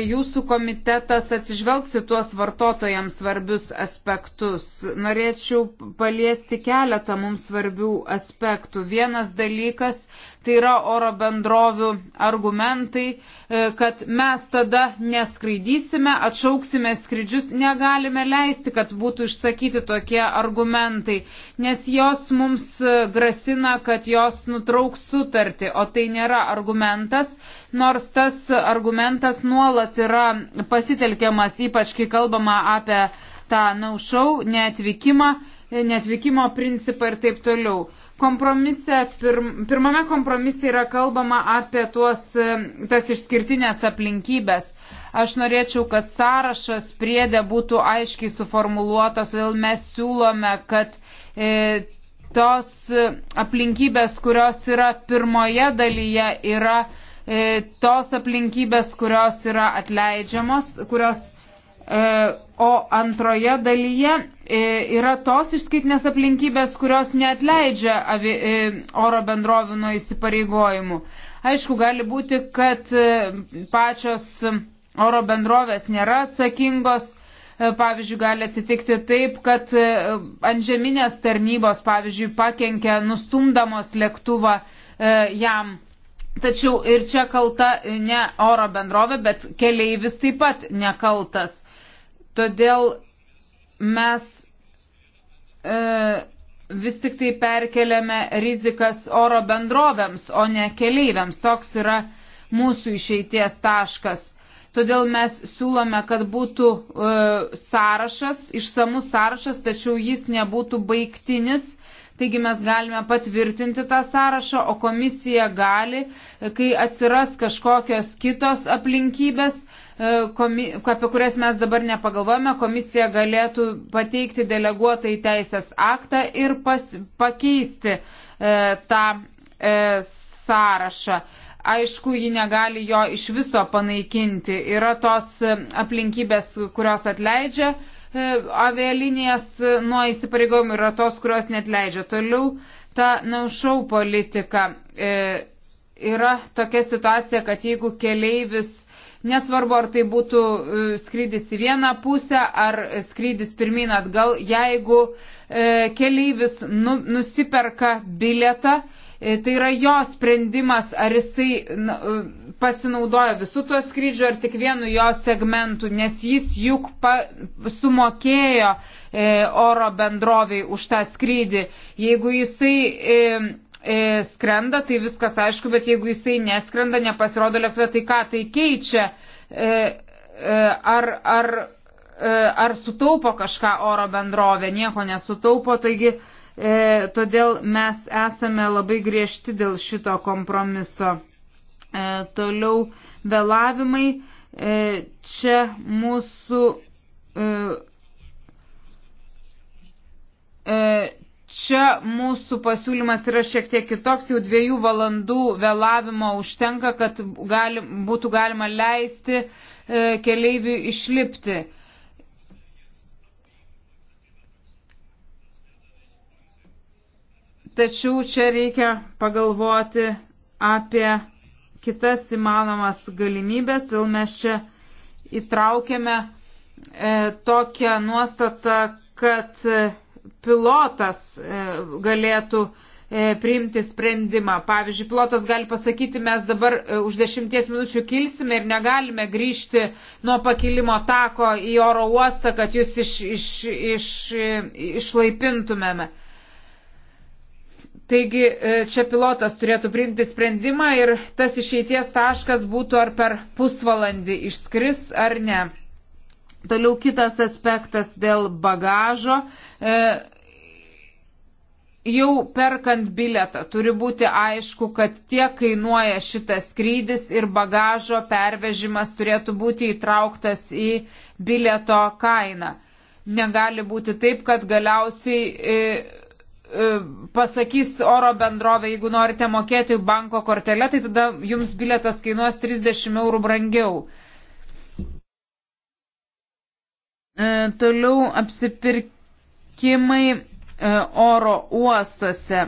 jūsų komitetas atsižvelgsi tuos vartotojams svarbius aspektus. Norėčiau paliesti keletą mums svarbių aspektų. Vienas dalykas tai yra oro bendrovių argumentai, e, kad mes tada neskraidysime, atšauksime skrydžius, negalime leisti, kad būtų išsakyti tokie argumentai, nes jos mums e, grasina, kad jos nutrauks sutartį, o tai nėra argumentas, nors tas argumentas nuolat yra pasitelkiamas, ypač kai kalbama apie tą naušau, no neatvykimą, neatvykimo principą ir taip toliau. Kompromise, pirm, pirmame kompromise yra kalbama apie tuos, e, tas išskirtinės aplinkybės. Aš norėčiau, kad sąrašas priedė būtų aiškiai suformuluotas, todėl mes siūlome, kad e, tos aplinkybės, kurios yra pirmoje dalyje, yra e, tos aplinkybės, kurios yra atleidžiamos, kurios E, o antroje dalyje e, yra tos išskaitinės aplinkybės, kurios neatleidžia avi, e, oro bendrovių nuo įsipareigojimų. Aišku, gali būti, kad pačios oro bendrovės nėra atsakingos pavyzdžiui, gali atsitikti taip, kad antžeminės tarnybos, pavyzdžiui, pakenkia nustumdamos lėktuvą jam. Tačiau ir čia kalta ne oro bendrovė, bet keleivis taip pat nekaltas. Todėl mes e, vis tik tai perkeliame rizikas oro bendrovėms, o ne keleiviams. Toks yra mūsų išeities taškas. Todėl mes siūlome, kad būtų e, sąrašas, išsamus sąrašas, tačiau jis nebūtų baigtinis Taigi mes galime patvirtinti tą sąrašą, o komisija gali, kai atsiras kažkokios kitos aplinkybės, e, komi, apie kurias mes dabar nepagalvojame, komisija galėtų pateikti deleguotą į teisės aktą ir pas, pakeisti e, tą e, sąrašą. Aišku, ji negali jo iš viso panaikinti. Yra tos e, aplinkybės, kurios atleidžia e, E, avialinijas nuo įsipareigojimų yra tos, kurios net leidžia. Toliau ta naušau politika. E, yra tokia situacija, kad jeigu keleivis nesvarbu ar tai būtų e, skrydis į vieną pusę ar skrydis pirmin atgal, jeigu e, keleivis nu, nusiperka biletą, E, tai yra jo sprendimas, ar jisai e, pasinaudojo visų tuo skrydžiu ar tik vienu jo segmentu, nes jis juk pa, sumokėjo e, oro bendroviai už tą skrydį. Jeigu jisai e, e, skrenda, tai viskas aišku, bet jeigu jisai neskrenda, nepasirodo lėktuve, tai ką tai keičia? E, e, ar, ar, e, ar sutaupo kažką oro bendrovė? Nieko nesutaupo, taigi. E, e, todėl mes esame labai griežti dėl šito kompromiso. E, toliau vėlavimai. E, čia mūsų. E, e, Čia mūsų pasiūlymas yra šiek tiek kitoks, jau dviejų valandų vėlavimo užtenka, kad gali, būtų galima leisti e, keleiviui išlipti. E, Tačiau čia reikia pagalvoti apie kitas įmanomas galimybės, todėl mes čia įtraukėme e, tokią nuostatą, kad e, pilotas e, galėtų e, priimti sprendimą. Pavyzdžiui, pilotas gali pasakyti, mes dabar e, už dešimties minučių kilsime ir negalime grįžti nuo pakilimo tako į oro uostą, kad jūs iš, iš, iš, iš e, išlaipintumėme. E, Taigi e, čia pilotas turėtų priimti sprendimą ir tas išeities taškas būtų ar per pusvalandį išskris ar ne. Toliau kitas aspektas dėl bagažo. E, jau perkant biletą turi būti aišku, kad tiek kainuoja šitas skrydis ir bagažo pervežimas turėtų būti įtrauktas į bileto kainą. Negali būti taip, kad galiausiai. E, E, pasakys oro bendrovė, jeigu norite mokėti banko kortelę, tai tada jums bilietas kainuos 30 eurų brangiau. E, toliau apsipirkimai e, oro uostuose.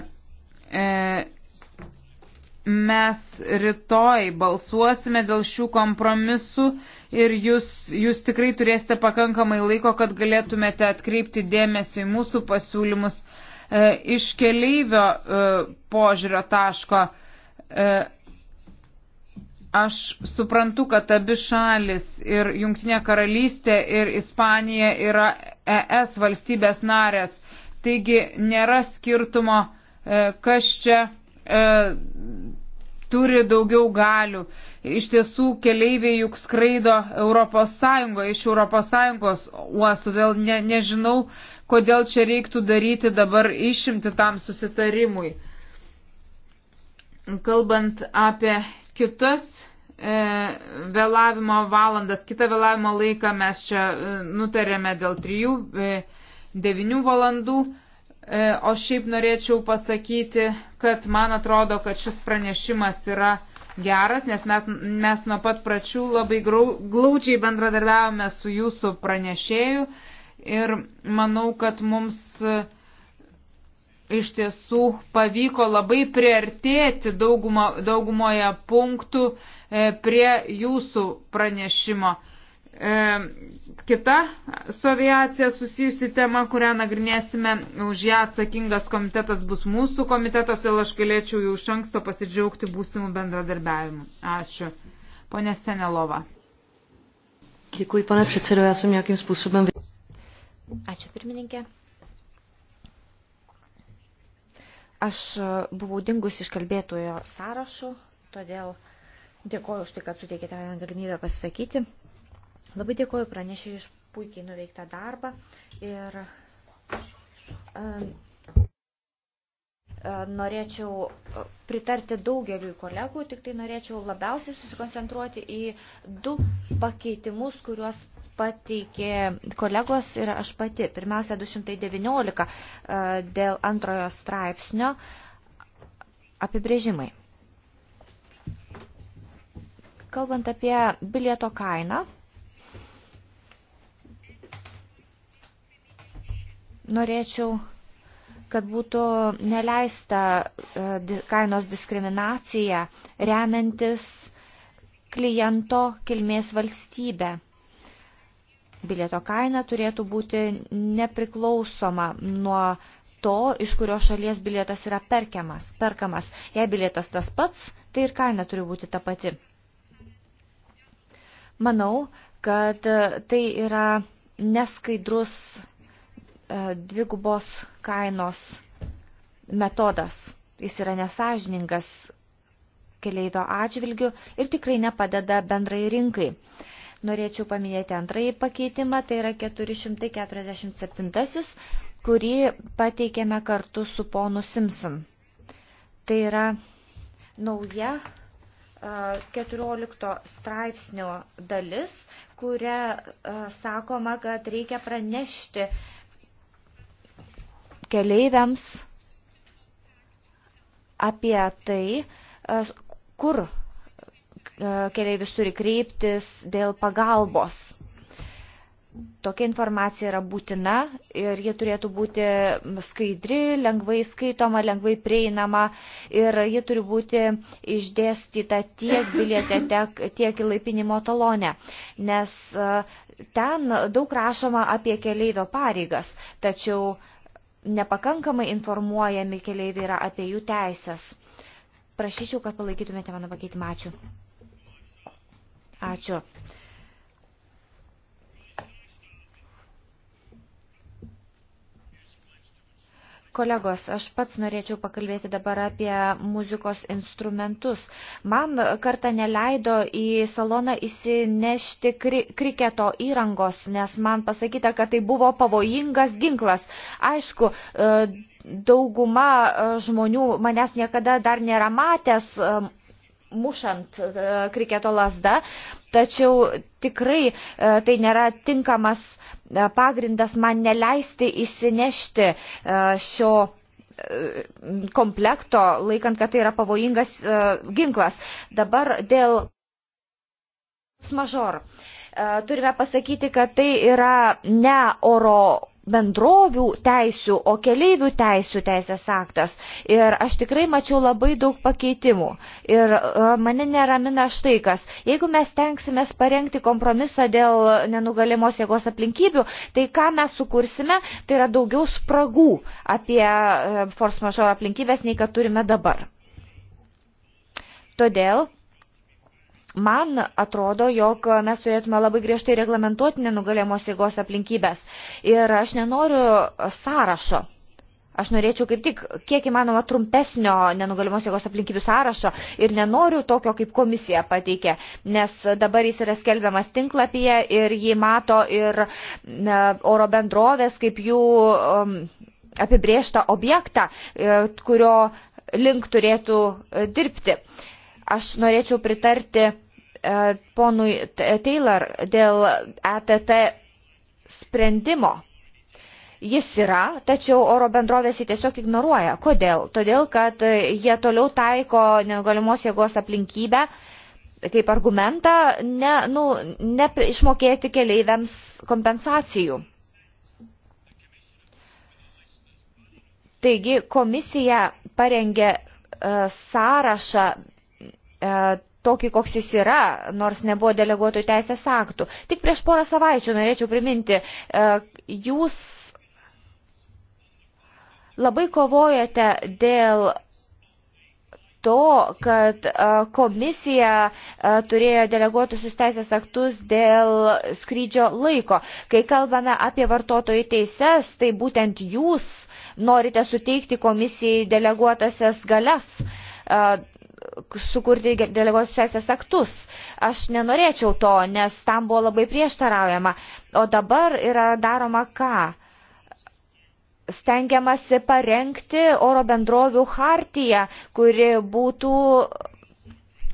Mes rytoj balsuosime dėl šių kompromisų ir jūs, jūs tikrai turėsite pakankamai laiko, kad galėtumėte atkreipti dėmesį į mūsų pasiūlymus E, iš keleivio e, požiūrio taško. E, aš suprantu, kad abi šalis ir Junktinė karalystė ir Ispanija yra ES valstybės narės. Taigi nėra skirtumo, kas čia e, turi daugiau galių. Iš tiesų keleiviai juk skraido ES iš ES uostų, todėl ne, nežinau, kodėl čia reiktų daryti dabar išimti tam susitarimui. Kalbant apie kitas e, vėlavimo valandas, kitą vėlavimo laiką mes čia e, nutarėme dėl 3-9 e, valandų. E, o šiaip norėčiau pasakyti, kad man atrodo, kad šis pranešimas yra geras, nes mes, mes nuo pat pračių labai grau, glaudžiai bendradarbiavome su jūsų pranešėju. E, ir manau, kad mums e, iš tiesų pavyko labai priartėti daugumo, daugumoje punktų e, prie jūsų pranešimo. E, kita su aviacija susijusi tema, kurią nagrinėsime, už ją atsakingas komitetas bus mūsų komitetas, jau aš galėčiau jau iš anksto pasidžiaugti būsimų bendradarbiavimų. Ačiū. Pone Senelova. Děkuji, pane předsedo, já jsem nějakým způsobem... Ačiū pirmininkė. Aš e, buvau dingus iš kalbėtojo sąrašų, todėl dėkoju už tai, kad suteikėte man galimybę pasisakyti. Labai dėkoju pranešėjai už puikiai nuveiktą darbą ir um, E, norėčiau e, pritarti daugeliui kolegų, tik tai norėčiau labiausiai susikoncentruoti į du pakeitimus, kuriuos pateikė kolegos ir aš pati. Pirmiausia, 219 e, dėl antrojo straipsnio apibrėžimai. Kalbant apie bilieto kainą, norėčiau kad būtų neleista e, kainos diskriminacija remiantis kliento kilmės valstybę. Bilieto kaina turėtų būti nepriklausoma nuo to, iš kurios šalies bilietas yra perkiamas, perkamas. Jei bilietas tas pats, tai ir kaina turi būti ta pati. Manau, kad tai yra neskaidrus E, dvigubos kainos metodas. Jis yra nesažiningas keleivio atžvilgių ir tikrai nepadeda bendrai rinkai. Norėčiau paminėti antrąjį pakeitimą, tai yra 447, kurį pateikėme kartu su ponu Simpson. Tai yra nauja 14 e, straipsnio dalis, kuria e, sakoma, kad reikia pranešti uh, keleiviams apie tai, e, kur e, keleivis turi kreiptis dėl pagalbos. Tokia informacija yra būtina ir ji turėtų būti skaidri, lengvai skaitoma, lengvai prieinama ir ji turi būti išdėstyta tiek bilietė, tiek, tiek įlaipinimo talone, nes e, ten daug rašoma apie keleivio pareigas, tačiau uh, nepakankamai informuojami keleiviai yra apie jų teisės. Prašyčiau, kad palaikytumėte mano pakeitimą. Ačiū. Ačiū. Kolegos, aš pats norėčiau pakalbėti dabar apie muzikos instrumentus. Man kartą neleido į saloną įsinešti kri kriketo įrangos, nes man pasakyta, kad tai buvo pavojingas ginklas. Aišku, e, dauguma e, žmonių manęs niekada dar nėra matęs e, mušant kriketo lasdą, tačiau tikrai e, tai nėra tinkamas e, pagrindas man neleisti įsinešti e, šio komplekto, laikant, kad tai yra pavojingas ginklas. Dabar dėl mažor turime pasakyti, kad tai yra ne oro bendrovių teisių, o keleivių teisių teisės aktas. Ir aš tikrai mačiau labai daug pakeitimų. Ir e, mane neramina štai kas. Jeigu mes tenksime parengti kompromisą dėl nenugalimos jėgos aplinkybių, tai ką mes sukursime, tai yra daugiau spragų apie e, force majeure aplinkybės, nei kad turime dabar. Todėl Man atrodo, jog mes turėtume labai griežtai reglamentuoti nenugalėjamos jėgos aplinkybės. Ir aš nenoriu sąrašo. Aš norėčiau kaip tik kiek įmanoma trumpesnio nenugalimos jėgos aplinkybių sąrašo ir nenoriu tokio, kaip komisija pateikė, nes dabar jis yra skelbiamas tinklapyje ir jį mato ir oro bendrovės kaip jų um, apibriežtą objektą, e, kurio link turėtų e, dirbti. Uh, Aš norėčiau pritarti e, ponui Taylor dėl ATT e sprendimo. Jis yra, tačiau oro bendrovės jį tiesiog ignoruoja. Kodėl? Todėl, kad jie toliau taiko negalimos jėgos aplinkybę kaip argumentą ne, nu, ne išmokėti keleiviams kompensacijų. Taigi komisija parengė e, sąrašą E, tokį, koks jis yra, nors nebuvo deleguotų teisės aktų. Tik prieš porą savaičių norėčiau priminti, e, jūs labai kovojate dėl to, kad e, komisija turėjo deleguotusius teisės aktus dėl skrydžio laiko. Kai kalbame apie vartotojų teises, tai būtent jūs norite suteikti komisijai deleguotasias galias sukurti deleguotus teisės aktus. Aš nenorėčiau to, nes tam buvo labai prieštaraujama. O dabar yra daroma ką? Stengiamasi parengti oro bendrovių hartiją, kuri būtų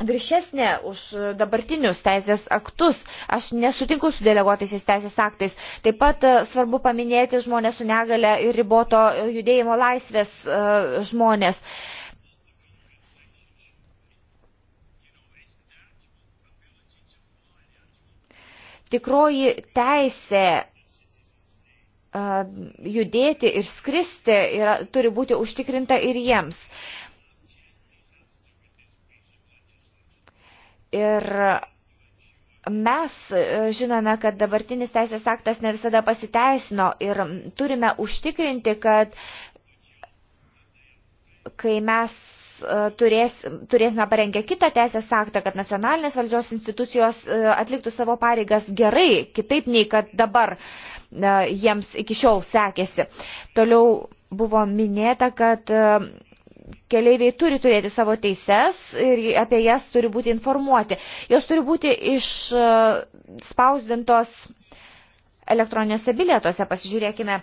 viršesnė už dabartinius teisės aktus. Aš nesutinku su deleguotaisiais teisės aktais. Taip pat e, svarbu paminėti žmonės su negale ir riboto judėjimo laisvės e, žmonės. Uh, Tikroji teisė judėti ir skristi yra, turi būti užtikrinta ir jiems. Ir mes e, žinome, kad dabartinis teisės aktas ne visada pasiteisino ir turime užtikrinti, kad kai mes E, turės, turėsime parengę kitą teisės aktą, kad nacionalinės valdžios institucijos e, atliktų savo pareigas gerai, kitaip nei kad dabar e, jiems iki šiol sekėsi. Toliau buvo minėta, kad keleiviai turi turėti savo teises ir apie jas turi būti informuoti. Jos turi būti išspausdintos elektroniniuose bilietuose. Pasižiūrėkime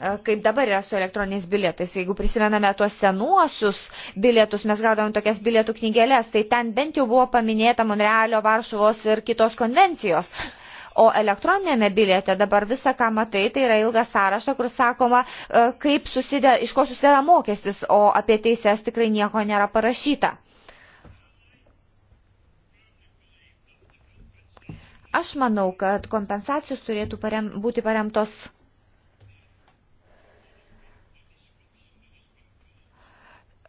E, kaip dabar yra su elektroniniais bilietais. Jeigu prisimename tuos senuosius bilietus, mes gaudavom tokias bilietų knygelės, tai ten bent jau buvo paminėta Monrealio, Varšuvos ir kitos konvencijos. O elektroninėme biliete dabar visą, ką matai, tai yra ilgas sąrašas, kur sakoma, e, kaip susideda, iš ko susideda mokestis, o apie teises tikrai nieko nėra parašyta. Aš manau, kad kompensacijos turėtų parem, būti paremtos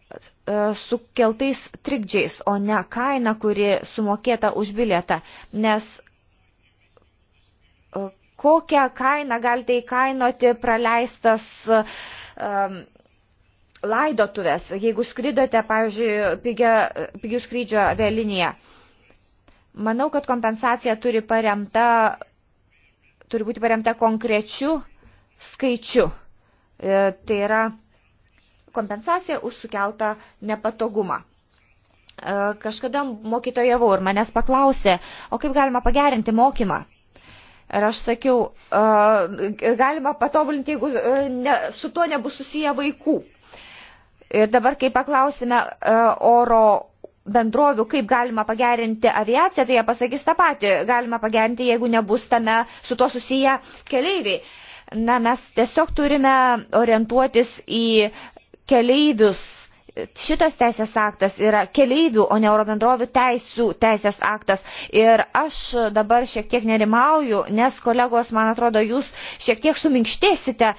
E, sukeltais trikdžiais, o ne kaina, kuri sumokėta už bilietą. Nes e, kokią kainą galite įkainoti praleistas um, laidotuvės, jeigu skridote, pavyzdžiui, pigia, pigių skrydžio avialiniją. Manau, kad kompensacija turi, paremta, turi būti paremta konkrečiu skaičiu. E, tai yra kompensaciją už sukeltą nepatogumą. E, kažkada mokytojavau ir manęs paklausė, o kaip galima pagerinti mokymą. Ir aš sakiau, e, galima patobulinti, jeigu e, ne, su tuo nebus susiję vaikų. Ir dabar, kai paklausime oro bendrovių, kaip galima pagerinti aviaciją, tai jie pasakys tą patį, galima pagerinti, jeigu nebus tame su to susiję keleiviai. Na, mes tiesiog turime orientuotis į keleivius. Šitas teisės aktas yra keleivių, o ne eurobendrovių teisų teisės aktas. Ir aš dabar šiek tiek nerimauju, nes kolegos, man atrodo, jūs šiek tiek suminkštėsite e,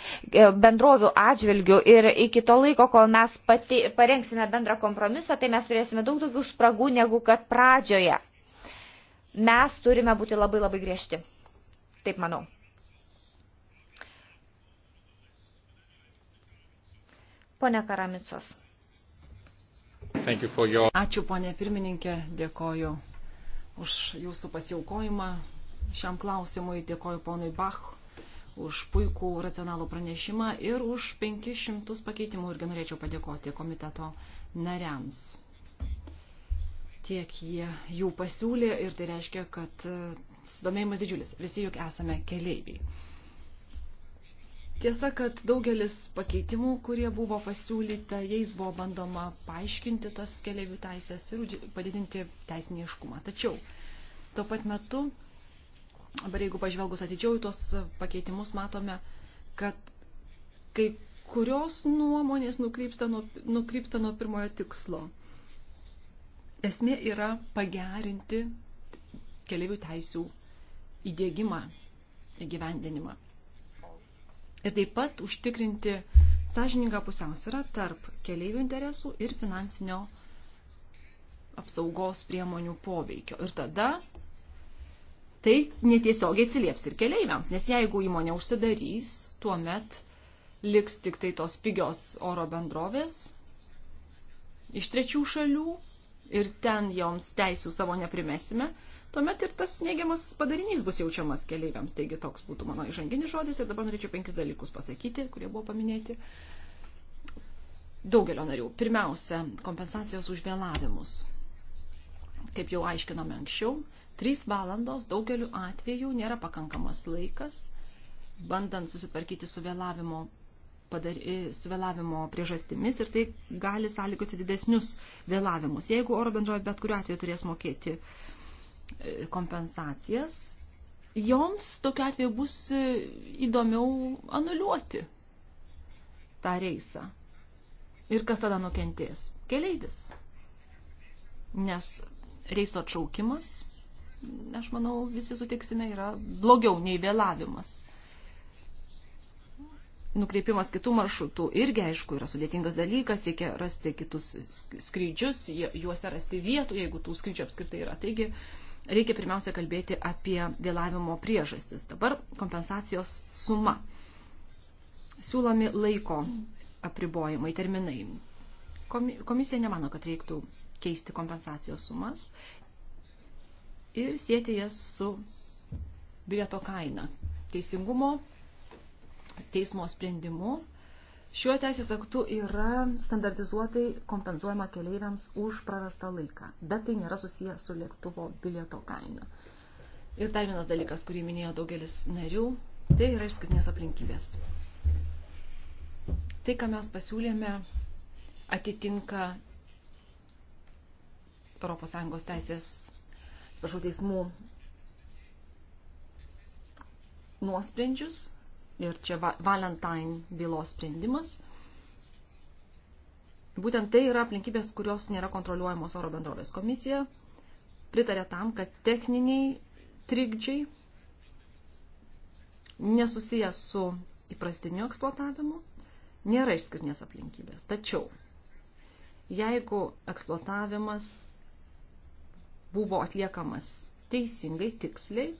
bendrovių atžvilgių ir iki to laiko, kol mes pati, parengsime bendrą kompromisą, tai mes turėsime daug daugiau spragų negu kad pradžioje. Mes turime būti labai labai griežti. Taip manau. Pone Karamicos. You your... Ačiū, ponė pirmininkė, dėkoju už jūsų pasiaukojimą šiam klausimui, dėkoju ponui Bach už puikų racionalų pranešimą ir už 500 pakeitimų irgi norėčiau padėkoti komiteto nariams. Tiek jie jų pasiūlė ir tai reiškia, kad sudomėjimas didžiulis. Visi juk esame keleiviai. Tiesa, kad daugelis pakeitimų, kurie buvo pasiūlyta, jais buvo bandoma paaiškinti tas keliaivių teisės ir padidinti teisinį iškumą. Tačiau, tuo pat metu, dabar jeigu pažvelgus atidžiau į tuos pakeitimus, matome, kad kai kurios nuomonės nukrypsta nuo, nukrypsta nuo pirmojo tikslo. Esmė yra pagerinti keliaivių teisų įdėgymą, įgyvendinimą ir taip pat užtikrinti sąžiningą pusiausvyrą tarp keleivių interesų ir finansinio apsaugos priemonių poveikio. Ir tada tai netiesiogiai atsilieps ir keleiviams, nes jeigu įmonė užsidarys, tuomet liks tik tai tos pigios oro bendrovės iš trečių šalių ir ten joms teisių savo neprimesime, tuomet ir tas neigiamas padarinys bus jaučiamas keleiviams. Taigi toks būtų mano įžanginis žodis ir dabar norėčiau penkis dalykus pasakyti, kurie buvo paminėti daugelio narių. Pirmiausia, kompensacijos už vėlavimus. Kaip jau aiškinome anksčiau, 3 valandos daugeliu atveju nėra pakankamas laikas, bandant susitvarkyti su vėlavimo, padar, e, su vėlavimo priežastimis ir tai gali sąlygoti didesnius vėlavimus. Jeigu oro bendrovė bet kuriuo atveju turės mokėti uh, kompensacijas, joms tokiu atveju bus e, įdomiau anuliuoti tą reisą. Ir kas tada nukentės? Keleivis. Nes reiso atšaukimas, aš manau, visi sutiksime, yra blogiau nei vėlavimas nukreipimas kitų maršrutų irgi, aišku, yra sudėtingas dalykas, reikia rasti kitus skrydžius, juose rasti vietų, jeigu tų skrydžių apskritai yra. Taigi, uh, reikia pirmiausia kalbėti apie vėlavimo priežastis. Dabar kompensacijos suma. Siūlomi laiko apribojimai, terminai. Komisija nemano, kad reiktų keisti kompensacijos sumas ir sėti jas su bilieto kaina. Teisingumo teismo sprendimu Šiuo teisės aktu yra standartizuotai kompensuojama keleiviams už prarastą laiką, bet tai nėra susiję su lėktuvo bilieto kaina. Ir dar vienas dalykas, kurį minėjo daugelis narių, tai yra išskirtinės aplinkybės. Tai, ką mes pasiūlėme, atitinka ES teisės, atsiprašau, teismų nuosprendžius ir čia Valentine bylos sprendimas. Būtent tai yra aplinkybės, kurios nėra kontroliuojamos oro bendrovės komisija. Pritarė tam, kad techniniai trikdžiai nesusijęs su įprastiniu eksploatavimu nėra išskirtinės aplinkybės. Tačiau, jeigu eksploatavimas buvo atliekamas teisingai, tiksliai,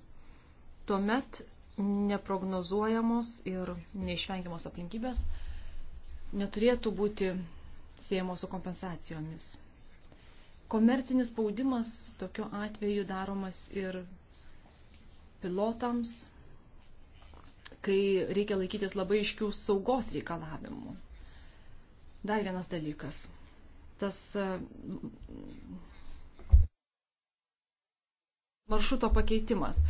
tuomet neprognozuojamos ir neišvengiamos aplinkybės neturėtų būti siejamos su kompensacijomis. Komercinis spaudimas tokiu atveju daromas ir pilotams, kai reikia laikytis labai iškių saugos reikalavimų. Dar vienas dalykas. Tas e, maršruto pakeitimas.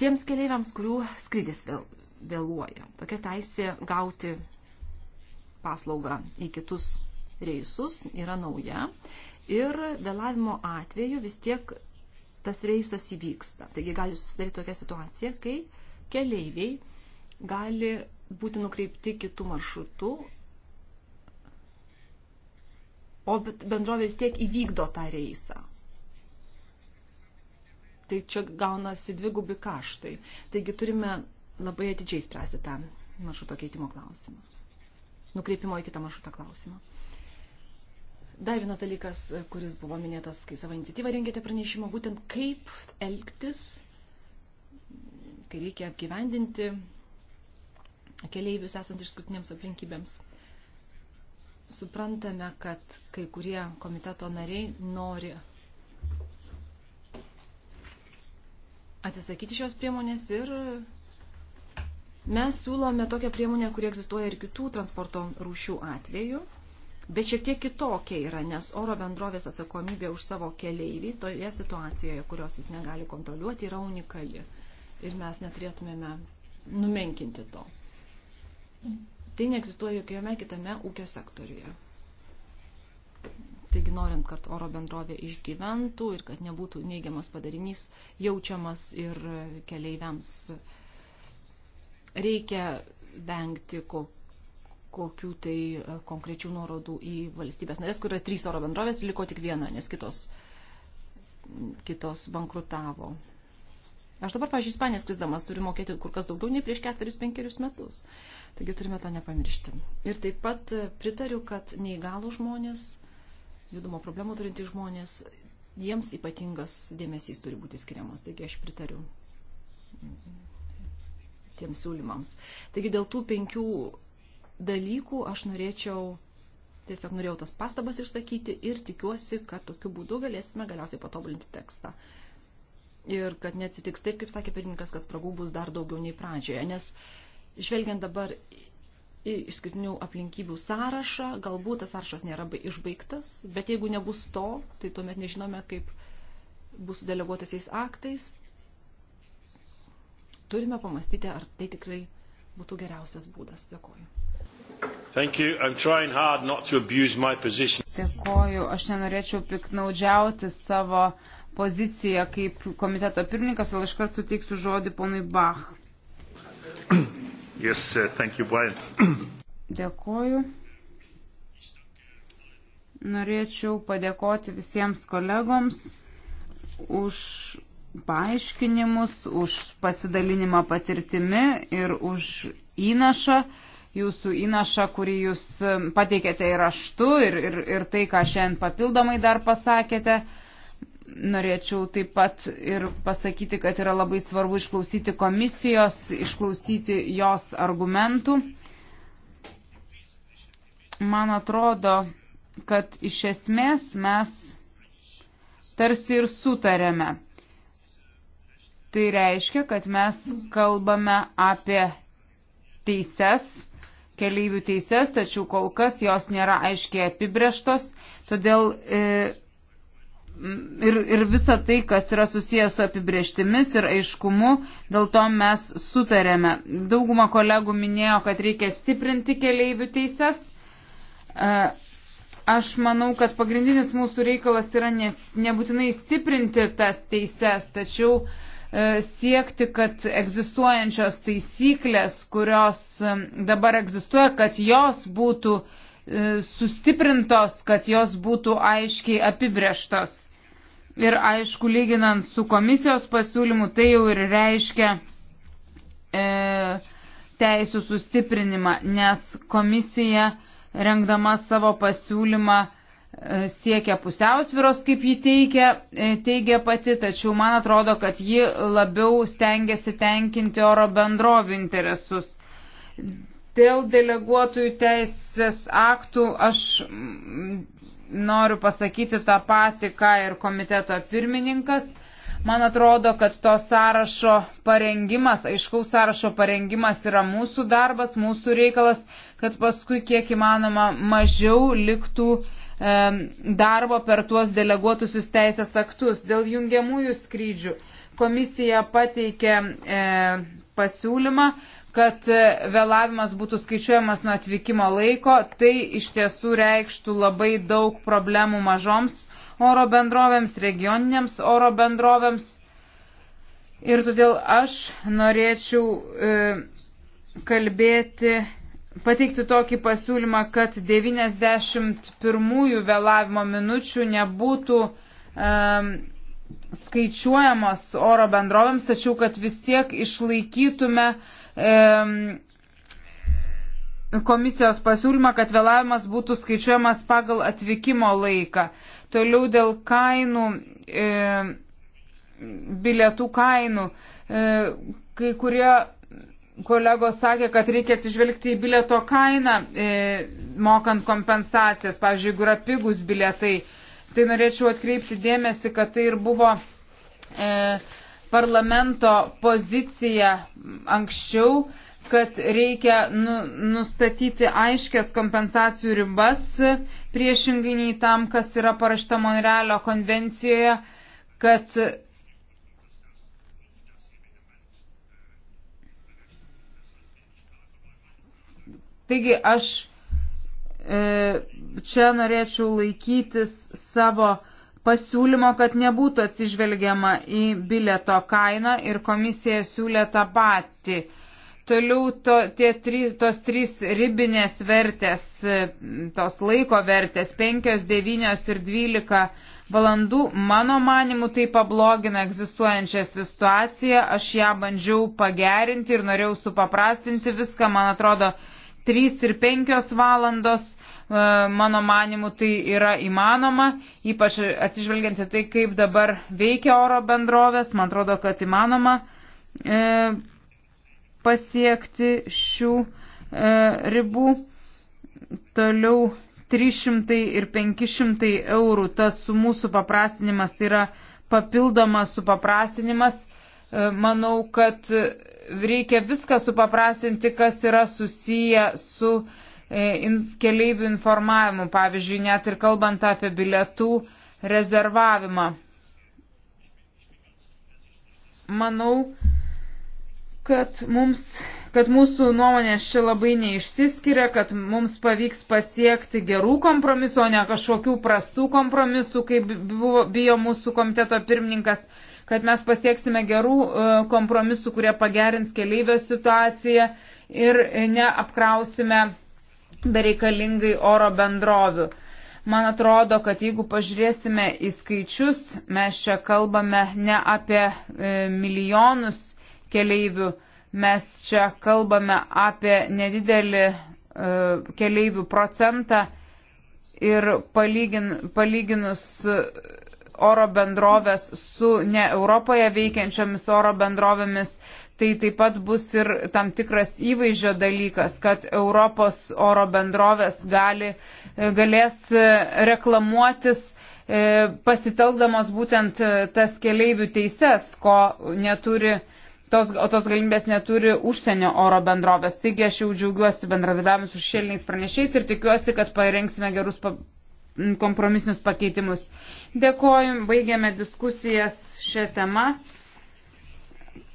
tiems keleiviams, kurių skrydis vėl, vėluoja. Tokia teisė gauti paslaugą į kitus reisus yra nauja ir vėlavimo atveju vis tiek tas reisas įvyksta. Taigi gali susidaryti tokia situacija, kai keleiviai gali būti nukreipti kitų maršrutų, o bendrovė vis tiek įvykdo tą reisą tai čia gaunasi dvigubi kaštai. Taigi turime labai atidžiai spręsti tą maršruto keitimo klausimą. Nukreipimo į kitą maršrutą klausimą. Dar vienas dalykas, kuris buvo minėtas, kai savo iniciatyvą rengėte pranešimą, būtent kaip elgtis, kai reikia apgyvendinti keleivius esant išskutiniams aplinkybėms. Suprantame, kad kai kurie komiteto nariai nori atsisakyti šios priemonės ir mes siūlome tokią priemonę, kuri egzistuoja ir kitų transporto rūšių atveju, bet šiek tiek kitokia yra, nes oro bendrovės atsakomybė už savo keleivį toje situacijoje, kurios jis negali kontroliuoti, yra unikali. Ir mes neturėtumėme numenkinti to. Tai neegzistuoja jokiame kitame ūkio sektoriuje. Taigi norint, kad oro bendrovė išgyventų ir kad nebūtų neigiamas padarinys jaučiamas ir keleiviams reikia vengti kokių tai e, konkrečių nuorodų į valstybės narės, kur yra trys oro bendrovės, liko tik viena, nes kitos, kitos bankrutavo. Aš dabar, pažiūrėjau, Ispanijas skrisdamas turiu mokėti kur kas daugiau nei prieš ketverius, penkerius metus. Taigi turime to nepamiršti. Ir taip pat e, pritariu, kad neįgalų žmonės judumo problemų turintys žmonės, jiems ypatingas dėmesys turi būti skiriamas. Taigi aš pritariu tiems siūlymams. Taigi dėl tų penkių dalykų aš norėčiau, tiesiog norėjau tas pastabas išsakyti ir tikiuosi, kad tokiu būdu galėsime galiausiai patobulinti tekstą. Ir kad neatsitiks taip, kaip sakė pirmininkas, kad spragų bus dar daugiau nei pradžioje. Nes žvelgiant dabar išskirtinių aplinkybių sąrašą, galbūt tas sąrašas nėra išbaigtas, bet jeigu nebus to, tai tuomet nežinome, kaip bus deleguotasiais aktais. Turime pamastyti, ar tai tikrai būtų geriausias būdas. Dėkuoju. Dėkuoju, aš nenorėčiau piknaudžiauti savo poziciją kaip komiteto pirmininkas, o aš kart suteiksiu žodį ponui Bach. (coughs) Yes, thank you, Brian. (clears throat) Dėkoju. Norėčiau padėkoti visiems kolegoms už paaiškinimus, už pasidalinimą patirtimi ir už įnašą, jūsų įnašą, kurį jūs pateikėte ir raštu, ir, ir, ir tai, ką šiandien papildomai dar pasakėte norėčiau taip pat ir pasakyti, kad yra labai svarbu išklausyti komisijos, išklausyti jos argumentų. Man atrodo, kad iš esmės mes tarsi ir sutarėme. Tai reiškia, kad mes kalbame apie teises, keleivių teises, tačiau kol kas jos nėra aiškiai apibrieštos, todėl e, ir, ir visa tai, kas yra susijęs su apibrieštimis ir aiškumu, dėl to mes sutarėme. Dauguma kolegų minėjo, kad reikia stiprinti keleivių teises. E, aš manau, kad pagrindinis mūsų reikalas yra nes, nebūtinai stiprinti tas teises, tačiau e, siekti, kad egzistuojančios taisyklės, kurios e, dabar egzistuoja, kad jos būtų sustiprintos, kad jos būtų aiškiai apibrieštos ir aišku, lyginant su komisijos pasiūlymu, tai jau ir reiškia e, teisų sustiprinimą, nes komisija rengdama savo pasiūlymą e, siekia pusiausviros, kaip ji teikia, e, teigia pati, tačiau man atrodo, kad ji labiau stengiasi tenkinti oro bendrovių interesus. Dėl deleguotojų teisės aktų aš noriu pasakyti tą patį, ką ir komiteto pirmininkas. Man atrodo, kad to sąrašo parengimas, aiškaus sąrašo parengimas yra mūsų darbas, mūsų reikalas, kad paskui kiek įmanoma mažiau liktų e, darbo per tuos deleguotusius teisės aktus. Dėl jungiamųjų skrydžių komisija pateikė e, pasiūlymą, kad e, vėlavimas būtų skaičiuojamas nuo atvykimo laiko, tai iš tiesų reikštų labai daug problemų mažoms oro bendrovėms, regioninėms oro bendrovėms. Ir todėl aš norėčiau e, kalbėti, pateikti tokį pasiūlymą, kad 91 vėlavimo minučių nebūtų e, skaičiuojamos oro bendrovėms, tačiau kad vis tiek išlaikytume e, komisijos pasiūlymą, kad vėlavimas būtų skaičiuojamas pagal atvykimo laiką. Toliau dėl kainų, e, bilietų kainų. E, kai kurie kolegos sakė, kad reikia atsižvelgti į bilieto kainą, e, mokant kompensacijas, pavyzdžiui, jeigu yra pigus bilietai. Tai norėčiau atkreipti dėmesį, kad tai ir buvo. E, parlamento poziciją anksčiau, kad reikia nu, nustatyti aiškias kompensacijų ribas priešingai nei tam, kas yra parašta Monrealio konvencijoje, kad Taigi aš e, čia norėčiau laikytis savo pasiūlymo, kad nebūtų atsižvelgiama į bileto kainą ir komisija siūlė tą patį. Toliau to, tie trys, tos trys ribinės vertės, e, tos laiko vertės 5, 9 ir 12 valandų, mano manimu, tai pablogina egzistuojančią situaciją. Aš ją bandžiau pagerinti ir norėjau supaprastinti viską, man atrodo, 3 ir 5 valandos, e, mano manimu, tai yra įmanoma, ypač atsižvelgiant į tai, kaip dabar veikia oro bendrovės, man atrodo, kad įmanoma e, pasiekti šių e, ribų. Toliau 300 ir 500 eurų tas su mūsų paprastinimas tai yra papildomas supaprastinimas manau, kad reikia viską supaprastinti, kas yra susiję su e, keleivių informavimu, pavyzdžiui, net ir kalbant apie bilietų rezervavimą. Manau, kad, mums, kad mūsų nuomonės čia labai neišsiskiria, kad mums pavyks pasiekti gerų kompromisų, o ne kažkokių prastų kompromisų, kaip buvo, bijo mūsų komiteto pirmininkas kad mes pasieksime gerų e, kompromisų, kurie pagerins keleivio situaciją ir neapkrausime bereikalingai oro bendrovių. Man atrodo, kad jeigu pažiūrėsime į skaičius, mes čia kalbame ne apie e, milijonus keleivių, mes čia kalbame apie nedidelį e, keleivių procentą ir palygin, palyginus oro bendrovės su ne Europoje veikiančiomis oro bendrovėmis, tai taip pat bus ir tam tikras įvaizdžio dalykas, kad Europos oro bendrovės gali, e, galės e, reklamuotis e, pasitelkdamos būtent tas keleivių teises, ko neturi, tos, o tos galimybės neturi užsienio oro bendrovės. Taigi aš jau džiaugiuosi bendradarbiavimu su šelniais pranešiais ir tikiuosi, kad parengsime gerus pa kompromisinius pakeitimus. Dėkojom, baigiame diskusijas šią temą.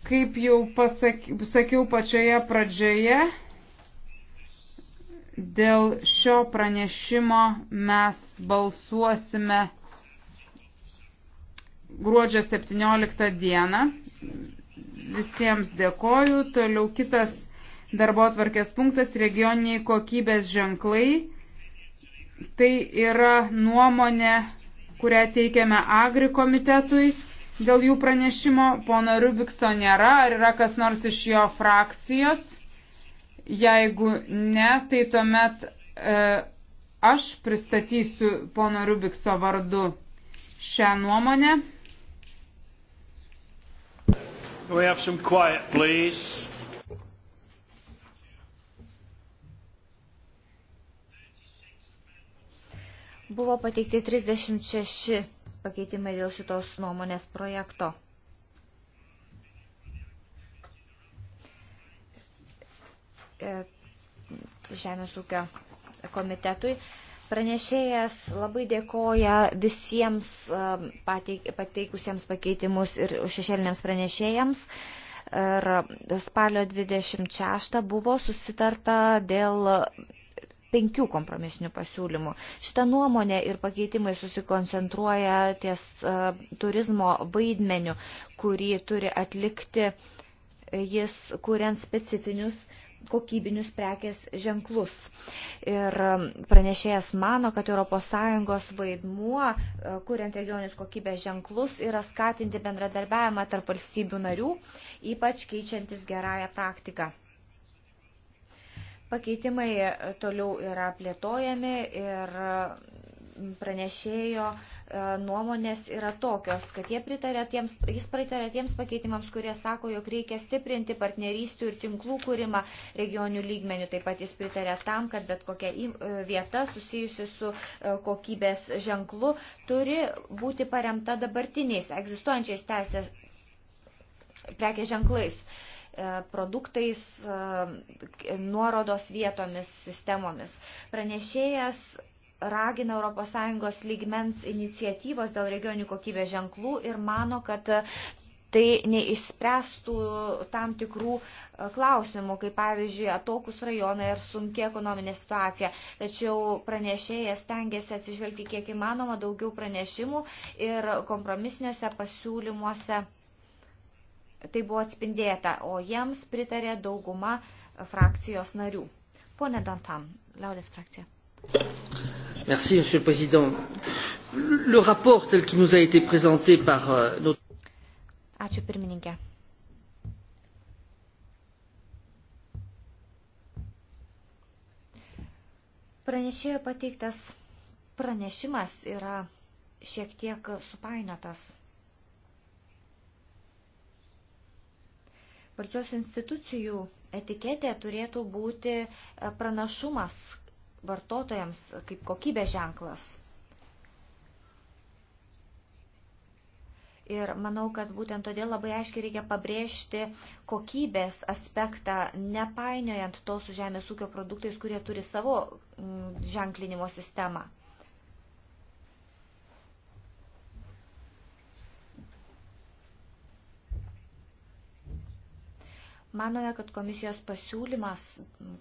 Kaip jau pasakiau pačioje pradžioje, dėl šio pranešimo mes balsuosime gruodžio 17 dieną. Visiems dėkoju. Toliau kitas darbo atvarkės punktas - regioniniai kokybės ženklai. Tai yra nuomonė kurią teikiame Agri komitetui. Dėl jų pranešimo pono Rubikso nėra, ar yra kas nors iš jo frakcijos. Jeigu ne, tai tuomet e, aš pristatysiu pono Rubikso vardu šią nuomonę. Quiet, please. Buvo pateikti 36 pakeitimai dėl šitos nuomonės projekto. E, Žemės ūkio komitetui. Pranešėjas labai dėkoja visiems e, pateik, pateikusiems pakeitimus ir šešėliniams pranešėjams. Ir spalio 26 buvo susitarta dėl penkių kompromisinių pasiūlymų. Šitą nuomonę ir pakeitimai susikoncentruoja ties e, turizmo vaidmeniu, kurį turi atlikti e, jis, kuriant specifinius kokybinius prekės ženklus. Ir e, pranešėjas mano, kad ES vaidmuo, kuriant regionius kokybės ženklus, yra skatinti bendradarbiavimą tarp valstybių narių, ypač keičiantis gerąją praktiką. Pakeitimai e, toliau yra plėtojami ir pranešėjo e, nuomonės yra tokios, kad pritarė tiems, jis pritarė tiems pakeitimams, kurie sako, jog reikia stiprinti partnerystų ir tinklų kūrimą regionių lygmenių. Taip pat jis pritarė tam, kad bet kokia e, vieta susijusi su kokybės ženklu turi būti paremta dabartiniais egzistuojančiais teisės prekės ženklais. Uh, E, produktais, e, nuorodos vietomis, sistemomis. Pranešėjas ragina ES lygmens iniciatyvos dėl regionių kokybės ženklų ir mano, kad tai neišspręstų tam tikrų e, klausimų, kaip pavyzdžiui, atokus rajonai ir sunkia ekonominė situacija. Tačiau pranešėjas tengiasi atsižvelgti kiek įmanoma daugiau pranešimų ir kompromisiniuose pasiūlymuose tai buvo atspindėta, o jiems pritarė dauguma frakcijos narių. Pone Dantam, liaudės frakcija. Merci, Monsieur le Président. Le rapport tel qu'il nous a été présenté par euh, notre. Ačiū pirmininkė. Pranešėjo pateiktas pranešimas yra šiek tiek supainiotas Valdžios institucijų etiketė turėtų būti e, pranašumas vartotojams kaip kokybės ženklas. Ir manau, kad būtent todėl labai aiškiai reikia pabrėžti kokybės aspektą, nepainiojant to su žemės ūkio produktais, kurie turi savo ženklinimo sistemą. Manome, kad komisijos pasiūlymas,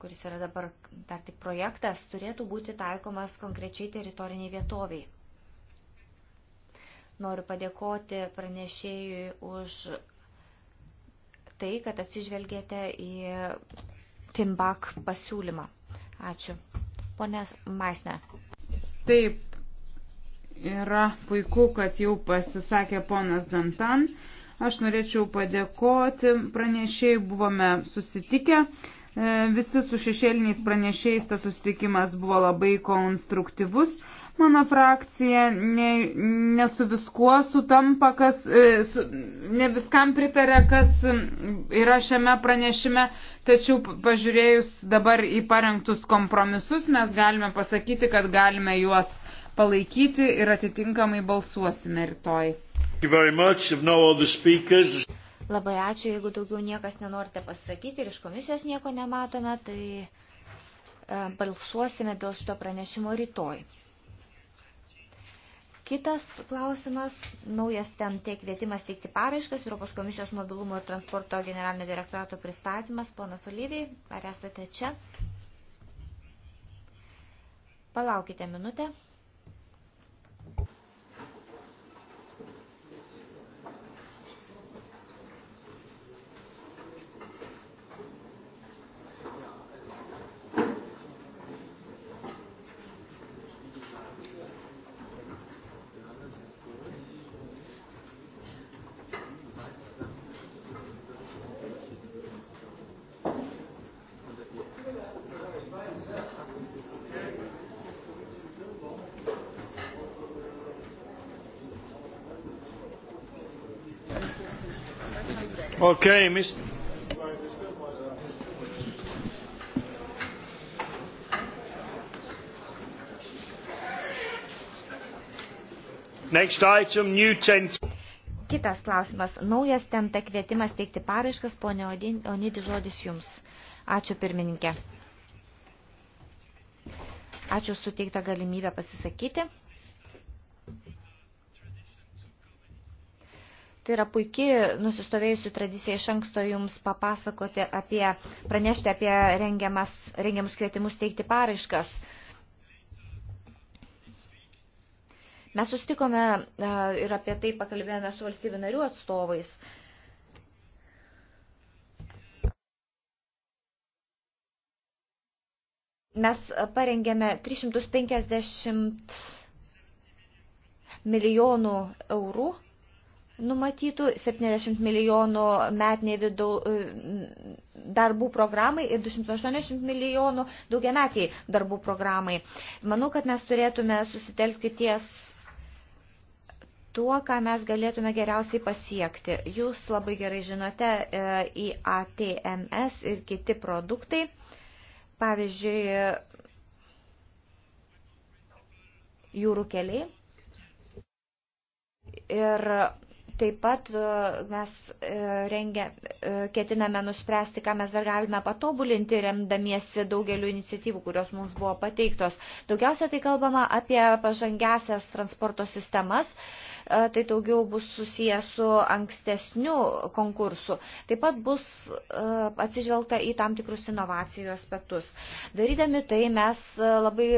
kuris yra dabar dar tik projektas, turėtų būti taikomas konkrečiai teritoriniai vietoviai. Noriu padėkoti pranešėjui už tai, kad atsižvelgėte į Timbak pasiūlymą. Ačiū. Pone Maisne. Taip, yra puiku, kad jau pasisakė ponas Dantan. Aš norėčiau padėkoti pranešėjai, buvome susitikę. E, visi su šešėliniais pranešėjais tas susitikimas buvo labai konstruktyvus. Mano frakcija ne, ne su viskuo sutampa, kas, e, su, ne viskam pritarė, kas yra šiame pranešime, tačiau pažiūrėjus dabar į parengtus kompromisus mes galime pasakyti, kad galime juos palaikyti ir atitinkamai balsuosime rytoj. Labai ačiū, jeigu daugiau niekas nenorite pasakyti ir iš komisijos nieko nematome, tai e, balsuosime dėl šito pranešimo rytoj. Kitas klausimas, naujas ten tiek kvietimas teikti paraiškas, Europos komisijos mobilumo ir transporto generalinio direktorato pristatymas. Ponas Olyviai, ar esate čia? Palaukite minutę. Okay, Mr. Next item, new tent. Kitas klausimas. Naujas tenta kvietimas teikti paraiškas, ponė Onidį, žodis jums. Ačiū pirmininkė. Ačiū suteiktą galimybę pasisakyti. Tai yra puikiai nusistovėjusi tradicija iš anksto jums papasakoti apie, pranešti apie rengiamas, rengiamus kvietimus teikti paraiškas. Mes sustikome e, ir apie tai pakalbėjome su valstybių narių atstovais. Mes parengėme 350 milijonų eurų numatytų 70 milijonų metiniai vidų e, darbų programai ir 280 milijonų daugiametiai darbų programai. Manau, kad mes turėtume susitelkti ties tuo, ką mes galėtume geriausiai pasiekti. Jūs labai gerai žinote į e, ATMS ir kiti produktai. Pavyzdžiui, jūrų keliai. Ir Taip pat e, mes e, rengia, e, ketiname nuspręsti, ką mes dar galime patobulinti, remdamiesi daugeliu iniciatyvų, kurios mums buvo pateiktos. Daugiausia tai kalbama apie pažangesias transporto sistemas, tai daugiau bus susiję su ankstesniu konkursu. Taip pat bus atsižvelgta į tam tikrus inovacijų aspektus. Darydami tai mes labai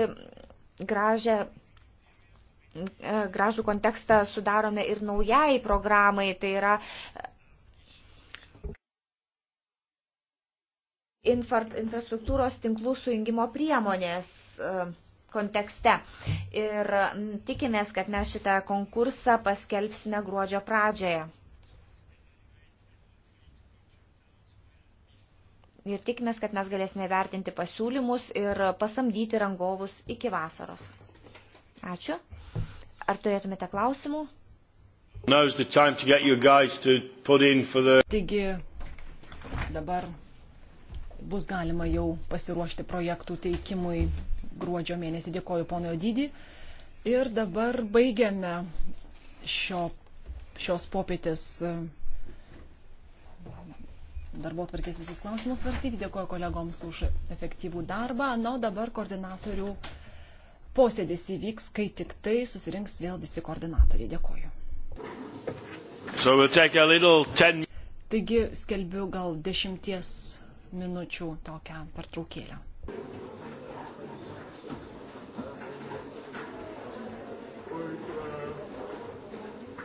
gražią E, gražų kontekstą sudarome ir naujai programai, tai yra e, infrastruktūros tinklų sujungimo priemonės e, kontekste. Ir tikimės, kad mes šitą konkursą paskelbsime gruodžio pradžioje. Ir tikimės, kad mes galėsime vertinti pasiūlymus ir pasamdyti rangovus iki vasaros. Ačiū. Ar turėtumėte klausimų? Taigi dabar bus galima jau pasiruošti projektų teikimui gruodžio mėnesį. Dėkoju ponio Dydį. Ir dabar baigiame šio, šios popietės e, darbo tvarkės visus klausimus svarstyti. Dėkoju kolegoms už efektyvų darbą. Na, o dabar koordinatorių posėdis įvyks, kai tik tai susirinks vėl visi koordinatoriai. Dėkoju. So we'll take a little ten... Taigi skelbiu gal dešimties minučių tokią pertraukėlę.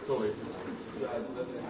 Sorry.